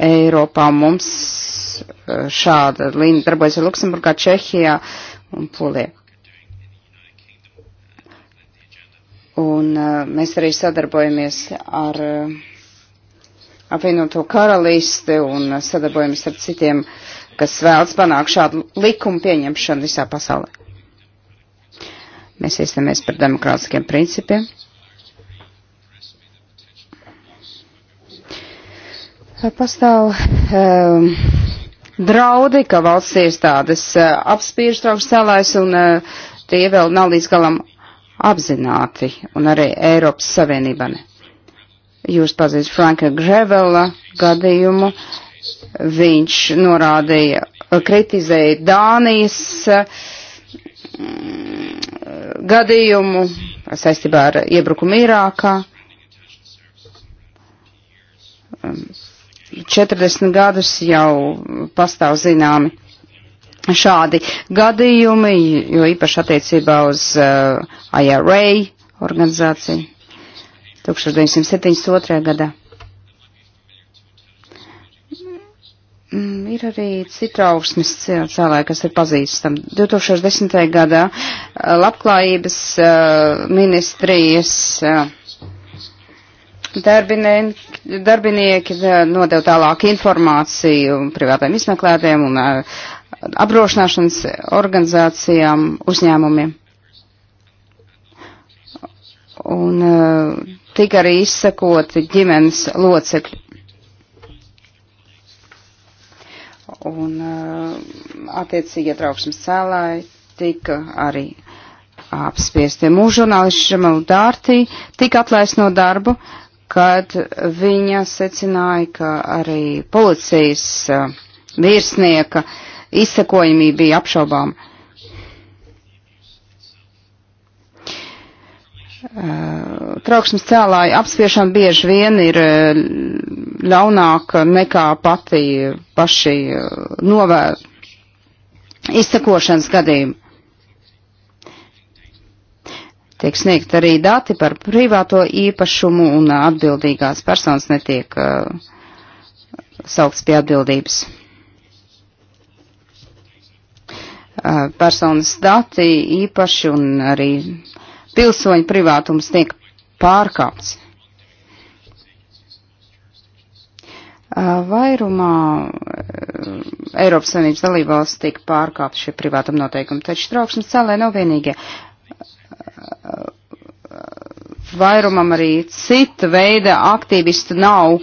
Eiropā. Mums eh, šāda līnija darbojas Luksemburgā, Čehijā un Polijā. Un uh, mēs arī sadarbojamies ar uh, apvienoto karalisti un uh, sadarbojamies ar citiem, kas vēlas panākt šādu likumu pieņemšanu visā pasaulē. Mēs iestamies par demokrātiskiem principiem. Pastāv um, draudi, ka valsts iestādes uh, apspiež traukstelēs un uh, tie vēl nav līdz galam apzināti un arī Eiropas Savienībā. Jūs pazīstat Franka Grevela gadījumu. Viņš norādīja, kritizēja Dānijas mm, gadījumu saistībā ar iebrukumu Irākā. 40 gadus jau pastāv zināmi šādi gadījumi, jo īpaši attiecībā uz uh, IRA organizāciju 1972. gadā. Mm, ir arī cita augsmes cēlāja, kas ir pazīstama. 2010. gadā uh, labklājības uh, ministrijas uh, Darbinieki, darbinieki uh, nodeva tālāk informāciju privātiem izmeklētiem un uh, apdrošināšanas organizācijām, uzņēmumiem. Un uh, tika arī izsakoti ģimenes locekļi. Un uh, eh, attiecīgi trauksmes cēlāji tika arī apspiesti. Mūsu žurnālists Žemel Dārtī tika atlaist no darbu, kad viņa secināja, ka arī policijas uh, virsnieka uh, izsekojamība bija apšaubām. Eh, trauksmes cēlāja apspiešana bieži vien ir eh, ļaunāka nekā pati paši eh, novē izsekošanas gadījumi. Tiek sniegt arī dati par privāto īpašumu un atbildīgās personas netiek uh, saukts pie atbildības. personas dati īpaši un arī pilsoņu privātums tiek pārkāpts. Vairumā Eiropas Savienības dalībvalsts tiek pārkāpts šie privātuma noteikumi, taču trauksmes cēlē nav vienīgie. Vairumam arī cita veida aktīvistu nav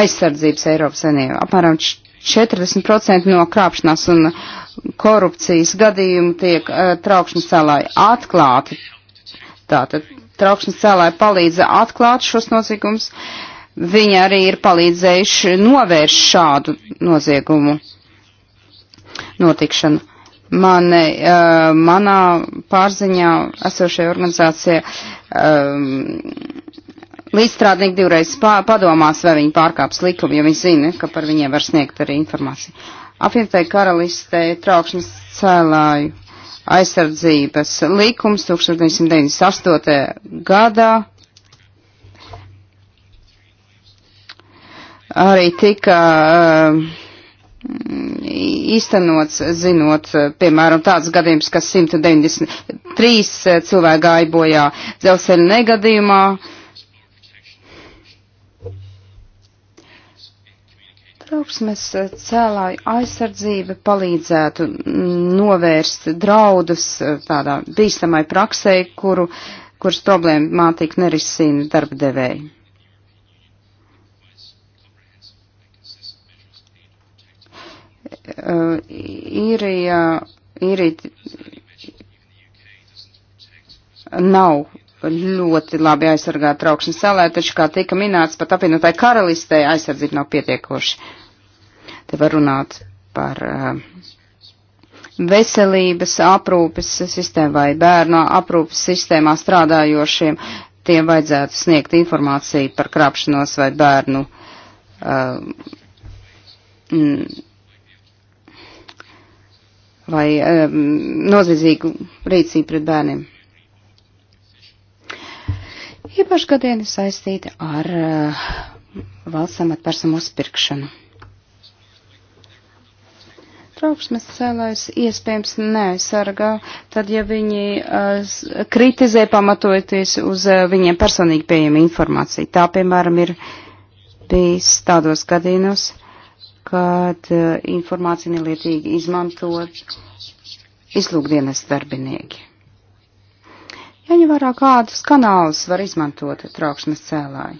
aizsardzības Eiropas Savienībā. Apmēram 40% no krāpšanās un korupcijas gadījumu tiek uh, traukšanas cēlāji atklāti. Tātad traukšanas cēlāji palīdza atklāt šos noziegumus. Viņi arī ir palīdzējuši novērst šādu noziegumu notikšanu. Man, uh, eh, manā pārziņā esošajā organizācijā um, līdzstrādnieki divreiz padomās, vai viņi pārkāps likumu, jo viņi zina, ka par viņiem var sniegt arī informāciju. Apvienotai karalistē traukšanas cēlāju aizsardzības likums 1998. gadā arī tika uh, īstenots, zinot, uh, piemēram, tāds gadījums, ka 193 uh, cilvēki gāja bojā dzelzceļa negadījumā. Uh, Trauksmes eh, cēlāju aizsardzība palīdzētu mm, novērst draudus eh, tādā bīstamai praksē, kuru, kuras problēmātīgi nerisina darbdevēji. Uh, īrija, īrija nav ļoti labi aizsargāt trauksmes salē, taču, kā tika minēts, pat apvienotāji karalistē aizsardzība nav pietiekoša. Te var runāt par eh, veselības aprūpes sistēmu vai bērnu aprūpes sistēmā strādājošiem. Tiem vajadzētu sniegt informāciju par krāpšanos vai bērnu. Uh, vai um, noziedzīgu rīcību pret bērniem. Iepaši gadieni saistīti ar uh, valsts amatpersonu uzpirkšanu trauksmes cēlājs iespējams neaizsargā, tad, ja viņi uh, kritizē pamatojoties uz uh, viņiem personīgi pieejama informācija. Tā, piemēram, ir bijis tādos gadījumos, kad uh, informācija nelietīgi izmantot izlūkdienas darbinieki. Jaņem vērā kādus kanālus var izmantot trauksmes cēlāji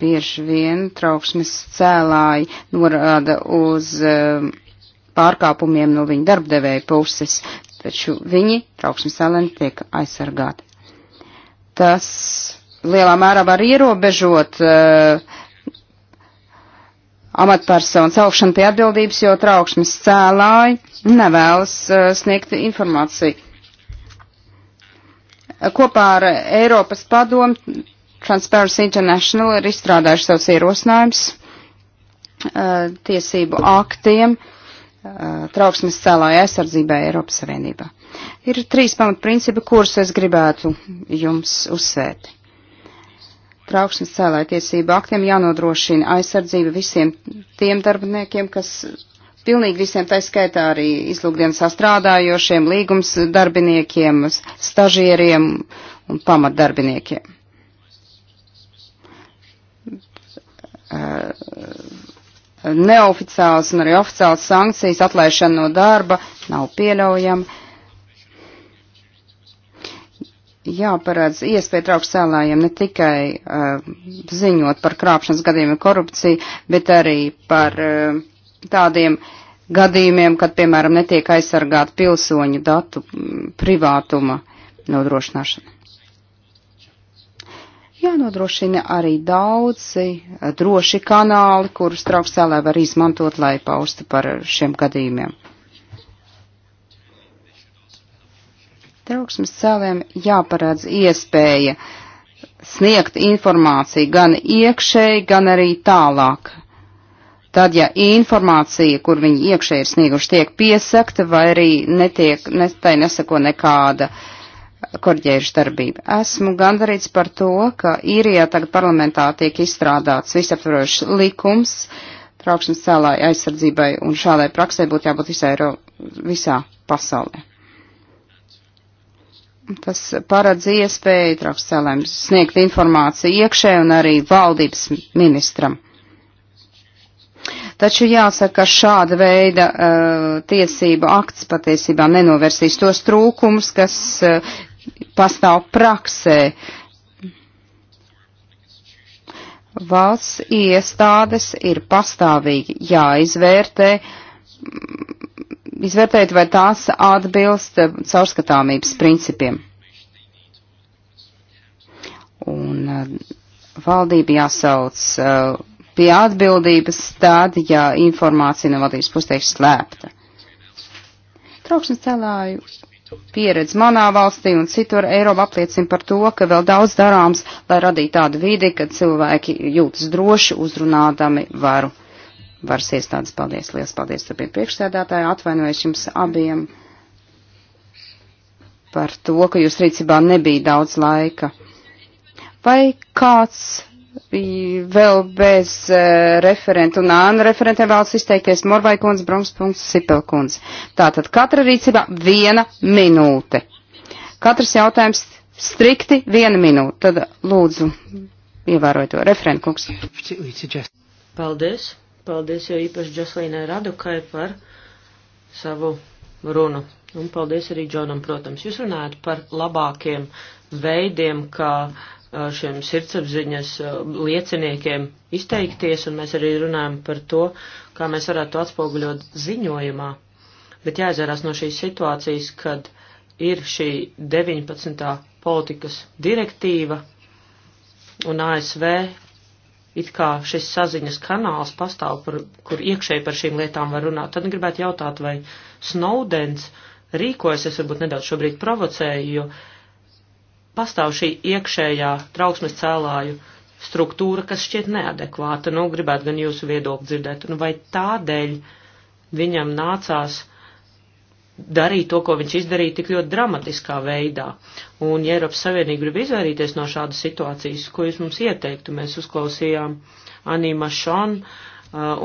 bieži vien trauksmes cēlāji norāda uz um, pārkāpumiem no viņa darbdevēja puses, taču viņi trauksmes cēlēni tiek aizsargāti. Tas lielā mērā var ierobežot uh, amatpersonas augšanu pie atbildības, jo trauksmes cēlāji nevēlas uh, sniegt informāciju. Kopā ar Eiropas padomu Transparency International ir izstrādājuši savus ierosinājumus uh, tiesību aktiem uh, trauksmes cēlāja aizsardzībai Eiropas Savienībā. Ir trīs pamatprincipi, kurus es gribētu jums uzsvērt. Trauksmes cēlāja tiesību aktiem jānodrošina aizsardzība visiem tiem darbiniekiem, kas pilnīgi visiem, tā skaitā arī izlūkdienas strādājošiem, līgums darbiniekiem, stažieriem un pamatdarbiniekiem. Eh, neoficiāls un arī oficiāls sankcijas atlaišana no darba nav pieļaujama. Jāparedz iespēja trauksēlājiem ne tikai uh, ziņot par krāpšanas gadījumiem korupciju, bet arī par uh, tādiem gadījumiem, kad, piemēram, netiek aizsargāta pilsoņu datu privātuma nodrošināšana jānodrošina arī daudzi eh, droši kanāli, kurus traukstālē var izmantot, lai paustu par šiem gadījumiem. Trauksmes cēlēm jāparādz iespēja sniegt informāciju gan iekšēji, gan arī tālāk. Tad, ja informācija, kur viņi iekšēji ir snieguši, tiek piesakta vai arī netiek, ne, tai nesako nekāda uh, korģējuši darbību. Esmu gandarīts par to, ka īrijā tagad parlamentā tiek izstrādāts visaptvarošs likums trauksmes cēlāju aizsardzībai un šādai praksē būtu jābūt visai Eiro, visā pasaulē. Tas paredz iespēju trauksmes cēlājiem sniegt informāciju iekšē un arī valdības ministram. Taču jāsaka, ka šāda veida uh, tiesību akts patiesībā nenovērsīs tos trūkums, kas uh, pastāv praksē. Valsts iestādes ir pastāvīgi jāizvērtē, izvērtēt, vai tās atbilst caurskatāmības principiem. Un uh, valdība jāsauc uh, pie atbildības tad, ja informācija no valdības puses tiek slēpta. Trauksmes cēlāju Pieredze manā valstī un citur Eiropā apliecina par to, ka vēl daudz darāms, lai radītu tādu vidi, kad cilvēki jūtas droši uzrunādami varu. Varas iestādes, paldies, liels paldies turpiem priekšsēdētāji, atvainojos jums abiem par to, ka jūs rīcībā nebija daudz laika. Vai kāds vēl bez uh, eh, referentu un ānu referentiem vēlas izteikties Morvai kundze, Brumspunkts, Sipel kundze. Tātad katra rīcībā viena minūte. Katrs jautājums strikti viena minūte. Tad lūdzu, ievēroju to referentu kungs. Paldies. Paldies jau īpaši Džaslīnai Radukai par savu runu. Un paldies arī Džonam, protams. Jūs runājat par labākiem veidiem, kā. Ka šiem sirdsapziņas lieciniekiem izteikties, un mēs arī runājam par to, kā mēs varētu to atspoguļot ziņojumā. Bet jāizvērās no šīs situācijas, kad ir šī 19. politikas direktīva, un ASV it kā šis saziņas kanāls pastāv, par, kur iekšēji par šīm lietām var runāt. Tad gribētu jautāt, vai Snowdens rīkojas, es varbūt nedaudz šobrīd provocēju, jo pastāv šī iekšējā trauksmes cēlāju struktūra, kas šķiet neadekvāta. Nu, gribētu gan jūsu viedokli dzirdēt. Nu, vai tādēļ viņam nācās darīt to, ko viņš izdarīja tik ļoti dramatiskā veidā. Un, ja Eiropas Savienība grib izvairīties no šādas situācijas, ko jūs mums ieteiktu? Mēs uzklausījām Anīma Šon uh,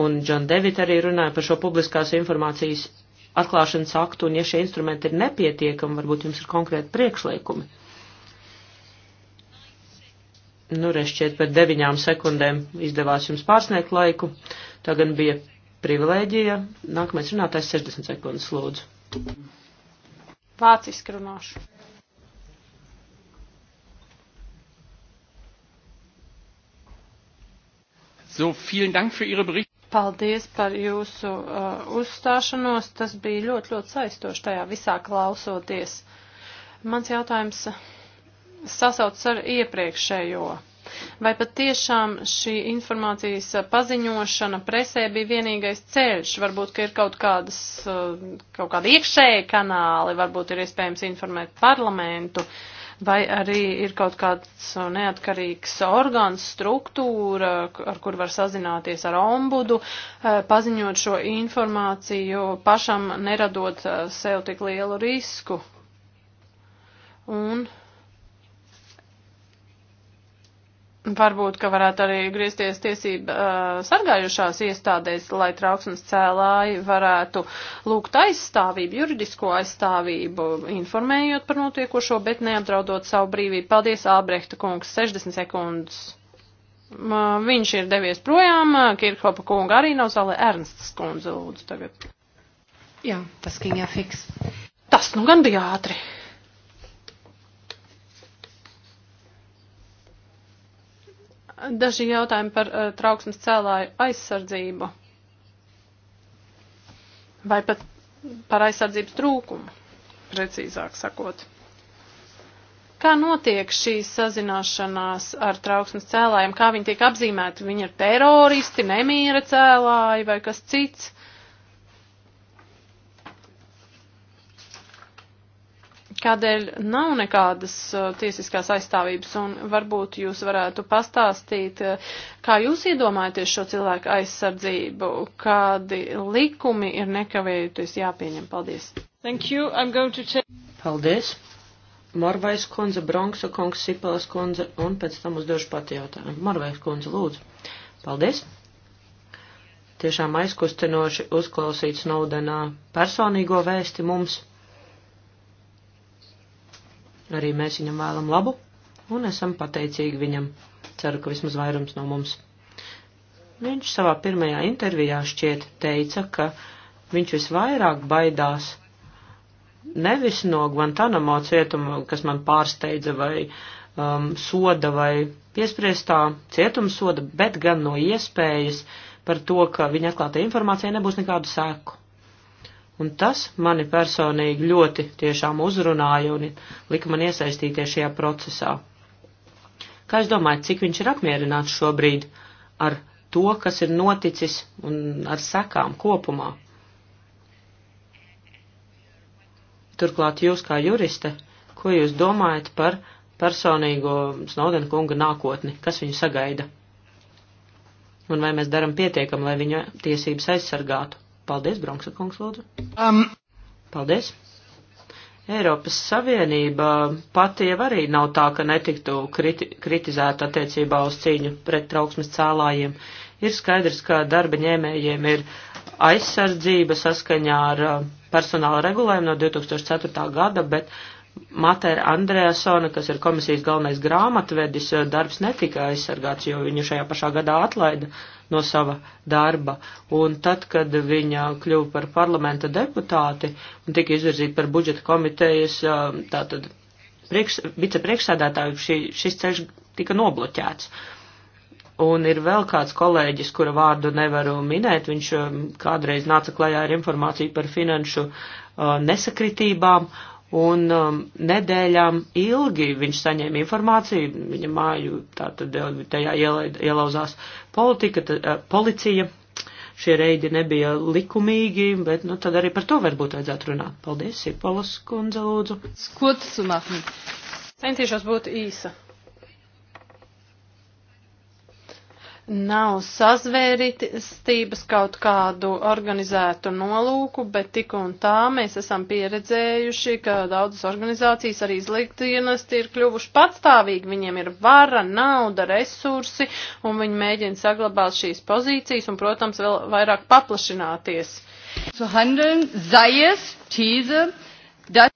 un Džan Devit arī runāja par šo publiskās informācijas atklāšanas aktu, un ja šie instrumenti ir nepietiekami, varbūt jums ir konkrēti priekšliekumi. Nu, rešķiet, pēc deviņām sekundēm izdevās jums pārsniegt laiku. Tā gan bija privilēģija. Nākamais runātājs 60 sekundes lūdzu. Vāciski runāšu. So, vielen Dank für Ihre Bericht. Paldies par jūsu uh, uzstāšanos. Tas bija ļoti, ļoti saistoši tajā visā klausoties. Mans jautājums. Uh, sasaucas ar iepriekšējo. Vai pat tiešām šī informācijas paziņošana presē bija vienīgais ceļš? Varbūt, ka ir kaut kādas, eh, kaut kādi iekšēji kanāli, varbūt ir iespējams informēt parlamentu, vai arī ir kaut kāds neatkarīgs orgāns, struktūra, ar kur var sazināties ar ombudu, eh, paziņot šo informāciju pašam, neradot eh, sev tik lielu risku. Un Varbūt, ka varētu arī griezties tiesība uh, sargājušās iestādēs, lai trauksmes cēlāji varētu lūgt aizstāvību, juridisko aizstāvību, informējot par notiekošo, bet neapdraudot savu brīvību. Paldies, Ābrehta kungs, 60 sekundes. Uh, viņš ir devies projām, uh, Kirkhopa kunga arī nav zālē, Ernsts kundze lūdzu tagad. Jā, tas, ka viņa fiks. Tas nu gan bija ātri. Daži jautājumi par uh, trauksmes cēlāju aizsardzību vai pat par aizsardzības trūkumu, precīzāk sakot. Kā notiek šī sazināšanās ar trauksmes cēlājiem? Kā viņi tiek apzīmēti? Viņi ir teroristi, nemiera cēlāji vai kas cits? kādēļ nav nekādas uh, tiesiskās aizstāvības, un varbūt jūs varētu pastāstīt, uh, kā jūs iedomājaties šo cilvēku aizsardzību, kādi likumi ir nekavējoties jāpieņem. Paldies! Thank you. I'm going to check. Paldies! Marvais kundze, Bronksa kungs, Sipelas kundze, un pēc tam uzdošu pati jautājumu. Marvais kundze, lūdzu. Paldies! Tiešām aizkustinoši uzklausīt Snowdenā personīgo vēsti mums. Arī mēs viņam vēlam labu un esam pateicīgi viņam. Ceru, ka vismaz vairums no mums. Viņš savā pirmajā intervijā šķiet teica, ka viņš visvairāk baidās nevis no Guantanamo cietuma, kas man pārsteidza, vai um, soda, vai piespriestā cietuma soda, bet gan no iespējas par to, ka viņa atklātā informācija nebūs nekādu sēku. Un tas mani personīgi ļoti tiešām uzrunāja un lika man iesaistīties šajā procesā. Kā es domāju, cik viņš ir apmierināts šobrīd ar to, kas ir noticis un ar sekām kopumā? Turklāt jūs kā juriste, ko jūs domājat par personīgo Snowden kunga nākotni, kas viņu sagaida? Un vai mēs daram pietiekam, lai viņa tiesības aizsargātu? Paldies, Bronksa kungs, lūdzu. Um. Paldies. Eiropas Savienība pati jau arī nav tā, ka netiktu kriti kritizēta attiecībā uz cīņu pret trauksmes cēlājiem. Ir skaidrs, ka darba ņēmējiem ir aizsardzība saskaņā ar uh, personāla regulējumu no 2004. gada, bet Matēra Andrēsona, kas ir komisijas galvenais grāmatvedis, uh, darbs netika aizsargāts, jo viņu šajā pašā gadā atlaida no sava darba. Un tad, kad viņa kļuva par parlamenta deputāti un tika izvirzīta par budžeta komitejas tātad priekš, vicepriekšsēdētāju, šī, šis ceļš tika nobloķēts. Un ir vēl kāds kolēģis, kura vārdu nevaru minēt, viņš kādreiz nāca klajā ar informāciju par finanšu uh, nesakritībām, uh, un um, nedēļām ilgi viņš saņēma informāciju, viņa māju tātad uh, tajā ielauzās politika, tā, uh, policija, šie reidi nebija likumīgi, bet nu, tad arī par to varbūt vajadzētu runāt. Paldies, Sipolas kundze, lūdzu. Skots sumakni. Centīšos būt īsa. nav sazvērstības kaut kādu organizētu nolūku, bet tik un tā mēs esam pieredzējuši, ka daudzas organizācijas arī izliktienesti ir kļuvuši patstāvīgi, viņiem ir vara, nauda, resursi, un viņi mēģina saglabāt šīs pozīcijas un, protams, vēl vairāk paplašināties. Zu handeln, sei es, These, dass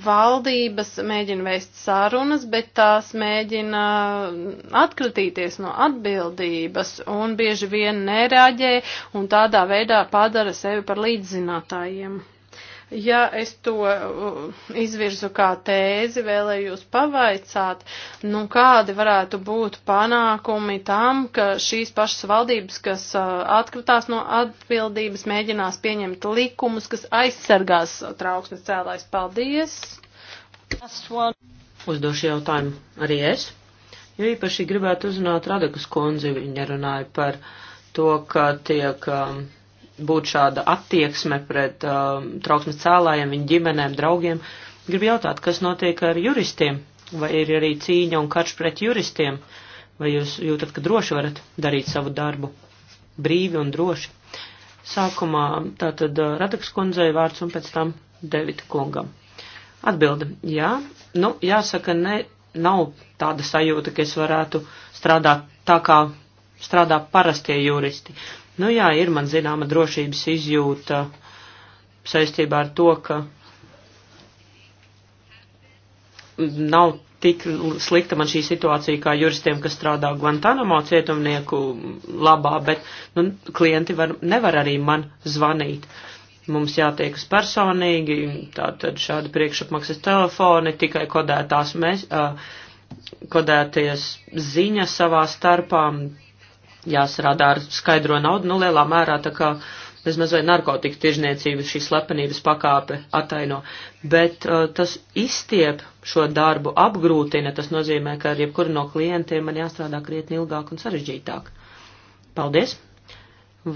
valdības mēģina vēst sarunas, bet tās mēģina atkritīties no atbildības un bieži vien nereaģē un tādā veidā padara sevi par līdzzinātājiem. Ja es to uh, izvirzu kā tēzi, vēlējos pavaicāt, nu kādi varētu būt panākumi tam, ka šīs pašas valdības, kas uh, atkritās no atbildības, mēģinās pieņemt likumus, kas aizsargās trauksmes cēlājs. Paldies! Uzdošu jautājumu arī es, jo īpaši gribētu uzrunāt Radakas kundzi, viņa runāja par to, ka tiek um, būtu šāda attieksme pret uh, trauksmes cēlājiem, viņu ģimenēm, draugiem. Gribu jautāt, kas notiek ar juristiem? Vai ir arī cīņa un karš pret juristiem? Vai jūs jūtat, ka droši varat darīt savu darbu? Brīvi un droši. Sākumā tātad uh, Radaks kundzei vārds un pēc tam Devita kungam. Atbilde. Jā, nu, jāsaka, ne, nav tāda sajūta, ka es varētu strādāt tā, kā strādā parastie juristi. Nu jā, ir man zināma drošības izjūta saistībā ar to, ka nav tik slikta man šī situācija kā juristiem, kas strādā Guantanamo cietumnieku labā, bet nu, klienti var, nevar arī man zvanīt. Mums jātiekas personīgi, tātad šādi priekšapmaksas telefoni, tikai kodētās mēs, kodēties ziņas savā starpā, jāsrādā ar skaidro naudu, nu lielā mērā tā kā bezmaz vai narkotika tirzniecības šī slepenības pakāpe ataino, bet uh, tas izstiep šo darbu, apgrūtina, tas nozīmē, ka ar jebkuru no klientiem man jāstrādā krietni ilgāk un sarežģītāk. Paldies!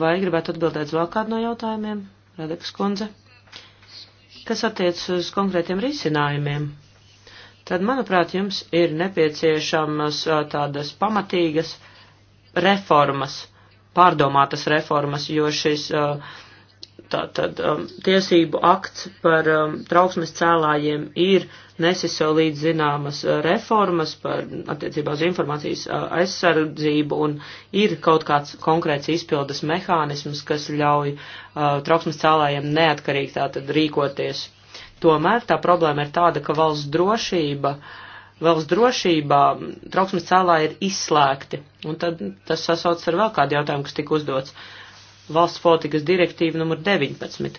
Vai gribētu atbildēt vēl kādu no jautājumiem, Radekas kundze? Kas attiec uz konkrētiem risinājumiem? Tad, manuprāt, jums ir nepieciešamas uh, tādas pamatīgas reformas, pārdomātas reformas, jo šis tātad tiesību akts par trauksmes cēlājiem ir nesis jau līdz zināmas reformas par attiecībā uz informācijas aizsardzību un ir kaut kāds konkrēts izpildes mehānisms, kas ļauj uh, trauksmes cēlājiem neatkarīgi tātad rīkoties. Tomēr tā problēma ir tāda, ka valsts drošība uh, valsts drošībā trauksmes cēlā ir izslēgti. Un tad tas sasauc ar vēl kādu jautājumu, kas tika uzdots. Valsts politikas direktīva numur 19,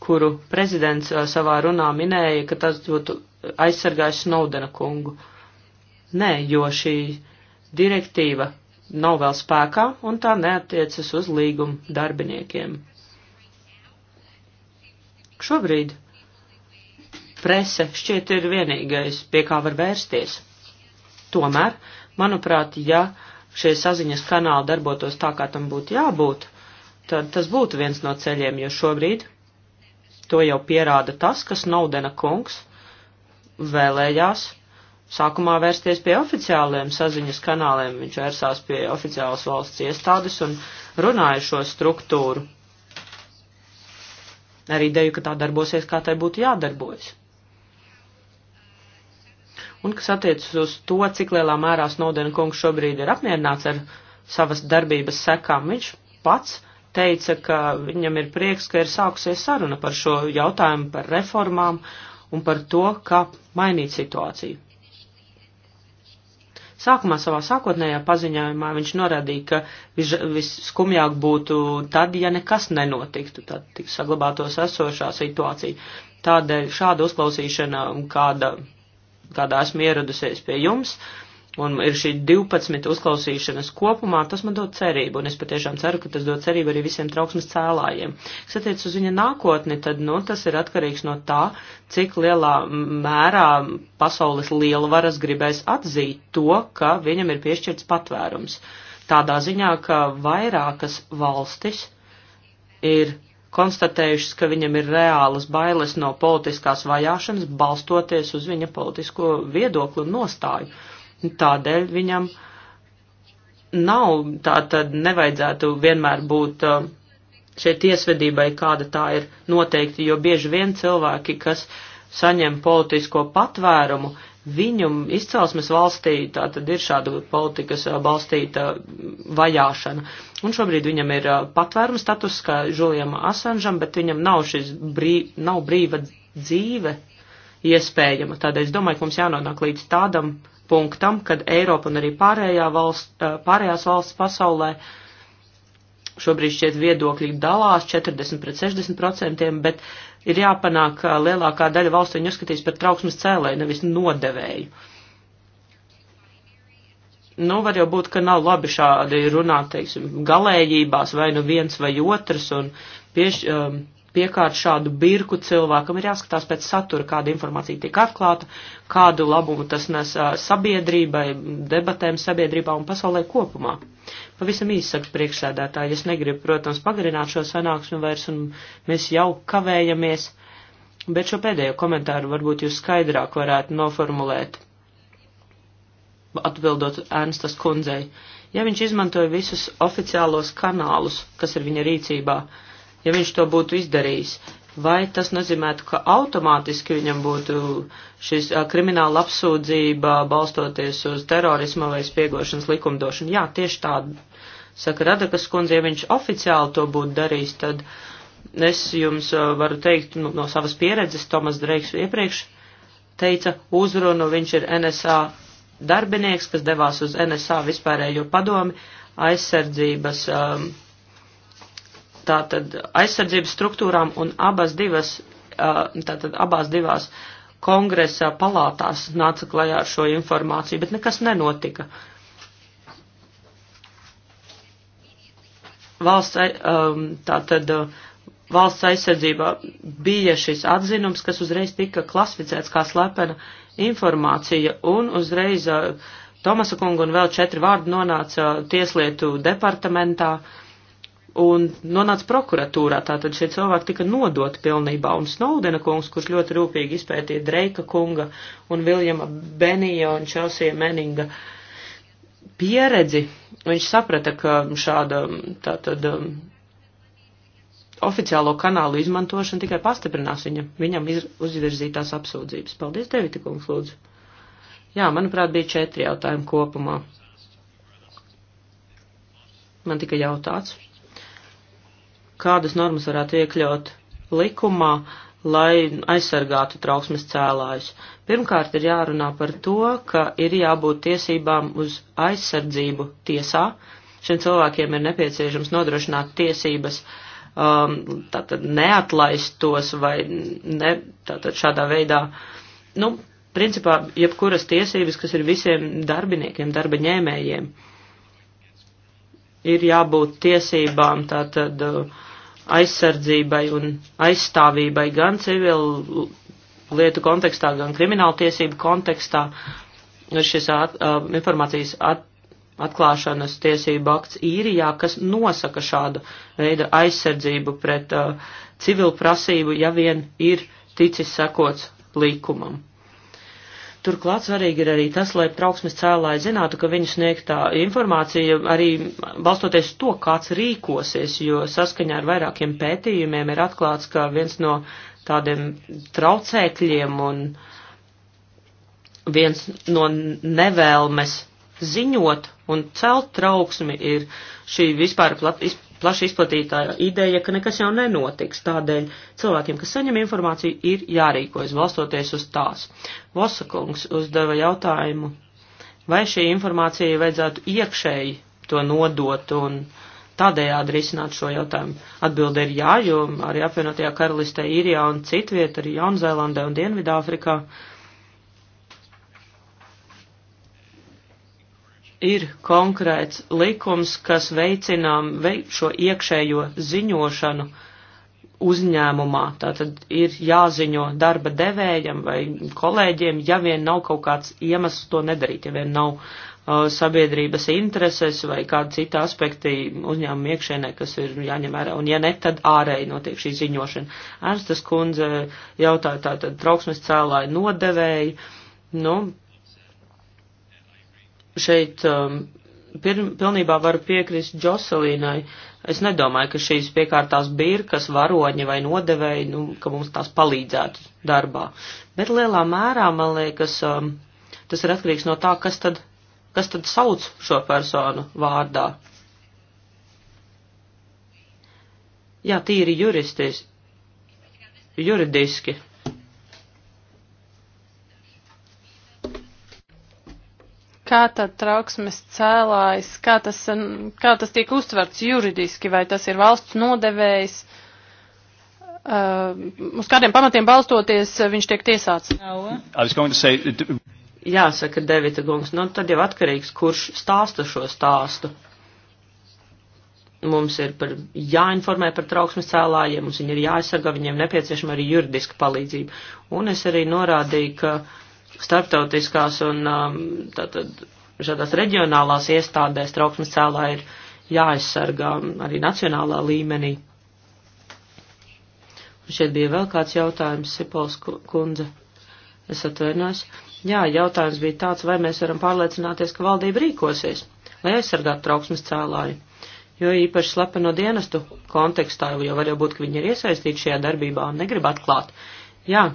kuru prezidents savā runā minēja, ka tas būtu aizsargājis Snowdena kungu. Nē, jo šī direktīva nav vēl spēkā un tā neatiecas uz līgumu darbiniekiem. Šobrīd Prese šķiet ir vienīgais, pie kā var vērsties. Tomēr, manuprāt, ja šie saziņas kanāli darbotos tā, kā tam būtu jābūt, tad tas būtu viens no ceļiem, jo šobrīd to jau pierāda tas, ka Snaudena kungs vēlējās sākumā vērsties pie oficiāliem saziņas kanāliem, viņš vērsās pie oficiālas valsts iestādes un runāja šo struktūru. Ar ideju, ka tā darbosies, kā tai būtu jādarbojas. Un kas attiecas uz to, cik lielā mērā Snowden kungs šobrīd ir apmierināts ar savas darbības sekām, viņš pats teica, ka viņam ir prieks, ka ir sākusies saruna par šo jautājumu, par reformām un par to, kā mainīt situāciju. Sākumā savā sākotnējā paziņojumā viņš norādīja, ka vis, visskumjāk būtu tad, ja nekas nenotiktu, tad tik saglabātos esošā situācija. Tādēļ šāda uzklausīšana, kāda kādā esmu ieradusies pie jums, un ir šī 12 uzklausīšanas kopumā, tas man dod cerību, un es patiešām ceru, ka tas dod cerību arī visiem trauksmes cēlājiem. Kas attiec uz viņa nākotni, tad, nu, tas ir atkarīgs no tā, cik lielā mērā pasaules lielvaras gribēs atzīt to, ka viņam ir piešķirts patvērums. Tādā ziņā, ka vairākas valstis ir konstatējušas, ka viņam ir reālas bailes no politiskās vajāšanas, balstoties uz viņa politisko viedokli un nostāju. Tādēļ viņam nav, tā tad nevajadzētu vienmēr būt uh, šai tiesvedībai, kāda tā ir noteikti, jo bieži vien cilvēki, kas saņem politisko patvērumu, viņu izcelsmes valstī tātad ir šāda politikas balstīta vajāšana. Un šobrīd viņam ir patvērums status kā Žulijam Asanžam, bet viņam nav šis brīv, nav brīva dzīve iespējama. Tādēļ es domāju, ka mums jānonāk līdz tādam punktam, kad Eiropa un arī pārējā valsts, pārējās valsts pasaulē šobrīd šķiet viedokļi dalās 40 pret 60 procentiem, bet uh, ir jāpanāk, ka lielākā daļa valstu viņu uzskatīs par trauksmes cēlēju, nevis nodevēju. Nu, var jau būt, ka nav labi šādi runāt, teiksim, galējībās vai nu viens vai otrs un pieš, um, piekārt šādu birku cilvēkam, ir jāskatās pēc satura, kāda informācija tiek atklāta, kādu labumu tas nes sabiedrībai, debatēm sabiedrībā un pasaulē kopumā. Pavisam īsi saka priekšsēdētāji, es negribu, protams, pagarināt šo sanāksmi vairs un mēs jau kavējamies, bet šo pēdējo komentāru varbūt jūs skaidrāk varētu noformulēt atbildot Ernstas kundzei, ja viņš izmantoja visus oficiālos kanālus, kas ir viņa rīcībā, ja viņš to būtu izdarījis. Vai tas nozīmētu, ka automātiski viņam būtu šis krimināla apsūdzība balstoties uz terorisma vai spiegošanas likumdošanu? Jā, tieši tādu saka Radakas kundze, ja viņš oficiāli to būtu darījis, tad es jums varu teikt nu, no savas pieredzes, Tomas Dreiks iepriekš teica uzrunu, viņš ir NSA darbinieks, kas devās uz NSA vispārējo padomi aizsardzības. Um, tātad aizsardzības struktūrām un abas divas, tātad abās divās kongresa palātās nāca klajā ar šo informāciju, bet nekas nenotika. Valsts, tātad, valsts aizsardzībā bija šis atzinums, kas uzreiz tika klasificēts kā slepena informācija un uzreiz Tomasa kunga un vēl četri vārdi nonāca tieslietu departamentā. Uh, un nonāca prokuratūrā. Tātad šie cilvēki tika nodoti pilnībā, un Snowdena kungs, kurš ļoti rūpīgi izpētīja Dreika kunga un Viljama Benija un Čelsija Meninga pieredzi, viņš saprata, ka šāda tātad um, oficiālo kanālu izmantošana tikai pastiprinās viņa, viņam iz, uzvirzītās apsūdzības. Paldies, Devita kungs, lūdzu. Jā, manuprāt, bija četri jautājumi kopumā. Man tika jautāts kādas normas varētu iekļaut likumā, lai aizsargātu trauksmes cēlājus. Pirmkārt, ir jārunā par to, ka ir jābūt tiesībām uz aizsardzību tiesā. Šiem cilvēkiem ir nepieciešams nodrošināt tiesības um, tātad neatlaistos vai ne, tātad šādā veidā. Nu, principā, jebkuras tiesības, kas ir visiem darbiniekiem, darba ņēmējiem, ir jābūt tiesībām tātad. Uh, aizsardzībai un aizstāvībai gan civilu lietu kontekstā, gan kriminālu tiesību kontekstā. Šis at, uh, informācijas at, atklāšanas tiesību akts īrijā, kas nosaka šādu veidu aizsardzību pret uh, civilu prasību, ja vien ir ticis sekots likumam. Turklāt svarīgi ir arī tas, lai trauksmes cēlāji zinātu, ka viņu sniegtā informācija arī balstoties to, kāds rīkosies, jo saskaņā ar vairākiem pētījumiem ir atklāts, ka viens no tādiem traucēkļiem un viens no nevēlmes ziņot un celt trauksmi ir šī vispār plat, plaši izplatītā ideja, ka nekas jau nenotiks. Tādēļ cilvēkiem, kas saņem informāciju, ir jārīkojas balstoties uz tās. Vosakungs uzdeva jautājumu, vai šī informācija vajadzētu iekšēji to nodot un tādējādi risināt šo jautājumu. Atbilde ir jā, jo arī apvienotajā karalistē Īrijā un citviet, arī Jaunzēlandē un Dienvidāfrikā. Afrikā ir konkrēts likums, kas veicinām vei, šo iekšējo ziņošanu uzņēmumā. Tātad ir jāziņo darba devējam vai kolēģiem, ja vien nav kaut kāds iemesls to nedarīt, ja vien nav uh, sabiedrības intereses vai kādi citi aspekti uzņēmuma iekšēnē, kas ir jāņem vērā. Un ja ne, tad ārēji notiek šī ziņošana. Ernstas kundze jautāja tātad trauksmes cēlāja nodevēji. Nu, šeit um, pirm, pilnībā varu piekrist Džoselīnai. Es nedomāju, ka šīs piekārtās birkas, varoņi vai nodevēji, nu, ka mums tās palīdzētu darbā. Bet lielā mērā, man liekas, um, tas ir atkarīgs no tā, kas tad, kas tad sauc šo personu vārdā. Jā, tīri juristis, juridiski kā tad trauksmes cēlājs, kā tas, kā tas tiek uztverts juridiski, vai tas ir valsts nodevējs, uh, uz kādiem pamatiem balstoties viņš tiek tiesāts? Say... Jāsaka, Devita Gungs, nu tad jau atkarīgs, kurš stāsta šo stāstu. Mums ir par, jāinformē par trauksmes cēlājiem, mums viņi ir jāaizsargā, viņiem nepieciešama arī juridiska palīdzība. Un es arī norādīju, ka uh, starptautiskās un um, tātad šādās reģionālās iestādēs trauksmes cēlā ir jāaizsargā arī nacionālā līmenī. Un šeit bija vēl kāds jautājums, Sipols kundze. Es atvainojos. Jā, jautājums bija tāds, vai mēs varam pārliecināties, ka valdība rīkosies, lai aizsargātu trauksmes cēlāju. Jo īpaši slepeno dienestu kontekstā, jo var jau būt, ka viņi ir iesaistīti šajā darbībā un negrib atklāt. Jā,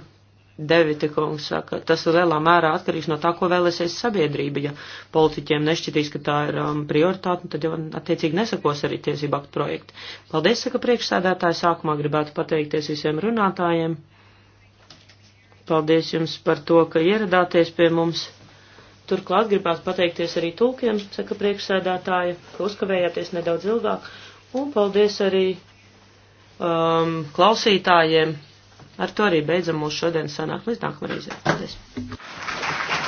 Devita kungs saka, tas lielā mērā atkarīgs no tā, ko vēlēsies sabiedrība. Ja politiķiem nešķitīs, ka tā ir um, prioritāte, nu, tad jau attiecīgi nesakos arī tiesību aktu projekti. Paldies, saka priekšsēdētāji, sākumā gribētu pateikties visiem runātājiem. Paldies jums par to, ka ieradāties pie mums. Turklāt gribētu pateikties arī tūkiem, saka priekšsēdētāja, ka uzkavējāties nedaudz ilgāk. Un paldies arī um, klausītājiem Ar to arī beidzam mūsu šodienas sanāksmi. Līdz nākamreizē. Paldies!